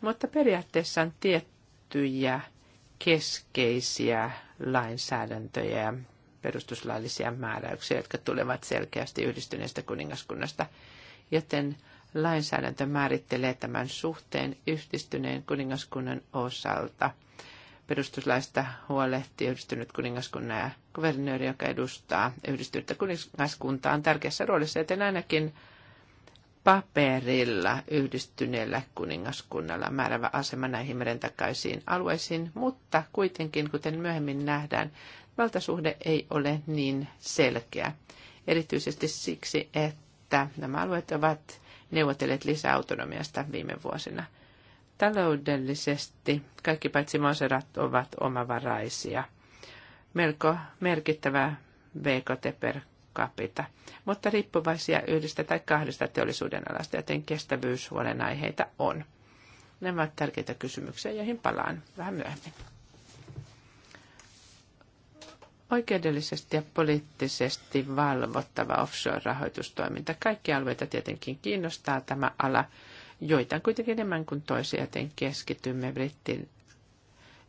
Mutta periaatteessa on tiettyjä keskeisiä lainsäädäntöjä ja perustuslaillisia määräyksiä, jotka tulevat selkeästi yhdistyneestä kuningaskunnasta, joten lainsäädäntö määrittelee tämän suhteen yhdistyneen kuningaskunnan osalta perustuslaista huolehtii yhdistynyt kuningaskunnan ja kuvernööri, joka edustaa yhdistynyttä kuningaskuntaa, on tärkeässä roolissa, joten ainakin paperilla yhdistyneellä kuningaskunnalla määrävä asema näihin merentakaisiin alueisiin, mutta kuitenkin, kuten myöhemmin nähdään, valtasuhde ei ole niin selkeä. Erityisesti siksi, että nämä alueet ovat neuvotelleet lisäautonomiasta viime vuosina – Taloudellisesti kaikki paitsi Moserat ovat omavaraisia. Melko merkittävä BKT per capita, mutta riippuvaisia yhdestä tai kahdesta teollisuuden alasta, joten aiheita on. Nämä ovat tärkeitä kysymyksiä, joihin palaan vähän myöhemmin. Oikeudellisesti ja poliittisesti valvottava offshore-rahoitustoiminta. Kaikki alueita tietenkin kiinnostaa tämä ala, joita on kuitenkin enemmän kuin toisia, joten keskitymme Brittin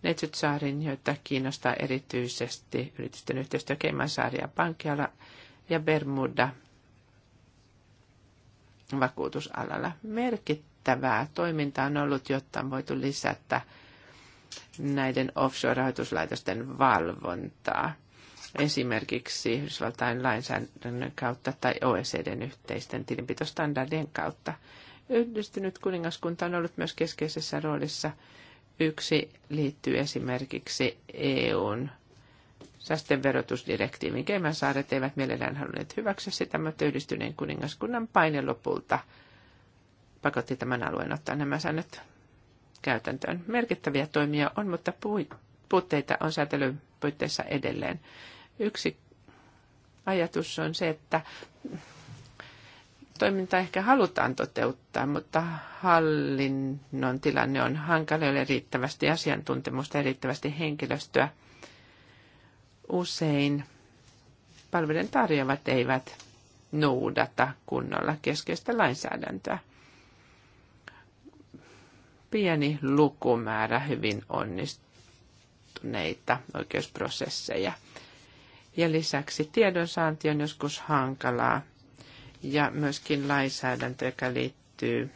Neitsytsaarin, joita kiinnostaa erityisesti yritysten yhteistyö ja Pankiala ja Bermuda vakuutusalalla. Merkittävää toimintaa on ollut, jotta on voitu lisätä näiden offshore-rahoituslaitosten valvontaa esimerkiksi Yhdysvaltain lainsäädännön kautta tai OECDn yhteisten tilinpitostandardien kautta. Yhdistynyt kuningaskunta on ollut myös keskeisessä roolissa. Yksi liittyy esimerkiksi EUn säästen verotusdirektiivin. eivät mielellään halunneet hyväksyä sitä, mutta yhdistyneen kuningaskunnan paine lopulta pakotti tämän alueen ottaa nämä säännöt käytäntöön. Merkittäviä toimia on, mutta puutteita on säätelyn puitteissa edelleen. Yksi ajatus on se, että toiminta ehkä halutaan toteuttaa, mutta hallinnon tilanne on hankala, ei riittävästi asiantuntemusta, ja riittävästi henkilöstöä. Usein palveluiden tarjoavat eivät noudata kunnolla keskeistä lainsäädäntöä. Pieni lukumäärä hyvin onnistuneita oikeusprosesseja. Ja lisäksi tiedonsaanti on joskus hankalaa ja myöskin lainsäädäntö, joka liittyy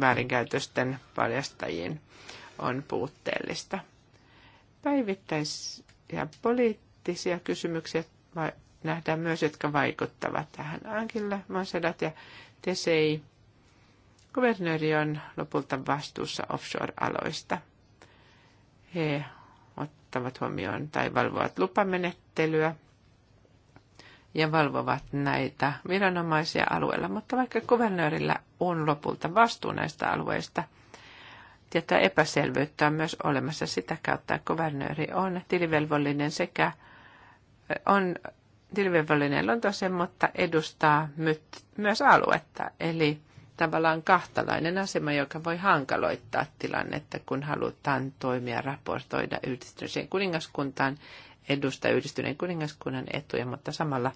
väärinkäytösten paljastajiin, on puutteellista. Päivittäisiä poliittisia kysymyksiä nähdään myös, jotka vaikuttavat tähän. Ankilla Monsedat ja Tesei Kuvernööri on lopulta vastuussa offshore-aloista. He ottavat huomioon tai valvovat lupamenettelyä ja valvovat näitä viranomaisia alueella, mutta vaikka kuvernöörillä on lopulta vastuu näistä alueista, tätä epäselvyyttä on myös olemassa sitä kautta, että kuvernööri on tilivelvollinen sekä on tilivelvollinen Lontooseen, mutta edustaa myös aluetta, eli tavallaan kahtalainen asema, joka voi hankaloittaa tilannetta, kun halutaan toimia raportoida yhdistyneeseen kuningaskuntaan edustaa yhdistyneen kuningaskunnan etuja, mutta samalla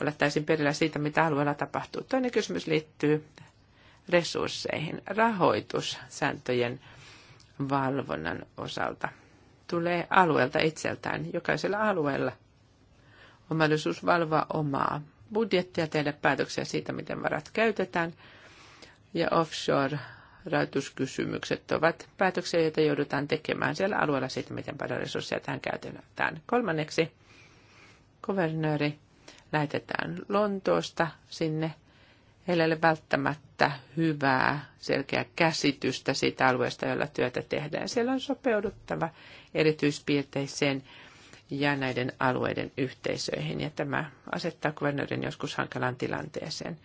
olla täysin perillä siitä, mitä alueella tapahtuu. Toinen kysymys liittyy resursseihin, rahoitussääntöjen valvonnan osalta. Tulee alueelta itseltään, jokaisella alueella on mahdollisuus valvoa omaa budjettia, tehdä päätöksiä siitä, miten varat käytetään. Ja offshore rahoituskysymykset ovat päätöksiä, joita joudutaan tekemään siellä alueella siitä, miten paljon resursseja tähän käytetään. Kolmanneksi kuvernööri lähetetään Lontoosta sinne. Heillä ei ole välttämättä hyvää, selkeää käsitystä siitä alueesta, jolla työtä tehdään. Siellä on sopeuduttava erityispiirteiseen ja näiden alueiden yhteisöihin. Ja tämä asettaa kuvernöörin joskus hankalaan tilanteeseen.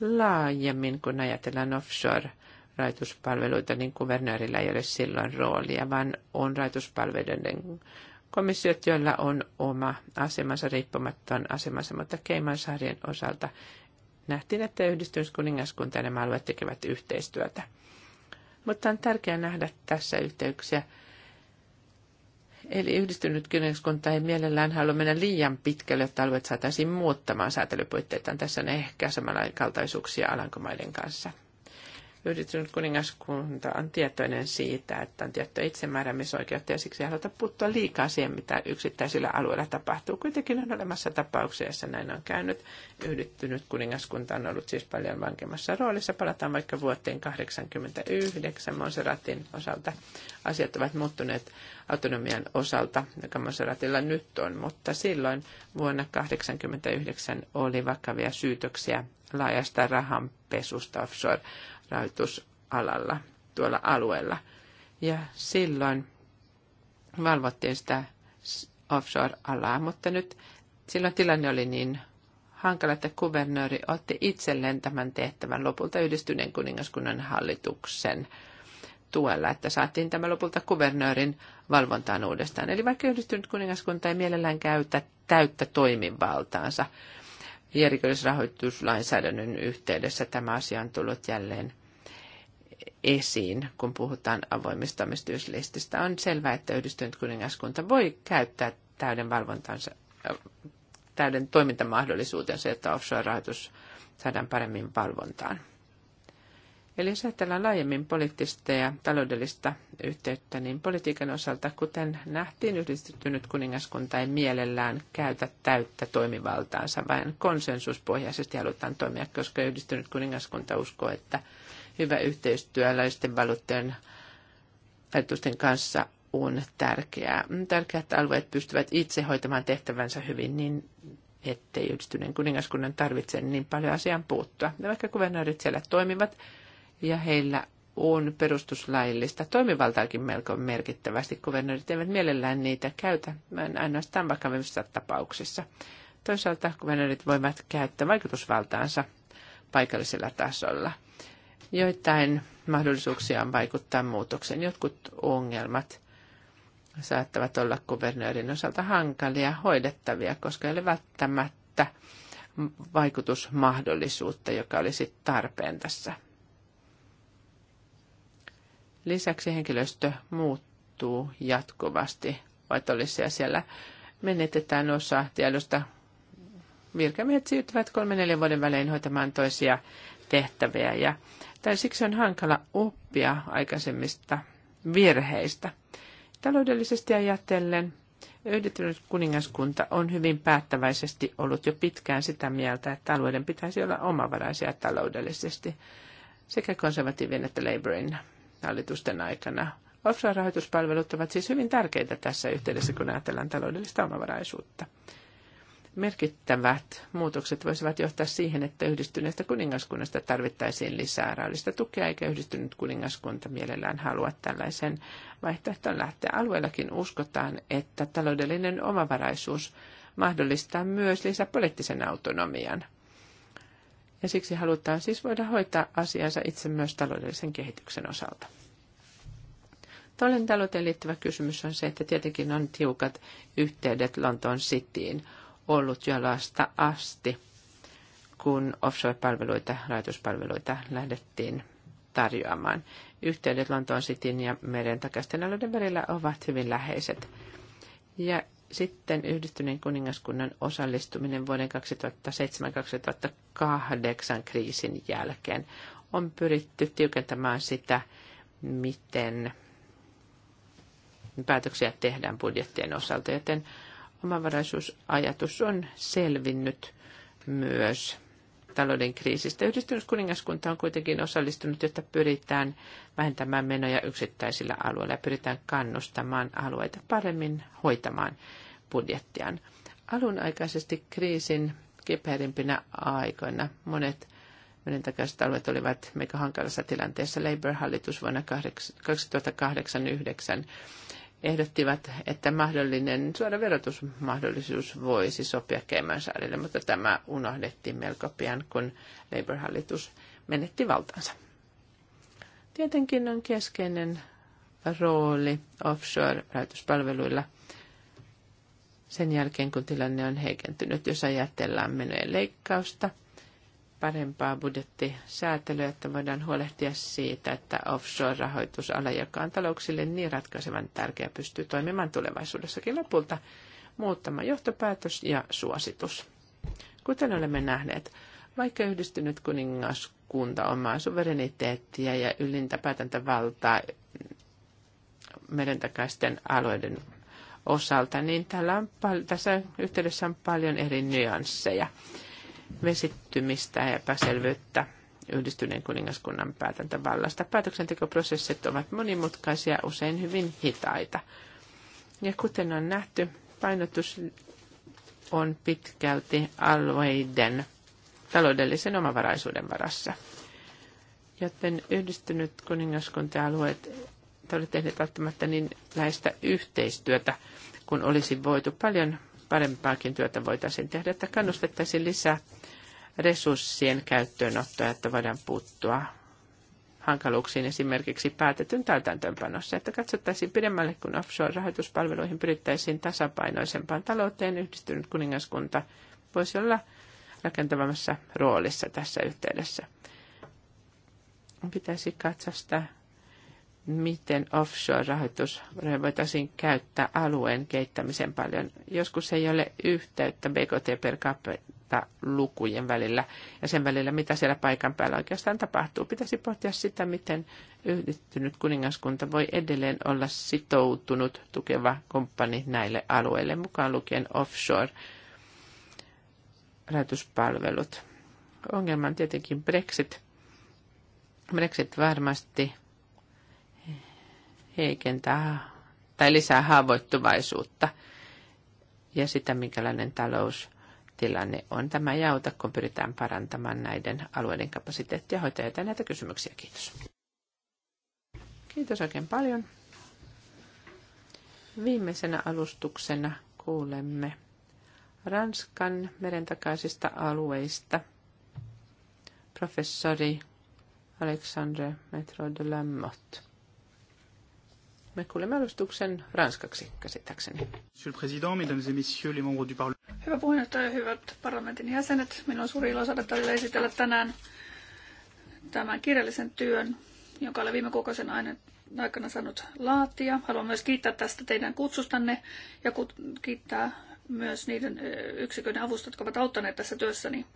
Laajemmin, kun ajatellaan offshore Raituspalveluita, niin kuvernöörillä ei ole silloin roolia, vaan on raituspalveluiden komissiot, joilla on oma asemansa, riippumaton asemansa, mutta Keimansaarien osalta nähtiin, että yhdistyskuningaskunta ja nämä alueet tekevät yhteistyötä. Mutta on tärkeää nähdä tässä yhteyksiä. Eli yhdistynyt kuningaskunta ei mielellään halua mennä liian pitkälle, jotta alueet saataisiin muuttamaan säätelypuitteitaan. Tässä on ehkä samanlainen kaltaisuuksia Alankomaiden kanssa. Yhdistynyt kuningaskunta on tietoinen siitä, että on tiettyä itsemääräämisoikeutta ja siksi ei haluta puuttua liikaa siihen, mitä yksittäisillä alueilla tapahtuu. Kuitenkin on olemassa tapauksia, joissa näin on käynyt. Yhdistynyt kuningaskunta on ollut siis paljon vankemmassa roolissa. Palataan vaikka vuoteen 1989 Monseratin osalta. Asiat ovat muuttuneet autonomian osalta, joka Monseratilla nyt on, mutta silloin vuonna 1989 oli vakavia syytöksiä laajasta rahanpesusta offshore rahoitusalalla tuolla alueella. Ja silloin valvottiin sitä offshore-alaa, mutta nyt silloin tilanne oli niin hankala, että kuvernööri otti itselleen tämän tehtävän lopulta yhdistyneen kuningaskunnan hallituksen tuella, että saatiin tämä lopulta kuvernöörin valvontaan uudestaan. Eli vaikka yhdistynyt kuningaskunta ei mielellään käytä täyttä toimivaltaansa, järjellisrahoituslainsäädännön yhteydessä tämä asia on tullut jälleen esiin, kun puhutaan omistuslististä. On selvää, että yhdistynyt kuningaskunta voi käyttää täyden valvontansa, äh, täyden toimintamahdollisuutensa, että offshore-rahoitus saadaan paremmin valvontaan. Eli jos ajatellaan laajemmin poliittista ja taloudellista yhteyttä, niin politiikan osalta, kuten nähtiin, yhdistynyt kuningaskunta ei mielellään käytä täyttä toimivaltaansa, vaan konsensuspohjaisesti halutaan toimia, koska yhdistynyt kuningaskunta uskoo, että – hyvä yhteistyö laisten valuuttojen ajatusten kanssa on tärkeää. Tärkeää, että alueet pystyvät itse hoitamaan tehtävänsä hyvin niin, ettei yhdistyneen kuningaskunnan tarvitse niin paljon asiaan puuttua. Ja vaikka kuvernöörit siellä toimivat ja heillä on perustuslaillista toimivaltaakin melko merkittävästi. Kuvernöörit eivät mielellään niitä käytä, vaan ainoastaan vakavimmissa tapauksissa. Toisaalta kuvernöörit voivat käyttää vaikutusvaltaansa paikallisella tasolla. Joitain mahdollisuuksia on vaikuttaa muutokseen. Jotkut ongelmat saattavat olla kuvernöörin osalta hankalia hoidettavia, koska ei ole välttämättä vaikutusmahdollisuutta, joka olisi tarpeen tässä. Lisäksi henkilöstö muuttuu jatkuvasti, vaikka olisi siellä menetetään osa tiedosta. Virkamiehet siirtyvät kolmen neljän vuoden välein hoitamaan toisia tehtäviä ja tai siksi on hankala oppia aikaisemmista virheistä. Taloudellisesti ajatellen Yhdistynyt kuningaskunta on hyvin päättäväisesti ollut jo pitkään sitä mieltä, että alueiden pitäisi olla omavaraisia taloudellisesti sekä konservatiivien että Labourin hallitusten aikana. Offshore-rahoituspalvelut ovat siis hyvin tärkeitä tässä yhteydessä, kun ajatellaan taloudellista omavaraisuutta merkittävät muutokset voisivat johtaa siihen, että yhdistyneestä kuningaskunnasta tarvittaisiin lisää rahallista tukea, eikä yhdistynyt kuningaskunta mielellään halua tällaisen vaihtoehtoon lähteä. Alueellakin uskotaan, että taloudellinen omavaraisuus mahdollistaa myös lisää poliittisen autonomian. Ja siksi halutaan siis voida hoitaa asiansa itse myös taloudellisen kehityksen osalta. Toinen talouteen liittyvä kysymys on se, että tietenkin on tiukat yhteydet Lontoon Cityin – ollut jo asti, kun offshore-palveluita, rahoituspalveluita lähdettiin tarjoamaan. Yhteydet Lontoon Cityn ja meren takaisten alueiden välillä ovat hyvin läheiset. Ja sitten yhdistyneen kuningaskunnan osallistuminen vuoden 2007-2008 kriisin jälkeen on pyritty tiukentamaan sitä, miten päätöksiä tehdään budjettien osalta, joten omavaraisuusajatus on selvinnyt myös talouden kriisistä. Yhdistynyt kuningaskunta on kuitenkin osallistunut, jotta pyritään vähentämään menoja yksittäisillä alueilla ja pyritään kannustamaan alueita paremmin hoitamaan budjettiaan. Alun aikaisesti kriisin kiperimpinä aikoina monet menentäkäiset alueet olivat mega hankalassa tilanteessa. Labour-hallitus vuonna 2008 ehdottivat, että mahdollinen suora verotusmahdollisuus voisi sopia Keimansaarille, mutta tämä unohdettiin melko pian, kun Labour-hallitus menetti valtansa. Tietenkin on keskeinen rooli offshore-rahoituspalveluilla sen jälkeen, kun tilanne on heikentynyt, jos ajatellaan menojen leikkausta – parempaa budjettisäätelyä, että voidaan huolehtia siitä, että offshore-rahoitusala, joka on talouksille niin ratkaisevan tärkeä, pystyy toimimaan tulevaisuudessakin lopulta. Muuttama johtopäätös ja suositus. Kuten olemme nähneet, vaikka yhdistynyt kuningaskunta omaa suvereniteettia ja ylintä päätäntävaltaa merentakaisten alueiden osalta, niin täällä on pal- tässä yhteydessä on paljon eri nyansseja vesittymistä ja epäselvyyttä yhdistyneen kuningaskunnan päätäntävallasta. Päätöksentekoprosessit ovat monimutkaisia, usein hyvin hitaita. Ja kuten on nähty, painotus on pitkälti alueiden taloudellisen omavaraisuuden varassa. Joten yhdistynyt kuningaskunta ja alueet te olette tehneet välttämättä niin läheistä yhteistyötä, kun olisi voitu paljon parempaakin työtä voitaisiin tehdä, että kannustettaisiin lisää resurssien käyttöönottoa, että voidaan puuttua hankaluuksiin esimerkiksi päätetyn täytäntöönpanossa, että katsottaisiin pidemmälle kuin offshore-rahoituspalveluihin pyrittäisiin tasapainoisempaan talouteen. Yhdistynyt kuningaskunta voisi olla rakentavammassa roolissa tässä yhteydessä. Pitäisi katsoa sitä, miten offshore-rahoitus voitaisiin käyttää alueen kehittämisen paljon. Joskus ei ole yhteyttä BKT per capita lukujen välillä ja sen välillä, mitä siellä paikan päällä oikeastaan tapahtuu. Pitäisi pohtia sitä, miten yhdistynyt kuningaskunta voi edelleen olla sitoutunut tukeva komppani näille alueille, mukaan lukien offshore-rahoituspalvelut. Ongelma on tietenkin Brexit. Brexit varmasti heikentää tai lisää haavoittuvaisuutta ja sitä, minkälainen taloustilanne on. Tämä jauta, kun pyritään parantamaan näiden alueiden kapasiteettia hoitaa näitä kysymyksiä. Kiitos. Kiitos oikein paljon. Viimeisenä alustuksena kuulemme Ranskan takaisista alueista professori Alexandre Metro de Lamotte. Me kuulemme alustuksen ranskaksi käsittääkseni. Monsieur le Président, Mesdames et Messieurs, les membres du Parlement. Hyvä puheenjohtaja, hyvät parlamentin jäsenet. minun on suuri ilo saada teille esitellä tänään tämän kirjallisen työn, jonka olen viime kuukausien aikana saanut laatia. Haluan myös kiittää tästä teidän kutsustanne ja kiittää myös niiden yksiköiden avusta, jotka ovat auttaneet tässä työssäni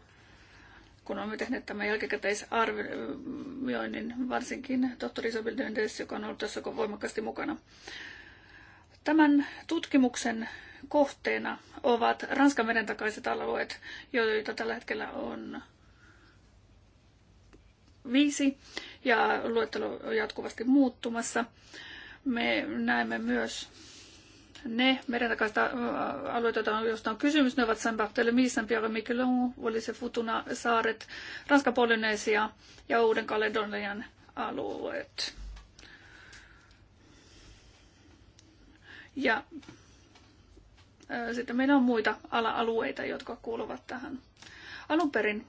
kun olemme tehneet tämän jälkikäteisarvioinnin, varsinkin tohtori Isabel Dendes, joka on ollut tässä voimakkaasti mukana. Tämän tutkimuksen kohteena ovat Ranskan meren takaiset alueet, joita tällä hetkellä on viisi ja luettelo on jatkuvasti muuttumassa. Me näemme myös ne merentakaiset äh, alueet, joista on kysymys, ne ovat Saint-Barthélemy, Saint-Pierre-Miquelon, Wallis ja Futuna saaret, Ranska Polynesia ja Uuden-Kaledonian alueet. Ja äh, sitten meillä on muita ala-alueita, jotka kuuluvat tähän. Alun perin,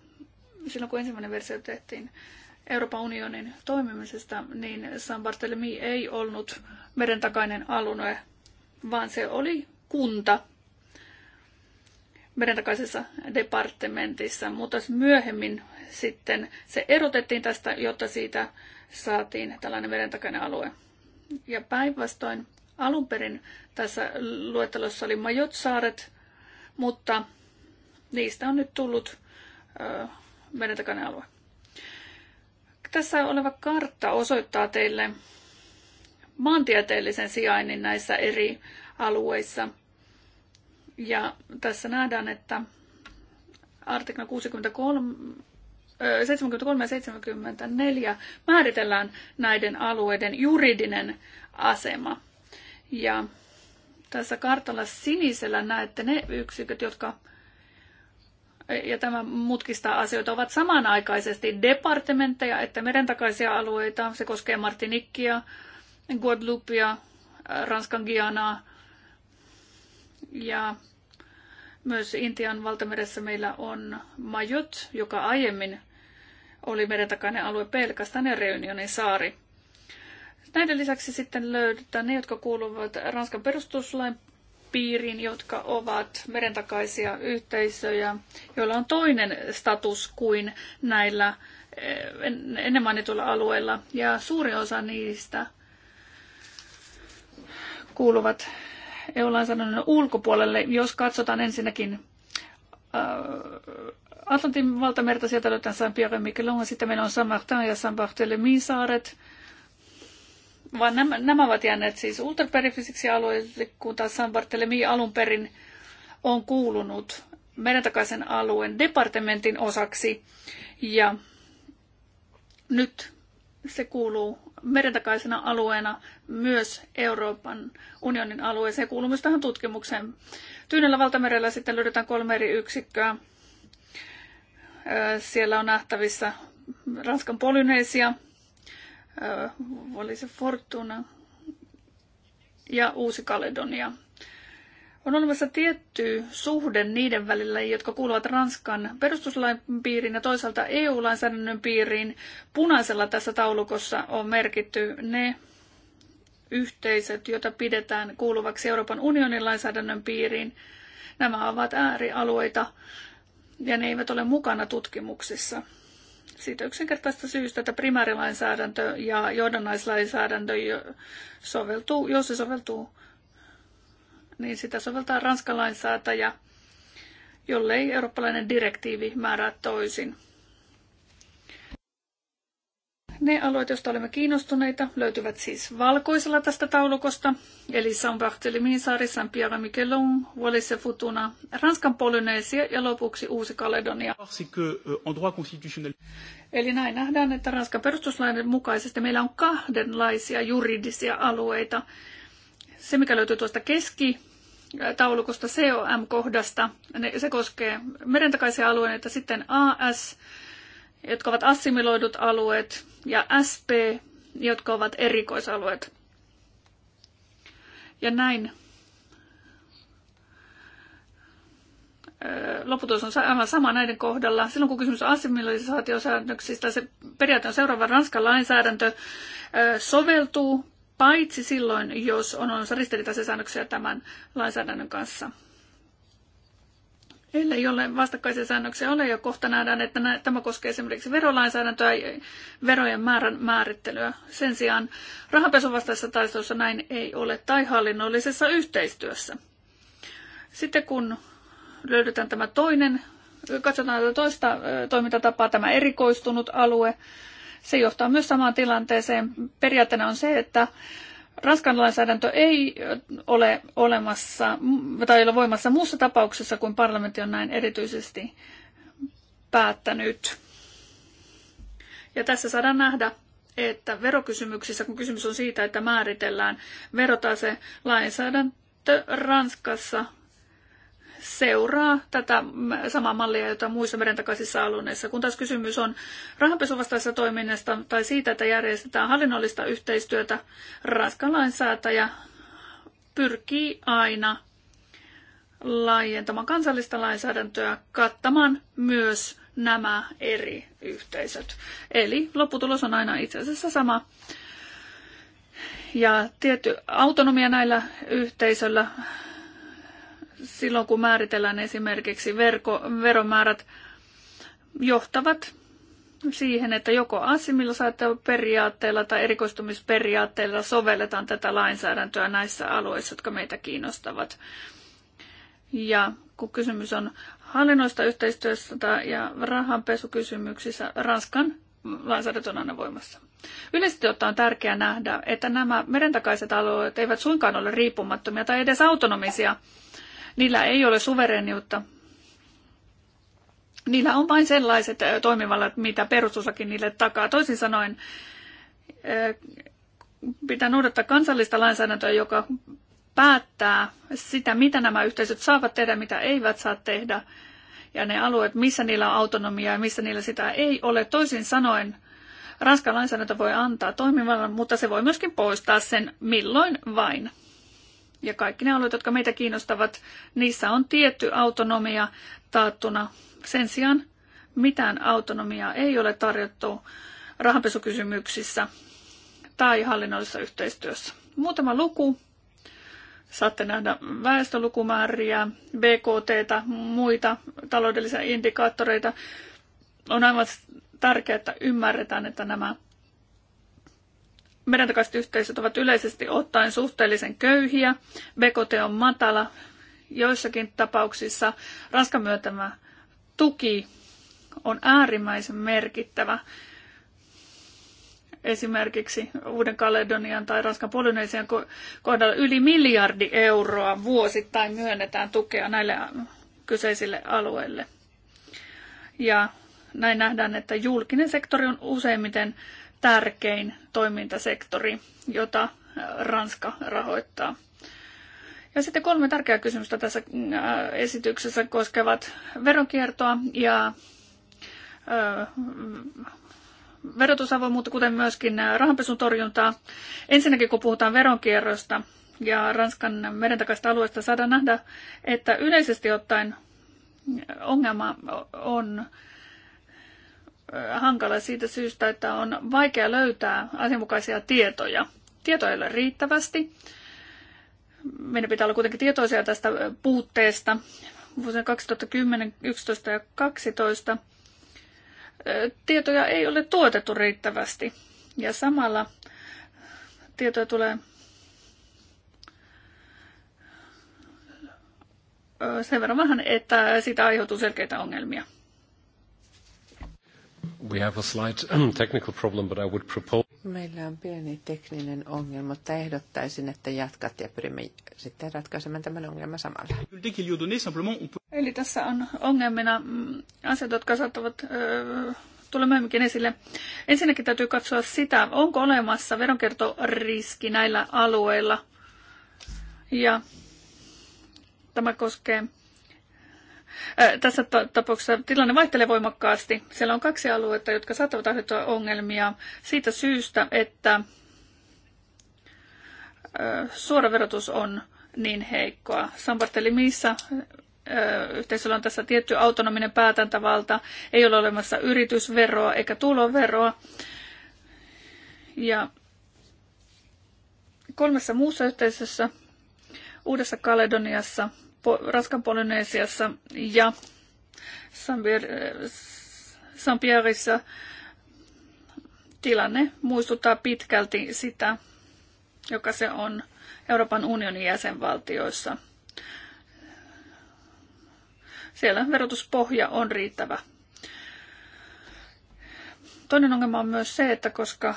silloin kun ensimmäinen versio tehtiin Euroopan unionin toimimisesta, niin San Barthelemy ei ollut merentakainen alue, vaan se oli kunta merentakaisessa departementissa, mutta myöhemmin sitten se erotettiin tästä, jotta siitä saatiin tällainen merentakainen alue. Ja päinvastoin alun perin tässä luettelossa oli Majotsaaret, mutta niistä on nyt tullut merentakainen alue. Tässä oleva kartta osoittaa teille maantieteellisen sijainnin näissä eri alueissa. Ja tässä nähdään, että artikla 63, 73 ja 74 määritellään näiden alueiden juridinen asema. Ja tässä kartalla sinisellä näette ne yksiköt, jotka ja tämä mutkistaa asioita, ovat samanaikaisesti departementteja, että merentakaisia alueita, se koskee Martinikkia, Guadeloupea, Ranskan Gianaa ja myös Intian valtameressä meillä on Majot, joka aiemmin oli meren takainen alue pelkästään ja Reunionin saari. Näiden lisäksi sitten löydetään ne, jotka kuuluvat Ranskan perustuslain piiriin, jotka ovat merentakaisia yhteisöjä, joilla on toinen status kuin näillä eh, ennen mainituilla alueilla. Ja suuri osa niistä kuuluvat EU-lainsäädännön ulkopuolelle, jos katsotaan ensinnäkin äh, Atlantin valtamerta, sieltä löytää Saint-Pierre-Miquelon, sitten meillä on Saint-Martin ja Saint-Barthélemy saaret, vaan nämä, nämä ovat jääneet siis ultraperifisiksi alueille, kun taas Saint-Barthélemy alun perin on kuulunut merentakaisen alueen departementin osaksi. Ja nyt se kuuluu merentakaisena alueena myös Euroopan unionin alueeseen. Kuuluu myös tähän tutkimukseen. Tyynellä valtamerellä sitten löydetään kolme eri yksikköä. Siellä on nähtävissä Ranskan Polynesia, oli se Fortuna ja Uusi-Kaledonia. On olemassa tietty suhde niiden välillä, jotka kuuluvat Ranskan perustuslain piiriin ja toisaalta EU-lainsäädännön piiriin. Punaisella tässä taulukossa on merkitty ne yhteisöt, joita pidetään kuuluvaksi Euroopan unionin lainsäädännön piiriin. Nämä ovat äärialueita ja ne eivät ole mukana tutkimuksissa. Siitä yksinkertaista syystä, että primäärilainsäädäntö ja johdannaislainsäädäntö soveltuu, jos se soveltuu niin sitä soveltaa Ranskan lainsäätäjä, jollei eurooppalainen direktiivi määrää toisin. Ne alueet, joista olemme kiinnostuneita, löytyvät siis valkoisella tästä taulukosta, eli Saint-Barthélemy, Saari, Saint-Pierre, Miquelon, Wallis ja Futuna, Ranskan Polynesia ja lopuksi Uusi-Kaledonia. Euh, eli näin nähdään, että Ranskan perustuslain mukaisesti meillä on kahdenlaisia juridisia alueita. Se, mikä löytyy tuosta keski taulukosta COM-kohdasta. Se koskee merentakaisia alueita, sitten AS, jotka ovat assimiloidut alueet, ja SP, jotka ovat erikoisalueet. Ja näin lopputulos on aivan sama näiden kohdalla. Silloin kun kysymys on assimilisaatiosäännöksistä, se periaate on seuraava Ranskan lainsäädäntö soveltuu paitsi silloin, jos on olemassa ristiriitaisia säännöksiä tämän lainsäädännön kanssa. Ellei ole vastakkaisia säännöksiä ole, ja kohta nähdään, että tämä koskee esimerkiksi verolainsäädäntöä ja verojen määrän määrittelyä. Sen sijaan vastaisessa taistelussa näin ei ole, tai hallinnollisessa yhteistyössä. Sitten kun löydetään tämä toinen, katsotaan tätä toista toimintatapaa, tämä erikoistunut alue, se johtaa myös samaan tilanteeseen. Periaatteena on se, että Ranskan lainsäädäntö ei ole olemassa tai ole voimassa muussa tapauksessa kuin parlamentti on näin erityisesti päättänyt. Ja tässä saadaan nähdä, että verokysymyksissä, kun kysymys on siitä, että määritellään verotase, lainsäädäntö Ranskassa seuraa tätä samaa mallia, jota muissa merentakaisissa alueissa, kun taas kysymys on rahanpesuvastaisesta toiminnasta tai siitä, että järjestetään hallinnollista yhteistyötä, Ranskan lainsäätäjä pyrkii aina laajentamaan kansallista lainsäädäntöä kattamaan myös nämä eri yhteisöt. Eli lopputulos on aina itse asiassa sama. Ja tietty autonomia näillä yhteisöillä silloin kun määritellään esimerkiksi verko, veromäärät, johtavat siihen, että joko periaatteella tai erikoistumisperiaatteella sovelletaan tätä lainsäädäntöä näissä alueissa, jotka meitä kiinnostavat. Ja kun kysymys on hallinnoista yhteistyöstä ja rahanpesukysymyksissä, Ranskan lainsäädäntö on aina voimassa. Yleisesti ottaen on tärkeää nähdä, että nämä merentakaiset alueet eivät suinkaan ole riippumattomia tai edes autonomisia, Niillä ei ole suvereniutta. Niillä on vain sellaiset toimivallat, mitä perustuslaki niille takaa. Toisin sanoen, pitää noudattaa kansallista lainsäädäntöä, joka päättää sitä, mitä nämä yhteisöt saavat tehdä, mitä eivät saa tehdä, ja ne alueet, missä niillä on autonomia ja missä niillä sitä ei ole. Toisin sanoen, Ranskan lainsäädäntö voi antaa toimivallan, mutta se voi myöskin poistaa sen milloin vain. Ja kaikki ne alueet, jotka meitä kiinnostavat, niissä on tietty autonomia taattuna. Sen sijaan mitään autonomiaa ei ole tarjottu rahanpesukysymyksissä tai hallinnollisessa yhteistyössä. Muutama luku. Saatte nähdä väestölukumääriä, BKTtä, muita taloudellisia indikaattoreita. On aivan tärkeää, että ymmärretään, että nämä merentakaiset yhteisöt ovat yleisesti ottaen suhteellisen köyhiä, BKT on matala, joissakin tapauksissa Ranskan myötämä tuki on äärimmäisen merkittävä. Esimerkiksi Uuden-Kaledonian tai Ranskan Polynesian kohdalla yli miljardi euroa vuosittain myönnetään tukea näille kyseisille alueille. Ja näin nähdään, että julkinen sektori on useimmiten tärkein toimintasektori, jota äh, Ranska rahoittaa. Ja sitten kolme tärkeää kysymystä tässä äh, esityksessä koskevat veronkiertoa ja äh, verotusavoimuutta, kuten myöskin rahanpesun torjuntaa. Ensinnäkin kun puhutaan veronkierrosta ja Ranskan merentakaista alueesta, saadaan nähdä, että yleisesti ottaen ongelma on hankala siitä syystä, että on vaikea löytää asianmukaisia tietoja. Tietoja ei ole riittävästi. Meidän pitää olla kuitenkin tietoisia tästä puutteesta. vuosien 2010, 11 ja 12 tietoja ei ole tuotettu riittävästi. Ja samalla tietoja tulee sen verran vähän, että siitä aiheutuu selkeitä ongelmia. We have a slight technical problem, but I would propose... Meillä on pieni tekninen ongelma, mutta ehdottaisin, että jatkat ja pyrimme sitten ratkaisemaan tämän ongelman samalla. Eli tässä on ongelmina mm, asiat, jotka saattavat tulla myöhemminkin esille. Ensinnäkin täytyy katsoa sitä, onko olemassa veronkiertoriski näillä alueilla. Ja tämä koskee tässä tapauksessa tilanne vaihtelee voimakkaasti. Siellä on kaksi aluetta, jotka saattavat aiheuttaa ongelmia siitä syystä, että suora verotus on niin heikkoa. San Barthelimissä yhteisöllä on tässä tietty autonominen päätäntävalta, ei ole olemassa yritysveroa eikä tuloveroa. Ja kolmessa muussa yhteisössä, Uudessa Kaledoniassa, Ranskan Polynesiassa ja Sampierissa tilanne muistuttaa pitkälti sitä, joka se on Euroopan unionin jäsenvaltioissa. Siellä verotuspohja on riittävä. Toinen ongelma on myös se, että koska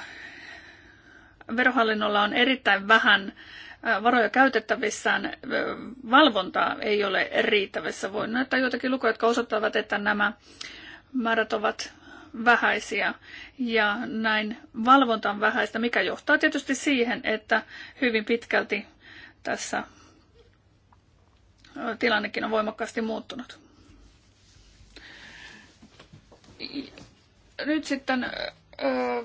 verohallinnolla on erittäin vähän varoja käytettävissään, valvontaa ei ole riittävissä. Voin näyttää joitakin lukuja, jotka osoittavat, että nämä määrät ovat vähäisiä ja näin valvonta on vähäistä, mikä johtaa tietysti siihen, että hyvin pitkälti tässä tilannekin on voimakkaasti muuttunut. Nyt sitten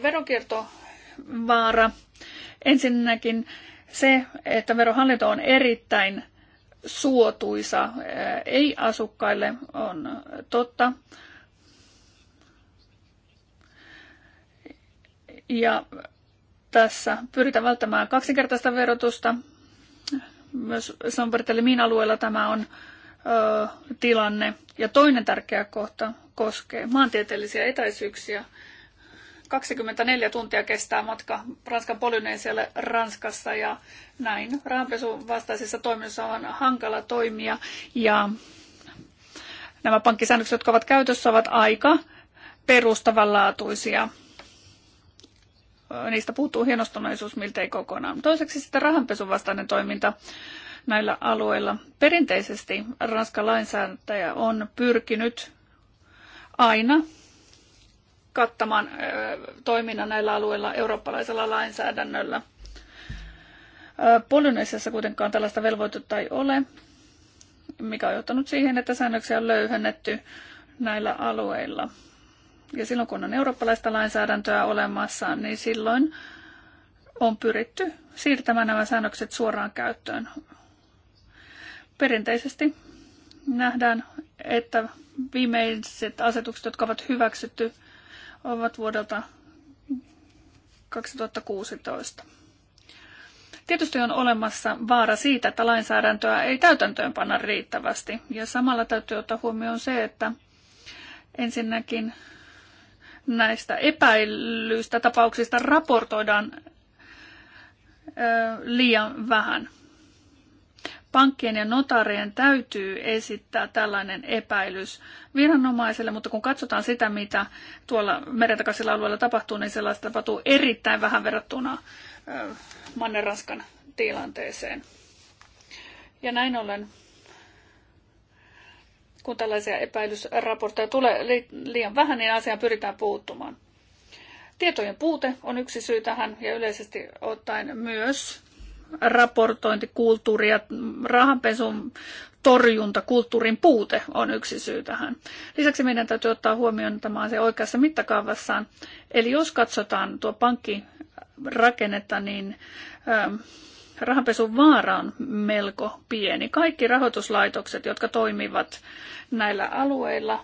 veronkiertovaara. Ensinnäkin se, että verohallinto on erittäin suotuisa ei-asukkaille, on totta. Ja tässä pyritään välttämään kaksinkertaista verotusta. Myös Sampertelimin alueella tämä on ö, tilanne. Ja toinen tärkeä kohta koskee maantieteellisiä etäisyyksiä 24 tuntia kestää matka Ranskan Polyneisialle Ranskassa ja näin. Rahanpesun vastaisissa toimissa on hankala toimia ja nämä pankkisäännökset, jotka ovat käytössä, ovat aika perustavanlaatuisia. Niistä puuttuu hienostuneisuus miltei kokonaan. Toiseksi sitten rahanpesun vastainen toiminta näillä alueilla. Perinteisesti Ranskan lainsäätäjä on pyrkinyt aina kattamaan toiminnan näillä alueilla eurooppalaisella lainsäädännöllä. Polynesiassa kuitenkaan tällaista velvoitetta ei ole, mikä on johtanut siihen, että säännöksiä on löyhennetty näillä alueilla. Ja silloin kun on eurooppalaista lainsäädäntöä olemassa, niin silloin on pyritty siirtämään nämä säännökset suoraan käyttöön. Perinteisesti nähdään, että viimeiset asetukset, jotka ovat hyväksytty ovat vuodelta 2016. Tietysti on olemassa vaara siitä, että lainsäädäntöä ei täytäntöönpanna riittävästi. Ja samalla täytyy ottaa huomioon se, että ensinnäkin näistä epäilyistä tapauksista raportoidaan liian vähän pankkien ja notarien täytyy esittää tällainen epäilys viranomaiselle, mutta kun katsotaan sitä, mitä tuolla merentakaisilla alueella tapahtuu, niin sellaista tapahtuu erittäin vähän verrattuna Manneraskan tilanteeseen. Ja näin ollen, kun tällaisia epäilysraportteja tulee liian vähän, niin asiaan pyritään puuttumaan. Tietojen puute on yksi syy tähän ja yleisesti ottaen myös raportointikulttuuri ja rahanpesun torjunta, kulttuurin puute on yksi syy tähän. Lisäksi meidän täytyy ottaa huomioon tämä asia oikeassa mittakaavassaan. Eli jos katsotaan tuo pankkirakennetta, niin ähm, rahanpesun vaara on melko pieni. Kaikki rahoituslaitokset, jotka toimivat näillä alueilla,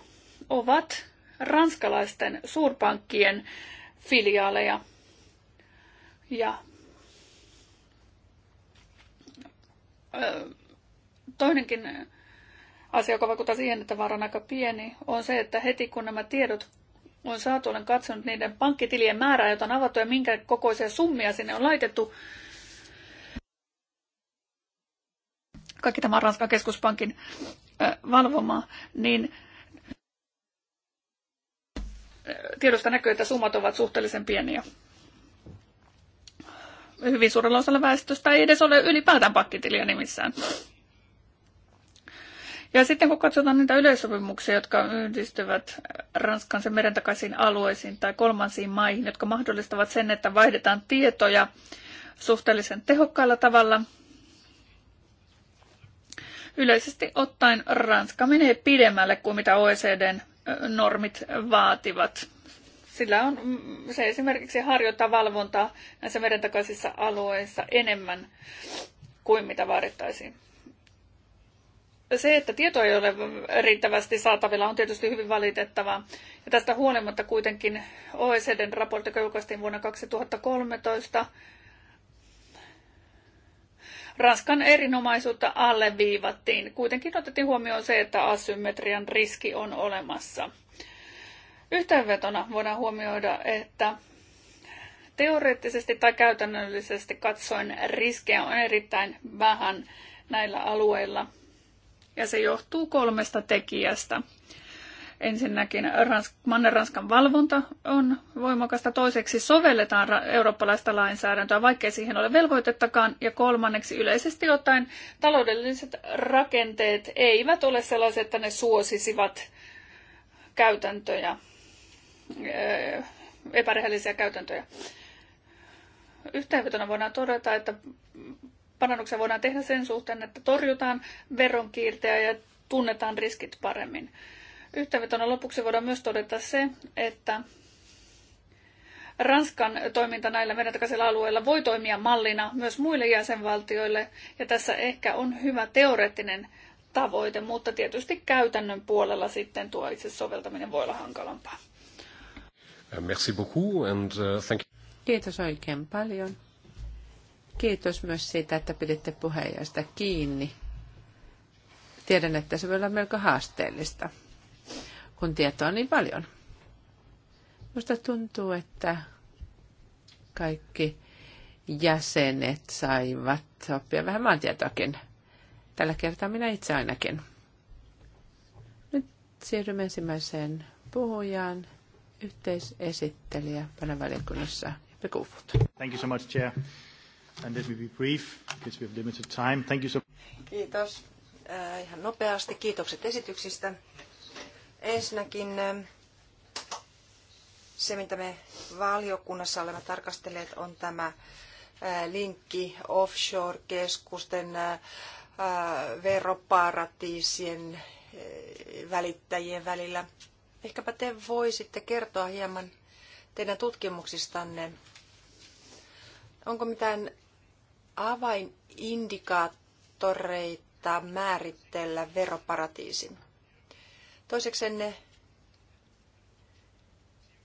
ovat ranskalaisten suurpankkien filiaaleja. Ja toinenkin asia, joka vaikuttaa siihen, että vaara on aika pieni, on se, että heti kun nämä tiedot on saatu, olen katsonut niiden pankkitilien määrää, jota on avattu ja minkä kokoisia summia sinne on laitettu. Kaikki tämä Ranskan keskuspankin valvomaa, niin tiedosta näkyy, että summat ovat suhteellisen pieniä hyvin suurella osalla väestöstä ei edes ole ylipäätään pankkitiliä nimissään. Ja sitten kun katsotaan niitä yleissopimuksia, jotka yhdistyvät Ranskan sen meren alueisiin tai kolmansiin maihin, jotka mahdollistavat sen, että vaihdetaan tietoja suhteellisen tehokkaalla tavalla. Yleisesti ottaen Ranska menee pidemmälle kuin mitä OECDn normit vaativat. Sillä on, mm, se esimerkiksi harjoittaa valvontaa näissä merentakaisissa alueissa enemmän kuin mitä vaadittaisiin. Se, että tieto ei ole riittävästi saatavilla, on tietysti hyvin valitettavaa. Ja tästä huolimatta kuitenkin OECDn raportti, julkaistiin vuonna 2013, Ranskan erinomaisuutta alleviivattiin. Kuitenkin otettiin huomioon se, että asymmetrian riski on olemassa. Yhteenvetona voidaan huomioida, että teoreettisesti tai käytännöllisesti katsoen riskejä on erittäin vähän näillä alueilla. Ja se johtuu kolmesta tekijästä. Ensinnäkin Manner-Ranskan valvonta on voimakasta. Toiseksi sovelletaan eurooppalaista lainsäädäntöä, vaikkei siihen ole velvoitettakaan. Ja kolmanneksi yleisesti ottaen taloudelliset rakenteet eivät ole sellaiset, että ne suosisivat käytäntöjä epärehellisiä käytäntöjä. Yhteenvetona voidaan todeta, että parannuksia voidaan tehdä sen suhteen, että torjutaan veronkiertäjä ja tunnetaan riskit paremmin. Yhteenvetona lopuksi voidaan myös todeta se, että Ranskan toiminta näillä merentakaisilla alueilla voi toimia mallina myös muille jäsenvaltioille, ja tässä ehkä on hyvä teoreettinen tavoite, mutta tietysti käytännön puolella sitten tuo itse soveltaminen voi olla hankalampaa. Uh, merci beaucoup and uh, thank you. Kiitos oikein paljon. Kiitos myös siitä, että piditte puheenjohtajasta kiinni. Tiedän, että se voi olla melko haasteellista, kun tietoa on niin paljon. Minusta tuntuu, että kaikki jäsenet saivat oppia vähän maantietoakin. Tällä kertaa minä itse ainakin. Nyt siirrymme ensimmäiseen puhujaan yhteisesittelijä panavaliokunnassa Jeppe Kuufut. Thank you so much, Chair. And let me be brief, because we have limited time. Thank you so Kiitos. Äh, ihan nopeasti. Kiitokset esityksistä. Ensinnäkin ähm, se, mitä me valiokunnassa olemme tarkastelleet, on tämä äh, linkki offshore-keskusten, äh, äh, veroparatiisien välittäjien välillä – Ehkäpä te voisitte kertoa hieman teidän tutkimuksistanne. Onko mitään avainindikaattoreita määritellä veroparatiisin? Toiseksenne,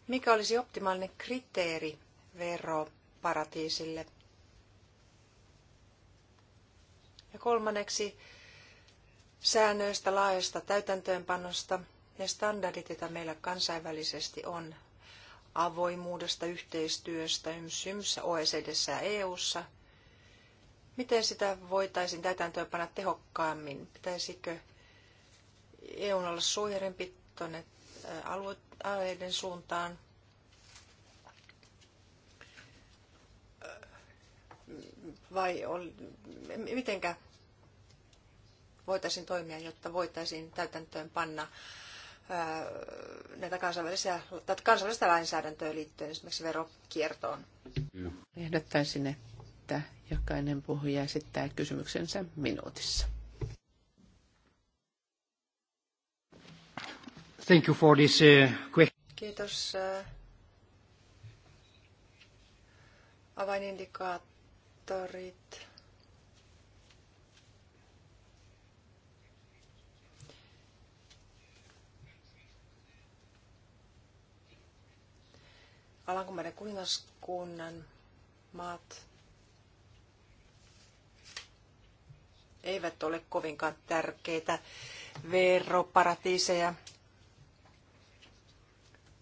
mikä olisi optimaalinen kriteeri veroparatiisille? Ja kolmanneksi, säännöistä laajasta täytäntöönpanosta – ne standardit, joita meillä kansainvälisesti on avoimuudesta, yhteistyöstä, ymsyms, OECDssä ja EUssa, miten sitä voitaisiin täytäntöönpana tehokkaammin? Pitäisikö EUn olla suojarempi tuonne alueiden suuntaan? Vai ol, mitenkä voitaisiin toimia, jotta voitaisiin täytäntöön panna näitä kansainvälisiä, tai kansainvälistä lainsäädäntöä liittyen esimerkiksi verokiertoon. Ehdottaisin, että jokainen puhuja esittää kysymyksensä minuutissa. Thank you for this uh, Kiitos. Avainindikaattorit Alankomaiden kuningaskunnan maat eivät ole kovinkaan tärkeitä veroparatiiseja.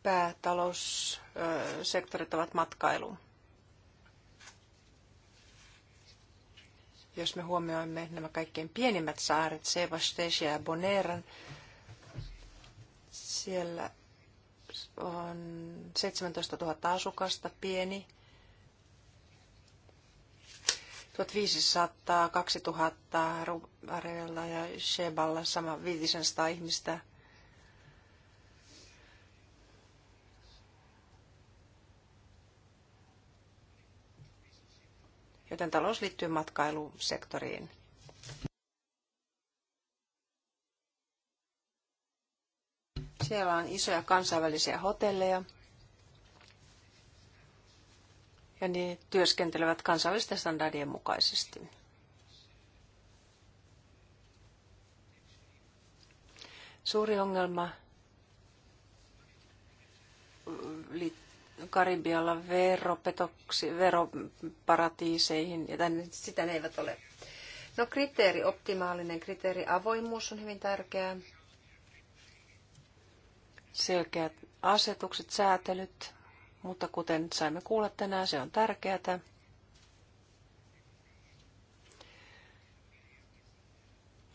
Päätaloussektorit ovat matkailu. Jos me huomioimme nämä kaikkein pienimmät saaret, Sebastesia ja Boneran, siellä on 17 000 asukasta, pieni. 1500, 2000 Rubarella ja Sheballa sama 500 ihmistä. Joten talous liittyy matkailusektoriin. Siellä on isoja kansainvälisiä hotelleja. Ja ne työskentelevät kansainvälisten standardien mukaisesti. Suuri ongelma Karibialla veropetoksi, veroparatiiseihin, ja tänne, sitä ne eivät ole. No kriteeri, optimaalinen kriteeri, avoimuus on hyvin tärkeää selkeät asetukset, säätelyt, mutta kuten saimme kuulla tänään, se on tärkeää.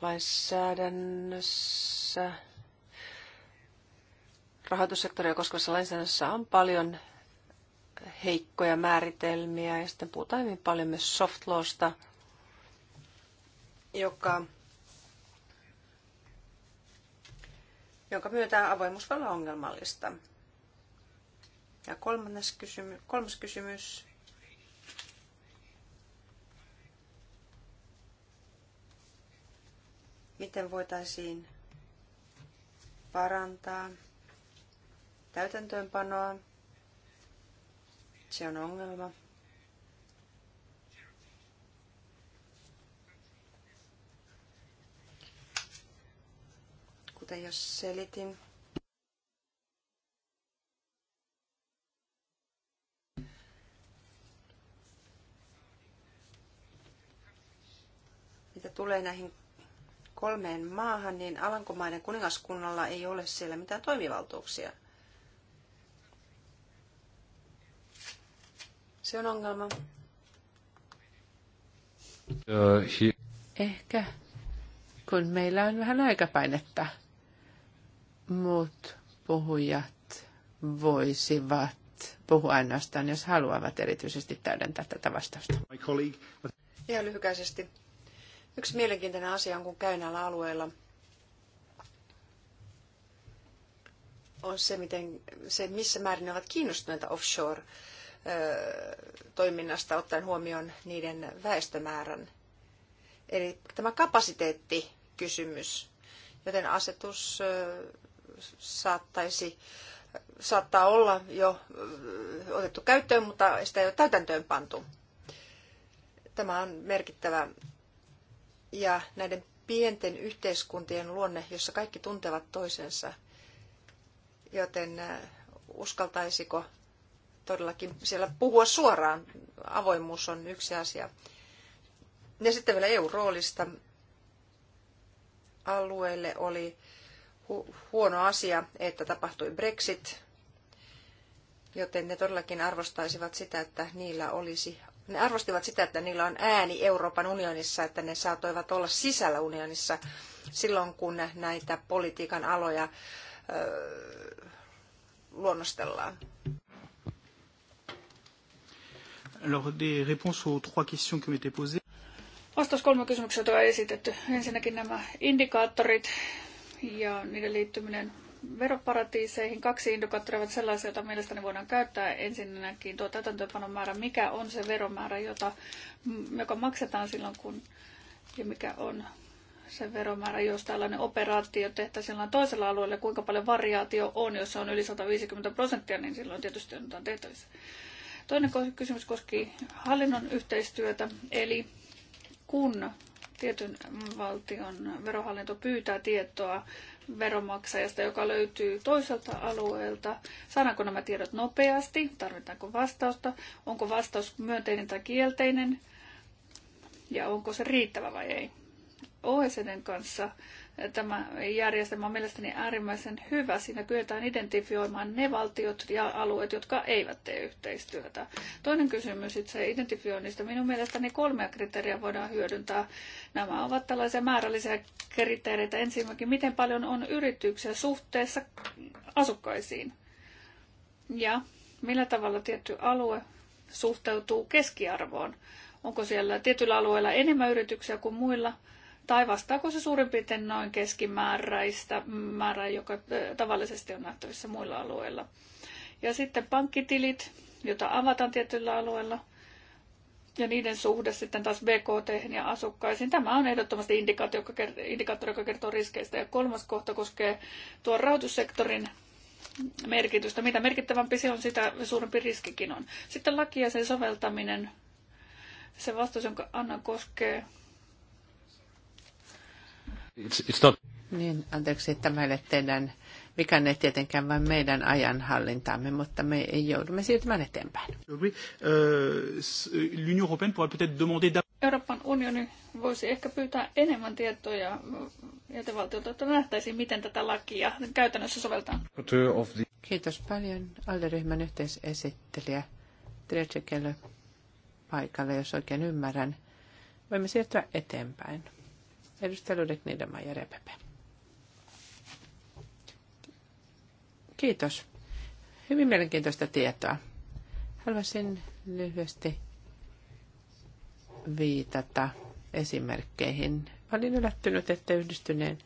Lainsäädännössä, rahoitussektoria koskevassa lainsäädännössä on paljon heikkoja määritelmiä ja sitten puhutaan hyvin paljon myös soft joka jonka myötä avoimuus voi olla ongelmallista. Ja kolmas kysymys, kolmas kysymys miten voitaisiin parantaa täytäntöönpanoa. Se on ongelma. siitä, jos selitin. Mitä tulee näihin kolmeen maahan, niin Alankomaiden kuningaskunnalla ei ole siellä mitään toimivaltuuksia. Se on ongelma. Äh, Ehkä kun meillä on vähän aikapainetta muut puhujat voisivat puhua ainoastaan, jos haluavat erityisesti täydentää tätä vastausta. Ihan lyhykäisesti. Yksi mielenkiintoinen asia on, kun käy näillä alueilla, on se, miten, se missä määrin ne ovat kiinnostuneita offshore-toiminnasta ottaen huomioon niiden väestömäärän. Eli tämä kapasiteettikysymys, joten asetus saattaisi saattaa olla jo otettu käyttöön, mutta sitä ei ole täytäntöön pantu. Tämä on merkittävä. Ja näiden pienten yhteiskuntien luonne, jossa kaikki tuntevat toisensa, joten uskaltaisiko todellakin siellä puhua suoraan. Avoimuus on yksi asia. Ja sitten vielä EU-roolista. Alueelle oli huono asia, että tapahtui Brexit, joten ne todellakin arvostaisivat sitä, että niillä olisi ne arvostivat sitä, että niillä on ääni Euroopan unionissa, että ne saatoivat olla sisällä unionissa silloin, kun näitä politiikan aloja ö, luonnostellaan. des réponses aux trois questions m'étaient posées. Vastaus kolme kysymyksiä on esitetty. Ensinnäkin nämä indikaattorit, ja niiden liittyminen veroparatiiseihin. Kaksi indikaattoria ovat sellaisia, joita mielestäni voidaan käyttää. Ensinnäkin tuo täytäntöönpanon määrä, mikä on se veromäärä, jota, joka maksetaan silloin, kun ja mikä on se veromäärä, jos tällainen operaatio tehtäisiin toisella alueella, kuinka paljon variaatio on, jos se on yli 150 prosenttia, niin silloin tietysti on tehtävissä. Toinen kysymys koski hallinnon yhteistyötä, eli kun tietyn valtion verohallinto pyytää tietoa veronmaksajasta, joka löytyy toiselta alueelta. Saadaanko nämä tiedot nopeasti? Tarvitaanko vastausta? Onko vastaus myönteinen tai kielteinen? Ja onko se riittävä vai ei? OECDn kanssa Tämä järjestelmä on mielestäni äärimmäisen hyvä. Siinä kyetään identifioimaan ne valtiot ja alueet, jotka eivät tee yhteistyötä. Toinen kysymys itse identifioinnista. Minun mielestäni kolmea kriteeriä voidaan hyödyntää. Nämä ovat tällaisia määrällisiä kriteereitä. Ensinnäkin, miten paljon on yrityksiä suhteessa asukkaisiin. Ja millä tavalla tietty alue suhteutuu keskiarvoon. Onko siellä tietyillä alueilla enemmän yrityksiä kuin muilla? tai vastaako se suurin piirtein noin keskimääräistä määrää, joka tavallisesti on nähtävissä muilla alueilla. Ja sitten pankkitilit, joita avataan tietyllä alueella, ja niiden suhde sitten taas BKT ja asukkaisiin. Tämä on ehdottomasti indikaattori, joka kertoo riskeistä. Ja kolmas kohta koskee tuon rahoitussektorin merkitystä. Mitä merkittävämpi se on, sitä suurempi riskikin on. Sitten laki ja sen soveltaminen. Se vastaus, jonka Anna koskee It's, it's not... Niin, anteeksi, että meille ole teidän vikanne tietenkään vain meidän ajanhallintaamme, mutta me ei joudumme siirtymään eteenpäin. Euh, Euroopan unioni voisi ehkä pyytää enemmän tietoja jätevaltiolta, että nähtäisiin, miten tätä lakia käytännössä soveltaa. Kiitos paljon. Alderyhmän yhteisesittelijä Trecekelle paikalle, jos oikein ymmärrän. Voimme siirtyä eteenpäin. Edustaja Ludek Niedema ja Repepe. Kiitos. Hyvin mielenkiintoista tietoa. Haluaisin lyhyesti viitata esimerkkeihin. Olin yllättynyt, että yhdistyneen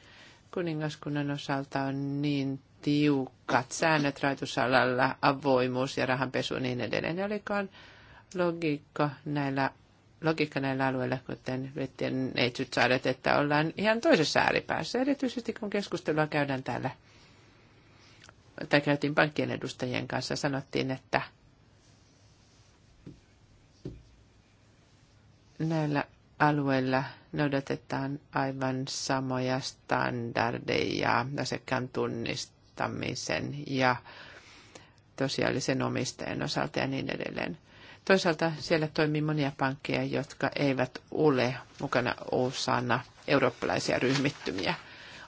kuningaskunnan osalta on niin tiukat säännöt raitusalalla, avoimuus ja rahanpesu ja niin edelleen. Olikaan logiikka näillä logiikka näillä alueilla, kuten vettien neitsyt saadet, että ollaan ihan toisessa ääripäässä, erityisesti kun keskustelua käydään täällä tai käytiin pankkien edustajien kanssa, sanottiin, että näillä alueilla noudatetaan aivan samoja standardeja asiakkaan tunnistamisen ja tosiaalisen omistajan osalta ja niin edelleen. Toisaalta siellä toimii monia pankkeja, jotka eivät ole mukana osana eurooppalaisia ryhmittymiä.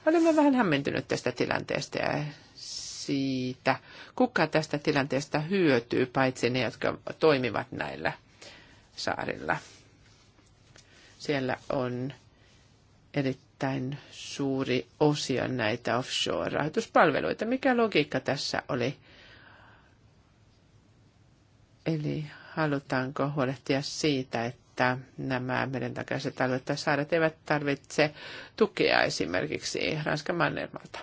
Olemme vähän hämmentynyt tästä tilanteesta ja siitä, kuka tästä tilanteesta hyötyy, paitsi ne, jotka toimivat näillä saarilla. Siellä on erittäin suuri osio näitä offshore-rahoituspalveluita. Mikä logiikka tässä oli? Eli halutaanko huolehtia siitä, että nämä merentakaiset alueet tai saaret eivät tarvitse tukea esimerkiksi Ranskan mannermalta.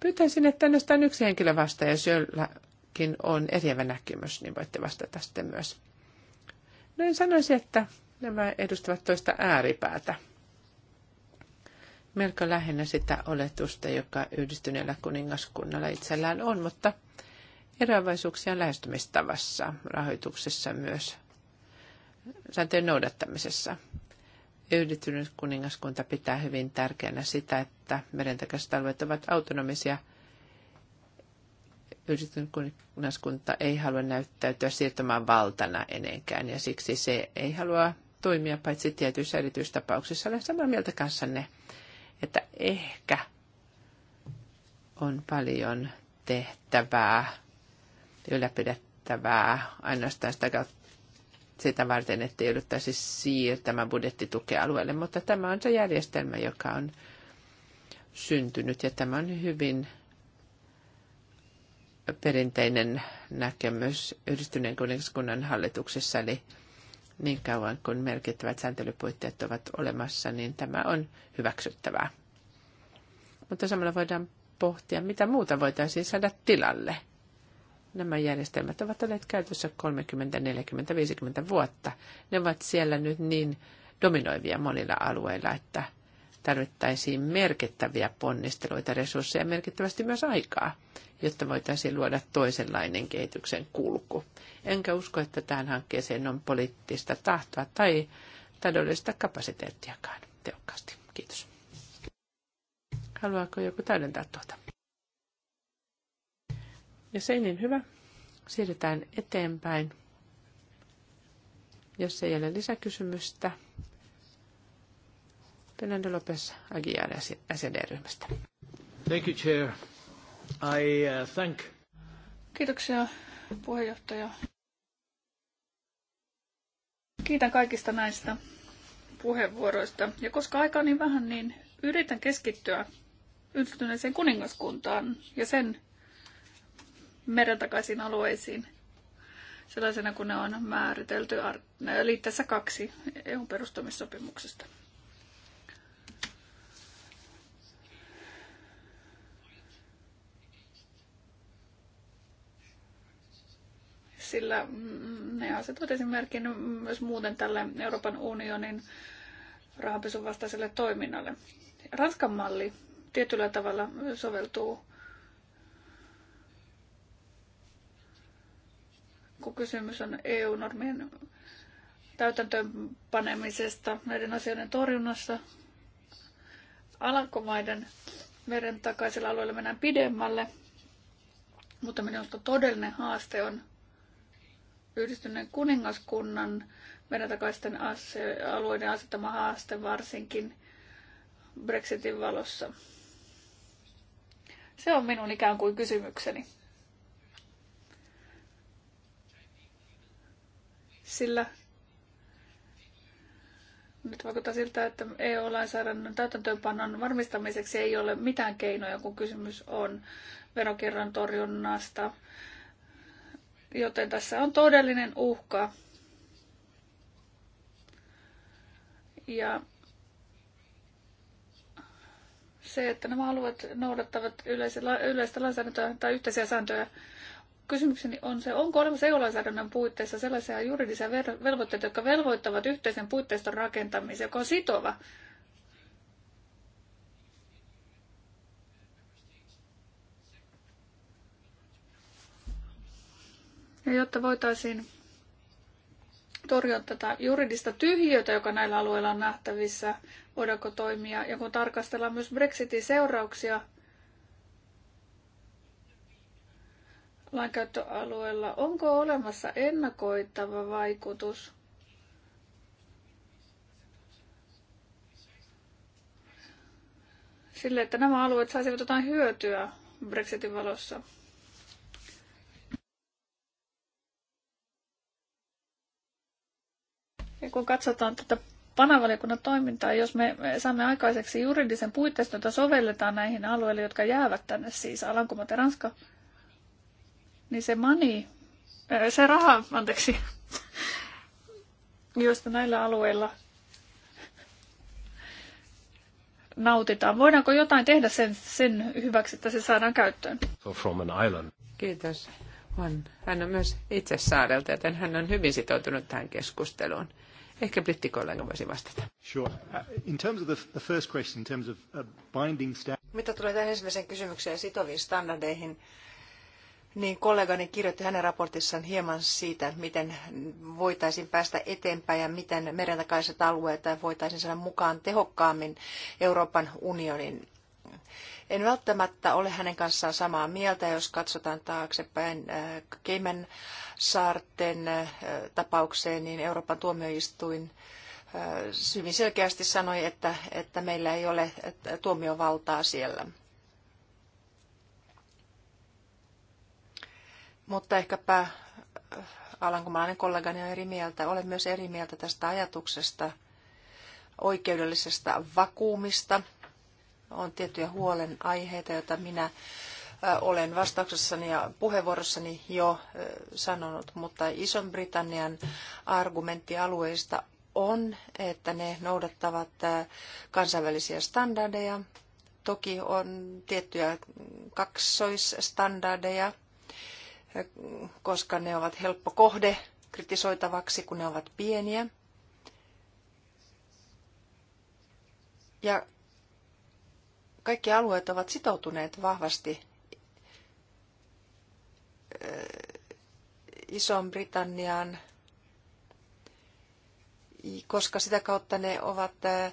Pyytäisin, että ainoastaan yksi henkilö vastaa, jos jollakin on eriävä näkemys, niin voitte vastata sitten myös. No en sanoisi, että nämä edustavat toista ääripäätä. Melko lähinnä sitä oletusta, joka yhdistyneellä kuningaskunnalla itsellään on, mutta eroavaisuuksia lähestymistavassa rahoituksessa myös sääntöjen noudattamisessa. Yhdistynyt kuningaskunta pitää hyvin tärkeänä sitä, että merentakaiset alueet ovat autonomisia. Yhdistynyt kuningaskunta ei halua näyttäytyä siirtomaan valtana enenkään ja siksi se ei halua toimia paitsi tietyissä erityistapauksissa. Olen samaa mieltä kanssanne, että ehkä on paljon tehtävää ylläpidettävää ainoastaan sitä sitä varten, että jouduttaisi siirtämään budjettitukea alueelle, mutta tämä on se järjestelmä, joka on syntynyt ja tämä on hyvin perinteinen näkemys yhdistyneen kuningaskunnan hallituksessa, eli niin kauan kun merkittävät sääntelypuitteet ovat olemassa, niin tämä on hyväksyttävää. Mutta samalla voidaan pohtia, mitä muuta voitaisiin saada tilalle – Nämä järjestelmät ovat olleet käytössä 30, 40, 50 vuotta. Ne ovat siellä nyt niin dominoivia monilla alueilla, että tarvittaisiin merkittäviä ponnisteluita, resursseja ja merkittävästi myös aikaa, jotta voitaisiin luoda toisenlainen kehityksen kulku. Enkä usko, että tähän hankkeeseen on poliittista tahtoa tai taloudellista kapasiteettiakaan tehokkaasti. Kiitos. Haluaako joku täydentää tuota? Jos ei, niin hyvä. Siirrytään eteenpäin. Jos ei ole lisäkysymystä, Fernando Lopez Aguiar SED-ryhmästä. Thank you, Chair. I uh, thank... Kiitoksia, puheenjohtaja. Kiitän kaikista näistä puheenvuoroista. Ja koska aika on niin vähän, niin yritän keskittyä yhdistyneeseen kuningaskuntaan ja sen meren takaisin alueisiin sellaisena kuin ne on määritelty liitteessä kaksi EUn perustamissopimuksesta. Sillä mm, ne asetut esimerkin myös muuten tälle Euroopan unionin rahanpesun vastaiselle toiminnalle. Ranskan malli tietyllä tavalla soveltuu kun kysymys on EU-normien täytäntöönpanemisesta näiden asioiden torjunnassa. Alankomaiden meren takaisilla alueilla mennään pidemmälle, mutta minusta todellinen haaste on yhdistyneen kuningaskunnan meren takaisten alueiden asettama haaste varsinkin Brexitin valossa. Se on minun ikään kuin kysymykseni. sillä nyt vaikuttaa siltä, että EU-lainsäädännön täytäntöönpanon varmistamiseksi ei ole mitään keinoja, kun kysymys on verokerran torjunnasta. Joten tässä on todellinen uhka. Ja se, että nämä alueet noudattavat yleistä lainsäädäntöä tai yhteisiä sääntöjä, Kysymykseni on se, onko olemassa EU-lainsäädännön puitteissa sellaisia juridisia velvoitteita, jotka velvoittavat yhteisen puitteiston rakentamiseen, joka on sitova Ja jotta voitaisiin torjua tätä juridista tyhjiötä, joka näillä alueilla on nähtävissä, voidaanko toimia. Ja kun tarkastellaan myös Brexitin seurauksia, lainkäyttöalueella, onko olemassa ennakoitava vaikutus sille, että nämä alueet saisivat jotain hyötyä Brexitin valossa? Ja kun katsotaan tätä panavaliokunnan toimintaa, jos me saamme aikaiseksi juridisen puitteiston, jota sovelletaan näihin alueille, jotka jäävät tänne, siis Alankomaat ja Ranska, niin se mani, äh, se raha, anteeksi, josta näillä alueilla nautitaan. Voidaanko jotain tehdä sen, sen hyväksi, että se saadaan käyttöön? From an island. Kiitos. On. Hän on myös itse saarelta, joten hän on hyvin sitoutunut tähän keskusteluun. Ehkä brittikollega voisi vastata. Uh, uh, Mitä tulee tähän ensimmäiseen kysymykseen sitoviin standardeihin, niin kollegani kirjoitti hänen raportissaan hieman siitä, miten voitaisiin päästä eteenpäin ja miten merentakaiset alueet voitaisiin saada mukaan tehokkaammin Euroopan unionin. En välttämättä ole hänen kanssaan samaa mieltä, jos katsotaan taaksepäin Keimen äh, saarten äh, tapaukseen, niin Euroopan tuomioistuin äh, hyvin selkeästi sanoi, että, että meillä ei ole tuomiovaltaa siellä. Mutta ehkäpä äh, alankomalainen kollegani on eri mieltä. Olen myös eri mieltä tästä ajatuksesta oikeudellisesta vakuumista. On tiettyjä huolenaiheita, joita minä äh, olen vastauksessani ja puheenvuorossani jo äh, sanonut, mutta Ison-Britannian argumentti alueista on, että ne noudattavat kansainvälisiä standardeja. Toki on tiettyjä kaksoisstandardeja, koska ne ovat helppo kohde kritisoitavaksi, kun ne ovat pieniä. Ja kaikki alueet ovat sitoutuneet vahvasti eh, Isoon Britanniaan, koska sitä kautta ne ovat eh,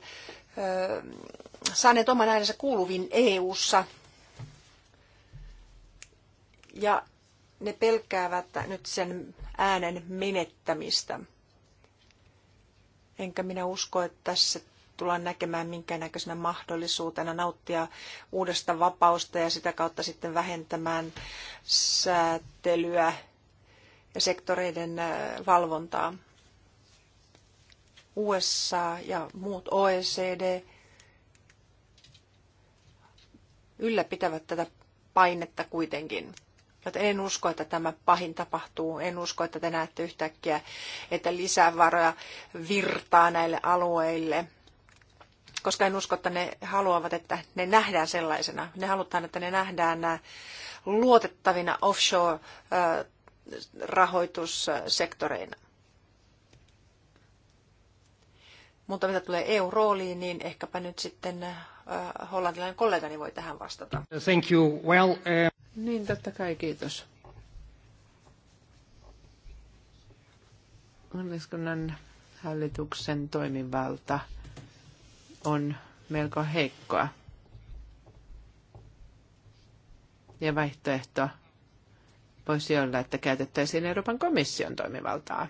saaneet oman äänensä kuuluvin EU-ssa. Ja ne pelkäävät nyt sen äänen menettämistä. Enkä minä usko, että tässä tullaan näkemään minkäännäköisenä mahdollisuutena nauttia uudesta vapausta ja sitä kautta sitten vähentämään säätelyä ja sektoreiden äh, valvontaa. USA ja muut OECD ylläpitävät tätä painetta kuitenkin. Joten en usko, että tämä pahin tapahtuu. En usko, että te näette yhtäkkiä, että lisää varoja virtaa näille alueille. Koska en usko, että ne haluavat, että ne nähdään sellaisena. Ne halutaan, että ne nähdään nämä äh, luotettavina offshore-rahoitussektoreina. Äh, Mutta mitä tulee EU-rooliin, niin ehkäpä nyt sitten Äh, hollantilainen kollegani voi tähän vastata. Thank you. Well, uh... Niin, totta kai, kiitos. Onneskunnan hallituksen toimivalta on melko heikkoa. Ja vaihtoehto voisi olla, että käytettäisiin Euroopan komission toimivaltaa,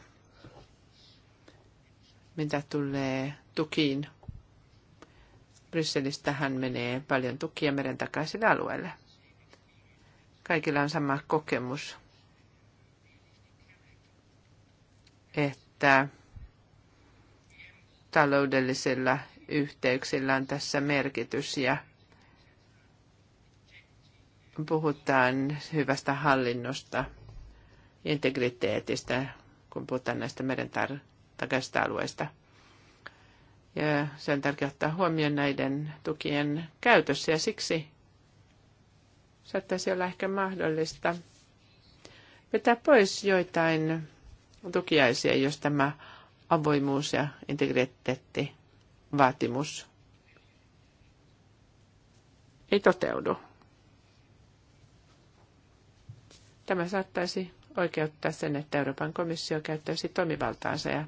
mitä tulee tukiin hän menee paljon tukia meren takaisille alueelle. Kaikilla on sama kokemus, että taloudellisilla yhteyksillä on tässä merkitys ja puhutaan hyvästä hallinnosta, integriteetistä, kun puhutaan näistä meren takaisista alueista – ja sen tärkeää ottaa huomioon näiden tukien käytössä ja siksi saattaisi olla ehkä mahdollista vetää pois joitain tukiaisia, jos tämä avoimuus ja integriteetti vaatimus ei toteudu. Tämä saattaisi oikeuttaa sen, että Euroopan komissio käyttäisi toimivaltaansa ja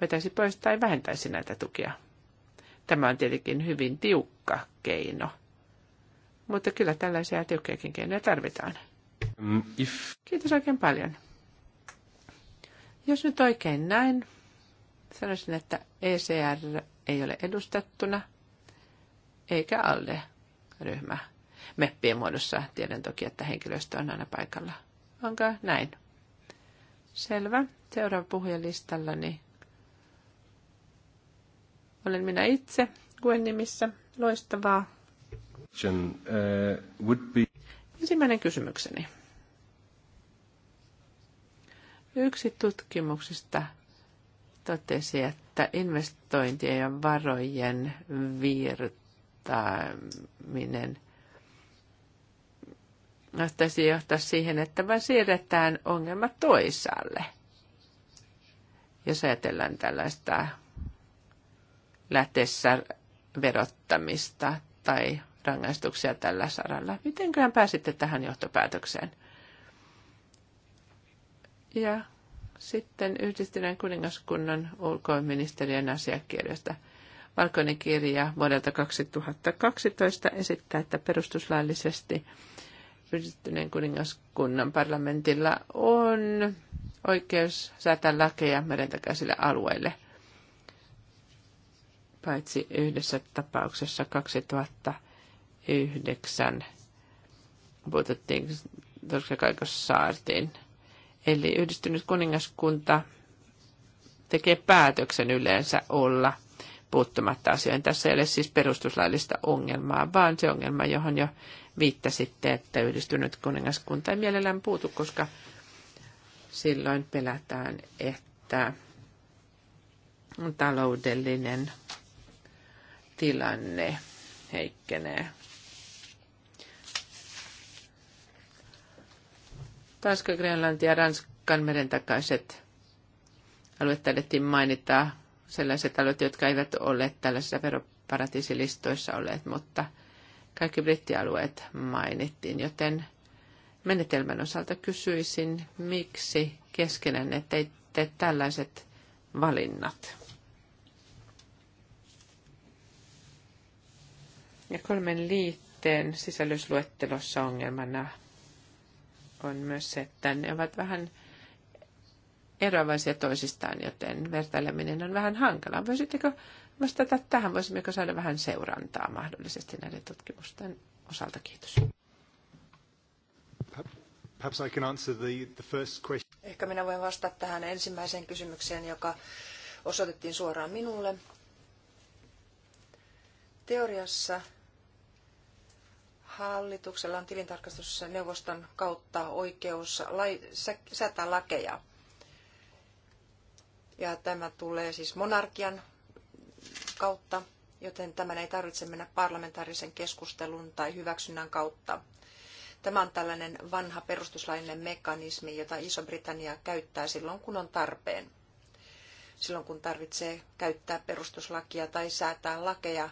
vetäisi pois tai vähentäisi näitä tukia. Tämä on tietenkin hyvin tiukka keino, mutta kyllä tällaisia tiukkeakin keinoja tarvitaan. Mm, if... Kiitos oikein paljon. Jos nyt oikein näin, sanoisin, että ECR ei ole edustettuna, eikä ALDE-ryhmä. Meppien muodossa tiedän toki, että henkilöstö on aina paikalla. Onko näin? Selvä. Seuraava puhujalistallani olen minä itse Gwen nimissä. Loistavaa. Uh, Ensimmäinen kysymykseni. Yksi tutkimuksista totesi, että investointien ja varojen virtaaminen Nähtäisi johtaa siihen, että vain siirretään ongelma toisaalle. Jos ajatellaan tällaista lähteessä verottamista tai rangaistuksia tällä saralla. Mitenköhän pääsitte tähän johtopäätökseen? Ja sitten yhdistyneen kuningaskunnan ulkoministeriön asiakirjasta. Valkoinen kirja vuodelta 2012 esittää, että perustuslaillisesti yhdistyneen kuningaskunnan parlamentilla on oikeus säätää lakeja merentakaisilta alueille – paitsi yhdessä tapauksessa 2009 puututtiin Torskakaikos saartiin. Eli yhdistynyt kuningaskunta tekee päätöksen yleensä olla puuttumatta asioihin. Tässä ei ole siis perustuslaillista ongelmaa, vaan se ongelma, johon jo viittasitte, että yhdistynyt kuningaskunta ei mielellään puutu, koska silloin pelätään, että taloudellinen tilanne heikkenee. Tanska, Grönlanti ja Ranskan meren takaiset alueet taidettiin mainita sellaiset alueet, jotka eivät ole tällaisissa veroparatiisilistoissa olleet, mutta kaikki brittialueet mainittiin, joten menetelmän osalta kysyisin, miksi keskenään te, tällaiset valinnat? Ja kolmen liitteen sisällysluettelossa ongelmana on myös se, että ne ovat vähän eroavaisia toisistaan, joten vertaileminen on vähän hankalaa. Voisitteko vastata tähän? Voisimmeko saada vähän seurantaa mahdollisesti näiden tutkimusten osalta? Kiitos. Perhaps I can answer the, the first question. Ehkä minä voin vastata tähän ensimmäiseen kysymykseen, joka osoitettiin suoraan minulle. Teoriassa hallituksella on tilintarkastusneuvoston kautta oikeus lai, sä, säätää lakeja. Ja tämä tulee siis monarkian kautta, joten tämän ei tarvitse mennä parlamentaarisen keskustelun tai hyväksynnän kautta. Tämä on tällainen vanha perustuslainen mekanismi, jota Iso-Britannia käyttää silloin, kun on tarpeen. Silloin, kun tarvitsee käyttää perustuslakia tai säätää lakeja,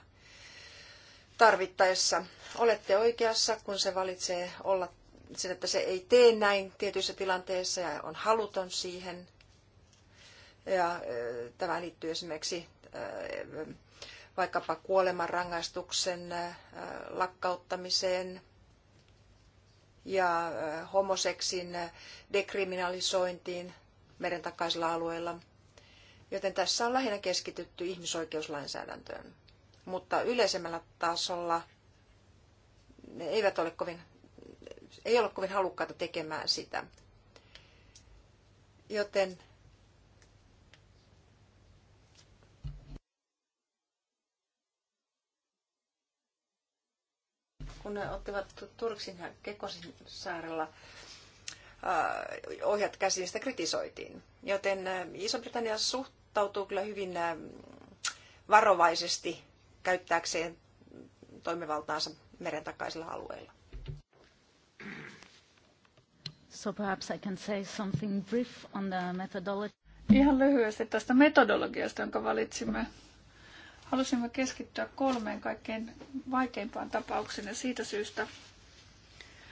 tarvittaessa. Olette oikeassa, kun se valitsee olla sen, että se ei tee näin tietyissä tilanteissa ja on haluton siihen. Ja tämä liittyy esimerkiksi vaikkapa kuolemanrangaistuksen lakkauttamiseen ja homoseksin dekriminalisointiin meren takaisilla alueilla. Joten tässä on lähinnä keskitytty ihmisoikeuslainsäädäntöön mutta yleisemmällä tasolla ne eivät ole kovin, ei ole kovin halukkaita tekemään sitä. Joten kun ne ottivat Turksin ja Kekosin saarella äh, ohjat käsiin, sitä kritisoitiin. Joten äh, Iso-Britannia suhtautuu kyllä hyvin äh, varovaisesti käyttääkseen toimivaltaansa meren takaisilla alueilla. So perhaps I can say something brief on the methodology. Ihan lyhyesti tästä metodologiasta, jonka valitsimme. Halusimme keskittyä kolmeen kaikkein vaikeimpaan tapaukseen ja siitä syystä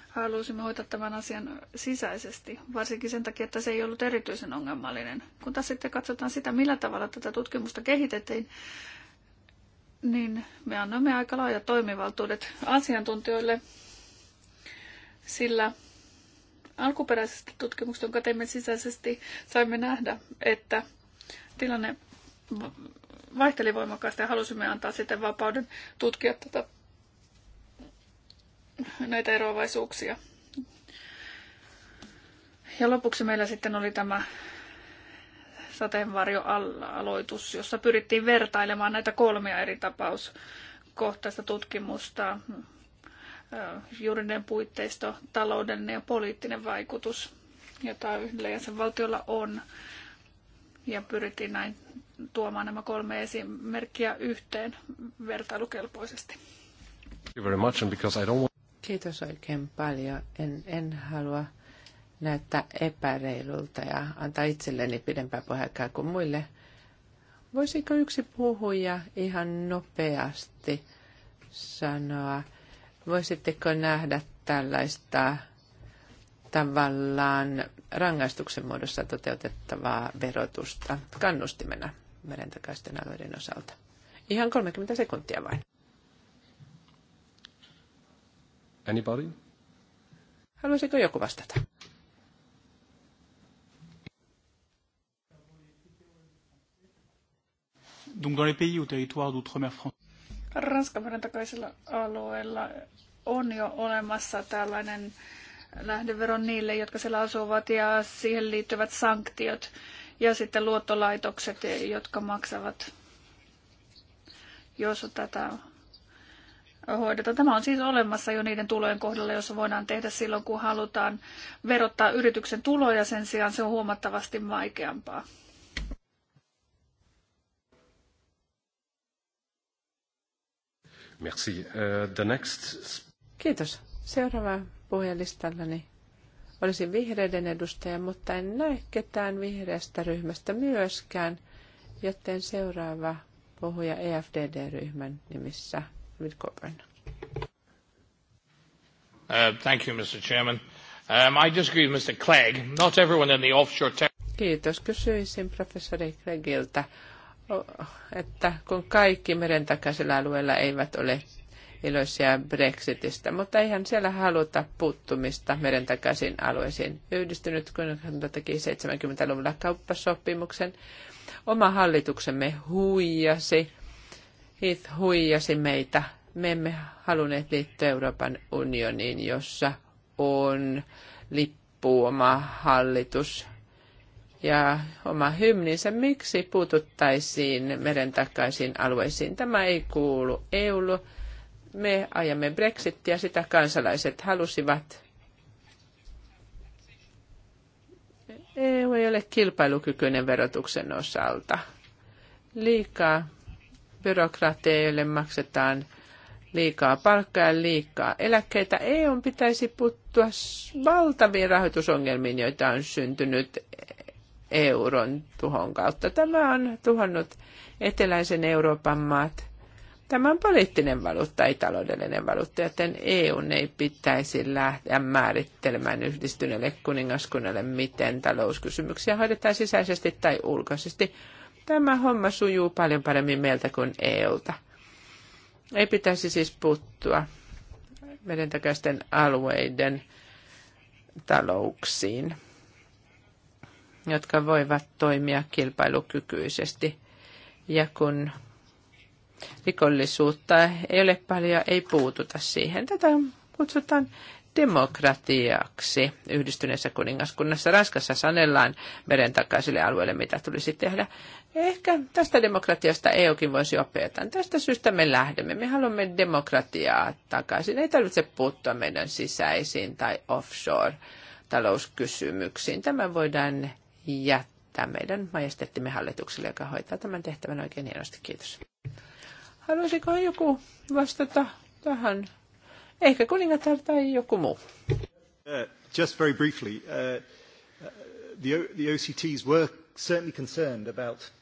halusimme hoitaa tämän asian sisäisesti, varsinkin sen takia, että se ei ollut erityisen ongelmallinen. Kun taas sitten katsotaan sitä, millä tavalla tätä tutkimusta kehitettiin, niin me annamme aika laajat toimivaltuudet asiantuntijoille, sillä alkuperäisestä tutkimuksesta, jonka teimme sisäisesti, saimme nähdä, että tilanne vaihteli voimakkaasti ja halusimme antaa sitten vapauden tutkia tätä, näitä eroavaisuuksia. Ja lopuksi meillä sitten oli tämä sateenvarjoaloitus, jossa pyrittiin vertailemaan näitä kolmea eri tapauskohtaista tutkimusta, juridinen puitteisto, taloudellinen ja poliittinen vaikutus, jota yhdellä jäsenvaltiolla on. Ja pyrittiin näin tuomaan nämä kolme esimerkkiä yhteen vertailukelpoisesti. Kiitos oikein paljon. En, en halua näyttää epäreilulta ja antaa itselleni pidempää puheenjohtajaa kuin muille. Voisiko yksi puhuja ihan nopeasti sanoa, voisitteko nähdä tällaista tavallaan rangaistuksen muodossa toteutettavaa verotusta kannustimena merentakaisten alueiden osalta? Ihan 30 sekuntia vain. Anybody? Haluaisiko joku vastata? Donc dans les pays ou territoires d'outre-mer français. Ranskan takaisilla alueella on jo olemassa tällainen lähdevero niille, jotka siellä asuvat ja siihen liittyvät sanktiot ja sitten luottolaitokset, jotka maksavat, jos tätä hoidetaan. Tämä on siis olemassa jo niiden tulojen kohdalla, jossa voidaan tehdä silloin, kun halutaan verottaa yrityksen tuloja. Sen sijaan se on huomattavasti vaikeampaa. Merci. Uh, the next... Kiitos. Seuraava puhujalistallani olisi vihreiden edustaja, mutta en näe ketään vihreästä ryhmästä myöskään, joten seuraava puhuja EFDD-ryhmän nimissä, David Uh, thank you, Mr. Chairman. Um, I disagree with Mr. Clegg. Not everyone in the offshore Kiitos. Kysyisin professori Cleggiltä että kun kaikki meren takaisella alueella eivät ole iloisia Brexitistä, mutta eihän siellä haluta puuttumista meren takaisin alueisiin. Yhdistynyt kuningaskunta teki 70-luvulla kauppasopimuksen. Oma hallituksemme huijasi, Heath huijasi meitä. Me emme halunneet liittyä Euroopan unioniin, jossa on lippu hallitus ja oma hymninsä, miksi puututtaisiin meren takaisin alueisiin. Tämä ei kuulu EUlle. Me ajamme Brexittiä, sitä kansalaiset halusivat. EU ei ole kilpailukykyinen verotuksen osalta. Liikaa byrokraateille maksetaan liikaa palkkaa ja liikaa eläkkeitä. EU pitäisi puuttua valtaviin rahoitusongelmiin, joita on syntynyt euron tuhon kautta. Tämä on tuhannut eteläisen Euroopan maat. Tämä on poliittinen valuutta, ei taloudellinen valuutta, joten EU ei pitäisi lähteä määrittelemään yhdistyneelle kuningaskunnalle, miten talouskysymyksiä hoidetaan sisäisesti tai ulkoisesti. Tämä homma sujuu paljon paremmin meiltä kuin EUlta. Ei pitäisi siis puuttua takaisten alueiden talouksiin jotka voivat toimia kilpailukykyisesti. Ja kun rikollisuutta ei ole paljon, ei puututa siihen. Tätä kutsutaan demokratiaksi yhdistyneessä kuningaskunnassa. Ranskassa sanellaan meren takaisille alueille, mitä tulisi tehdä. Ehkä tästä demokratiasta EUkin voisi oppia. Tästä syystä me lähdemme. Me haluamme demokratiaa takaisin. Ei tarvitse puuttua meidän sisäisiin tai offshore-talouskysymyksiin. Tämä voidaan jättää meidän majesteettimme hallitukselle, joka hoitaa tämän tehtävän oikein hienosti. Kiitos. Haluaisiko joku vastata tähän? Ehkä kuningatar tai joku muu. Uh, just very briefly, uh, uh the, o- the OCTs were certainly concerned about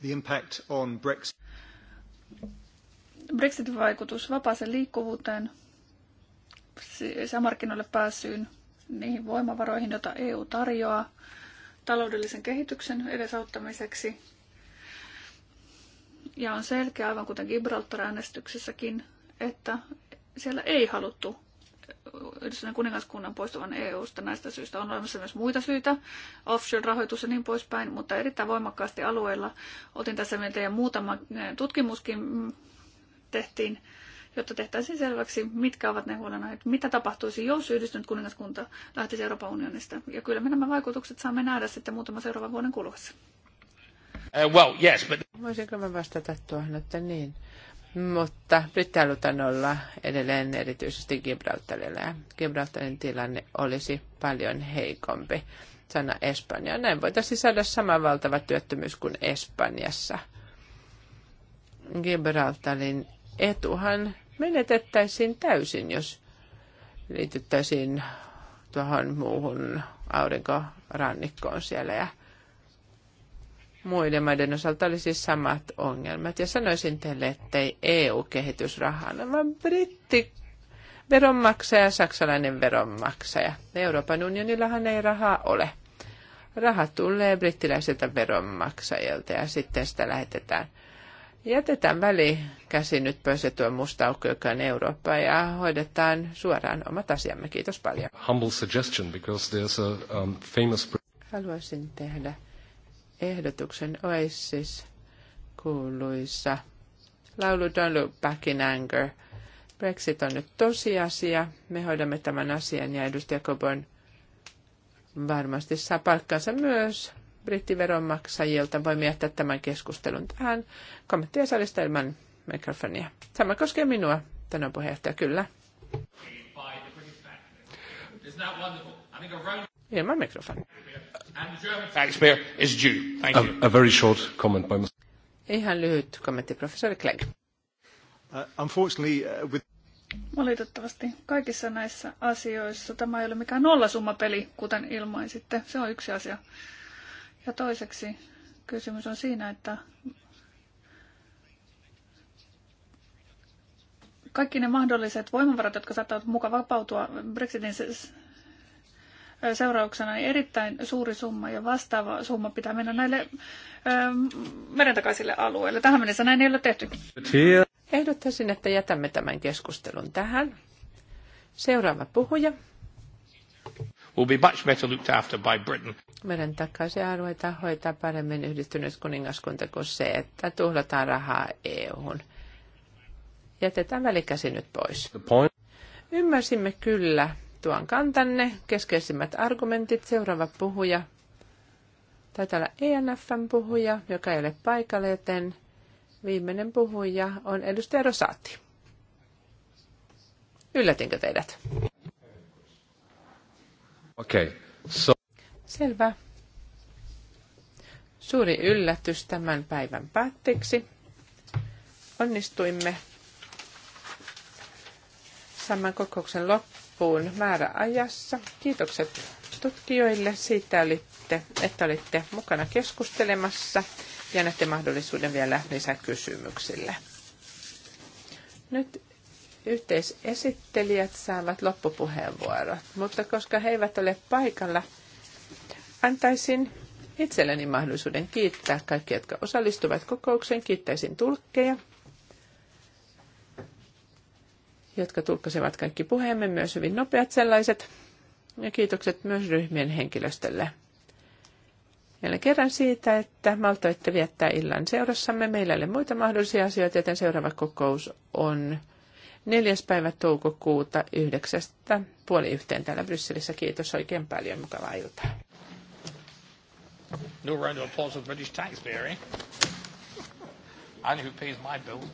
the impact on Brexit. Brexitin vaikutus vapaaseen liikkuvuuteen, sisämarkkinoille pääsyyn, niihin voimavaroihin, joita EU tarjoaa, taloudellisen kehityksen edesauttamiseksi. Ja on selkeä, aivan kuten Gibraltar-äänestyksessäkin, että siellä ei haluttu Yhdistyneen kuningaskunnan poistuvan EU-sta. Näistä syistä on olemassa myös muita syitä, offshore-rahoitus ja niin poispäin, mutta erittäin voimakkaasti alueella. Otin tässä mieltä ja muutama eh, tutkimuskin mm, tehtiin jotta tehtäisiin selväksi, mitkä ovat ne huolenaiheet, mitä tapahtuisi, jos yhdistynyt kuningaskunta lähtisi Euroopan unionista. Ja kyllä me nämä vaikutukset saamme nähdä sitten muutaman seuraavan vuoden kuluessa. Uh, well, yes, but... Voisinko mä vastata tuohon, että niin. Mutta brittailutan olla edelleen erityisesti Gibraltarilla ja Gibraltarin tilanne olisi paljon heikompi sana Espanja. Näin voitaisiin saada sama valtava työttömyys kuin Espanjassa. Gibraltarin etuhan menetettäisiin täysin, jos liityttäisiin tuohon muuhun aurinkorannikkoon siellä ja muiden maiden osalta oli siis samat ongelmat. Ja sanoisin teille, ei eu kehitysrahaa. vaan britti veronmaksaja, saksalainen veronmaksaja. Euroopan unionillahan ei rahaa ole. Raha tulee brittiläisiltä veronmaksajilta ja sitten sitä lähetetään – jätetään väli käsi nyt pönsetyön musta aukkoikaan Eurooppaan ja hoidetaan suoraan omat asiamme. Kiitos paljon. Humble suggestion because there's a um, famous... Haluaisin tehdä ehdotuksen Oasis kuuluissa laulu Don't Look Back in Anger. Brexit on nyt tosiasia. Me hoidamme tämän asian ja edustaja Coburn varmasti saa palkkansa myös brittiveronmaksajilta. voi miettiä tämän keskustelun tähän. Kommenttia salista ilman mikrofonia. Sama koskee minua, tänään puheenjohtaja, kyllä. Ilman mikrofonia. A, very short comment by Ihan lyhyt kommentti, professori Clegg. Uh, unfortunately, uh, with... Valitettavasti kaikissa näissä asioissa tämä ei ole mikään nollasummapeli, kuten ilmaisitte. Se on yksi asia. Ja toiseksi kysymys on siinä, että kaikki ne mahdolliset voimavarat, jotka saattavat mukaan vapautua Brexitin seurauksena, niin erittäin suuri summa ja vastaava summa pitää mennä näille ähm, merentakaisille alueille. Tähän mennessä näin ei ole tehty. Ehdottaisin, että jätämme tämän keskustelun tähän. Seuraava puhuja will be much better looked after by Britain. Meidän takaisia alueita hoitaa paremmin yhdistynyt kuningaskunta kuin se, että tuhlataan rahaa EU-hun. Jätetään välikäsi nyt pois. Ymmärsimme kyllä tuon kantanne, keskeisimmät argumentit. Seuraava puhuja. Taitaa olla ENFn puhuja, joka ei ole paikalla, joten viimeinen puhuja on edustaja Rosati. Yllätinkö teidät? Okay. So... Selvä. Suuri yllätys tämän päivän päätteeksi. Onnistuimme saman kokouksen loppuun määräajassa. Kiitokset tutkijoille siitä, olitte, että olitte mukana keskustelemassa ja näette mahdollisuuden vielä lisäkysymyksille. Nyt Yhteisesittelijät saavat loppupuheenvuorot, mutta koska he eivät ole paikalla, antaisin itselleni mahdollisuuden kiittää kaikki, jotka osallistuvat kokoukseen. Kiittäisin tulkkeja, jotka tulkkasivat kaikki puheemme, myös hyvin nopeat sellaiset. Ja kiitokset myös ryhmien henkilöstölle. Jälleen kerran siitä, että maltoitte viettää illan seurassamme. Meillä ei ole muita mahdollisia asioita, joten seuraava kokous on 4. päivä toukokuuta yhdeksästä puoli yhteen täällä Brysselissä. Kiitos oikein paljon. Mukavaa iltaa. No round of applause for British taxpayer, eh? And who pays my bill.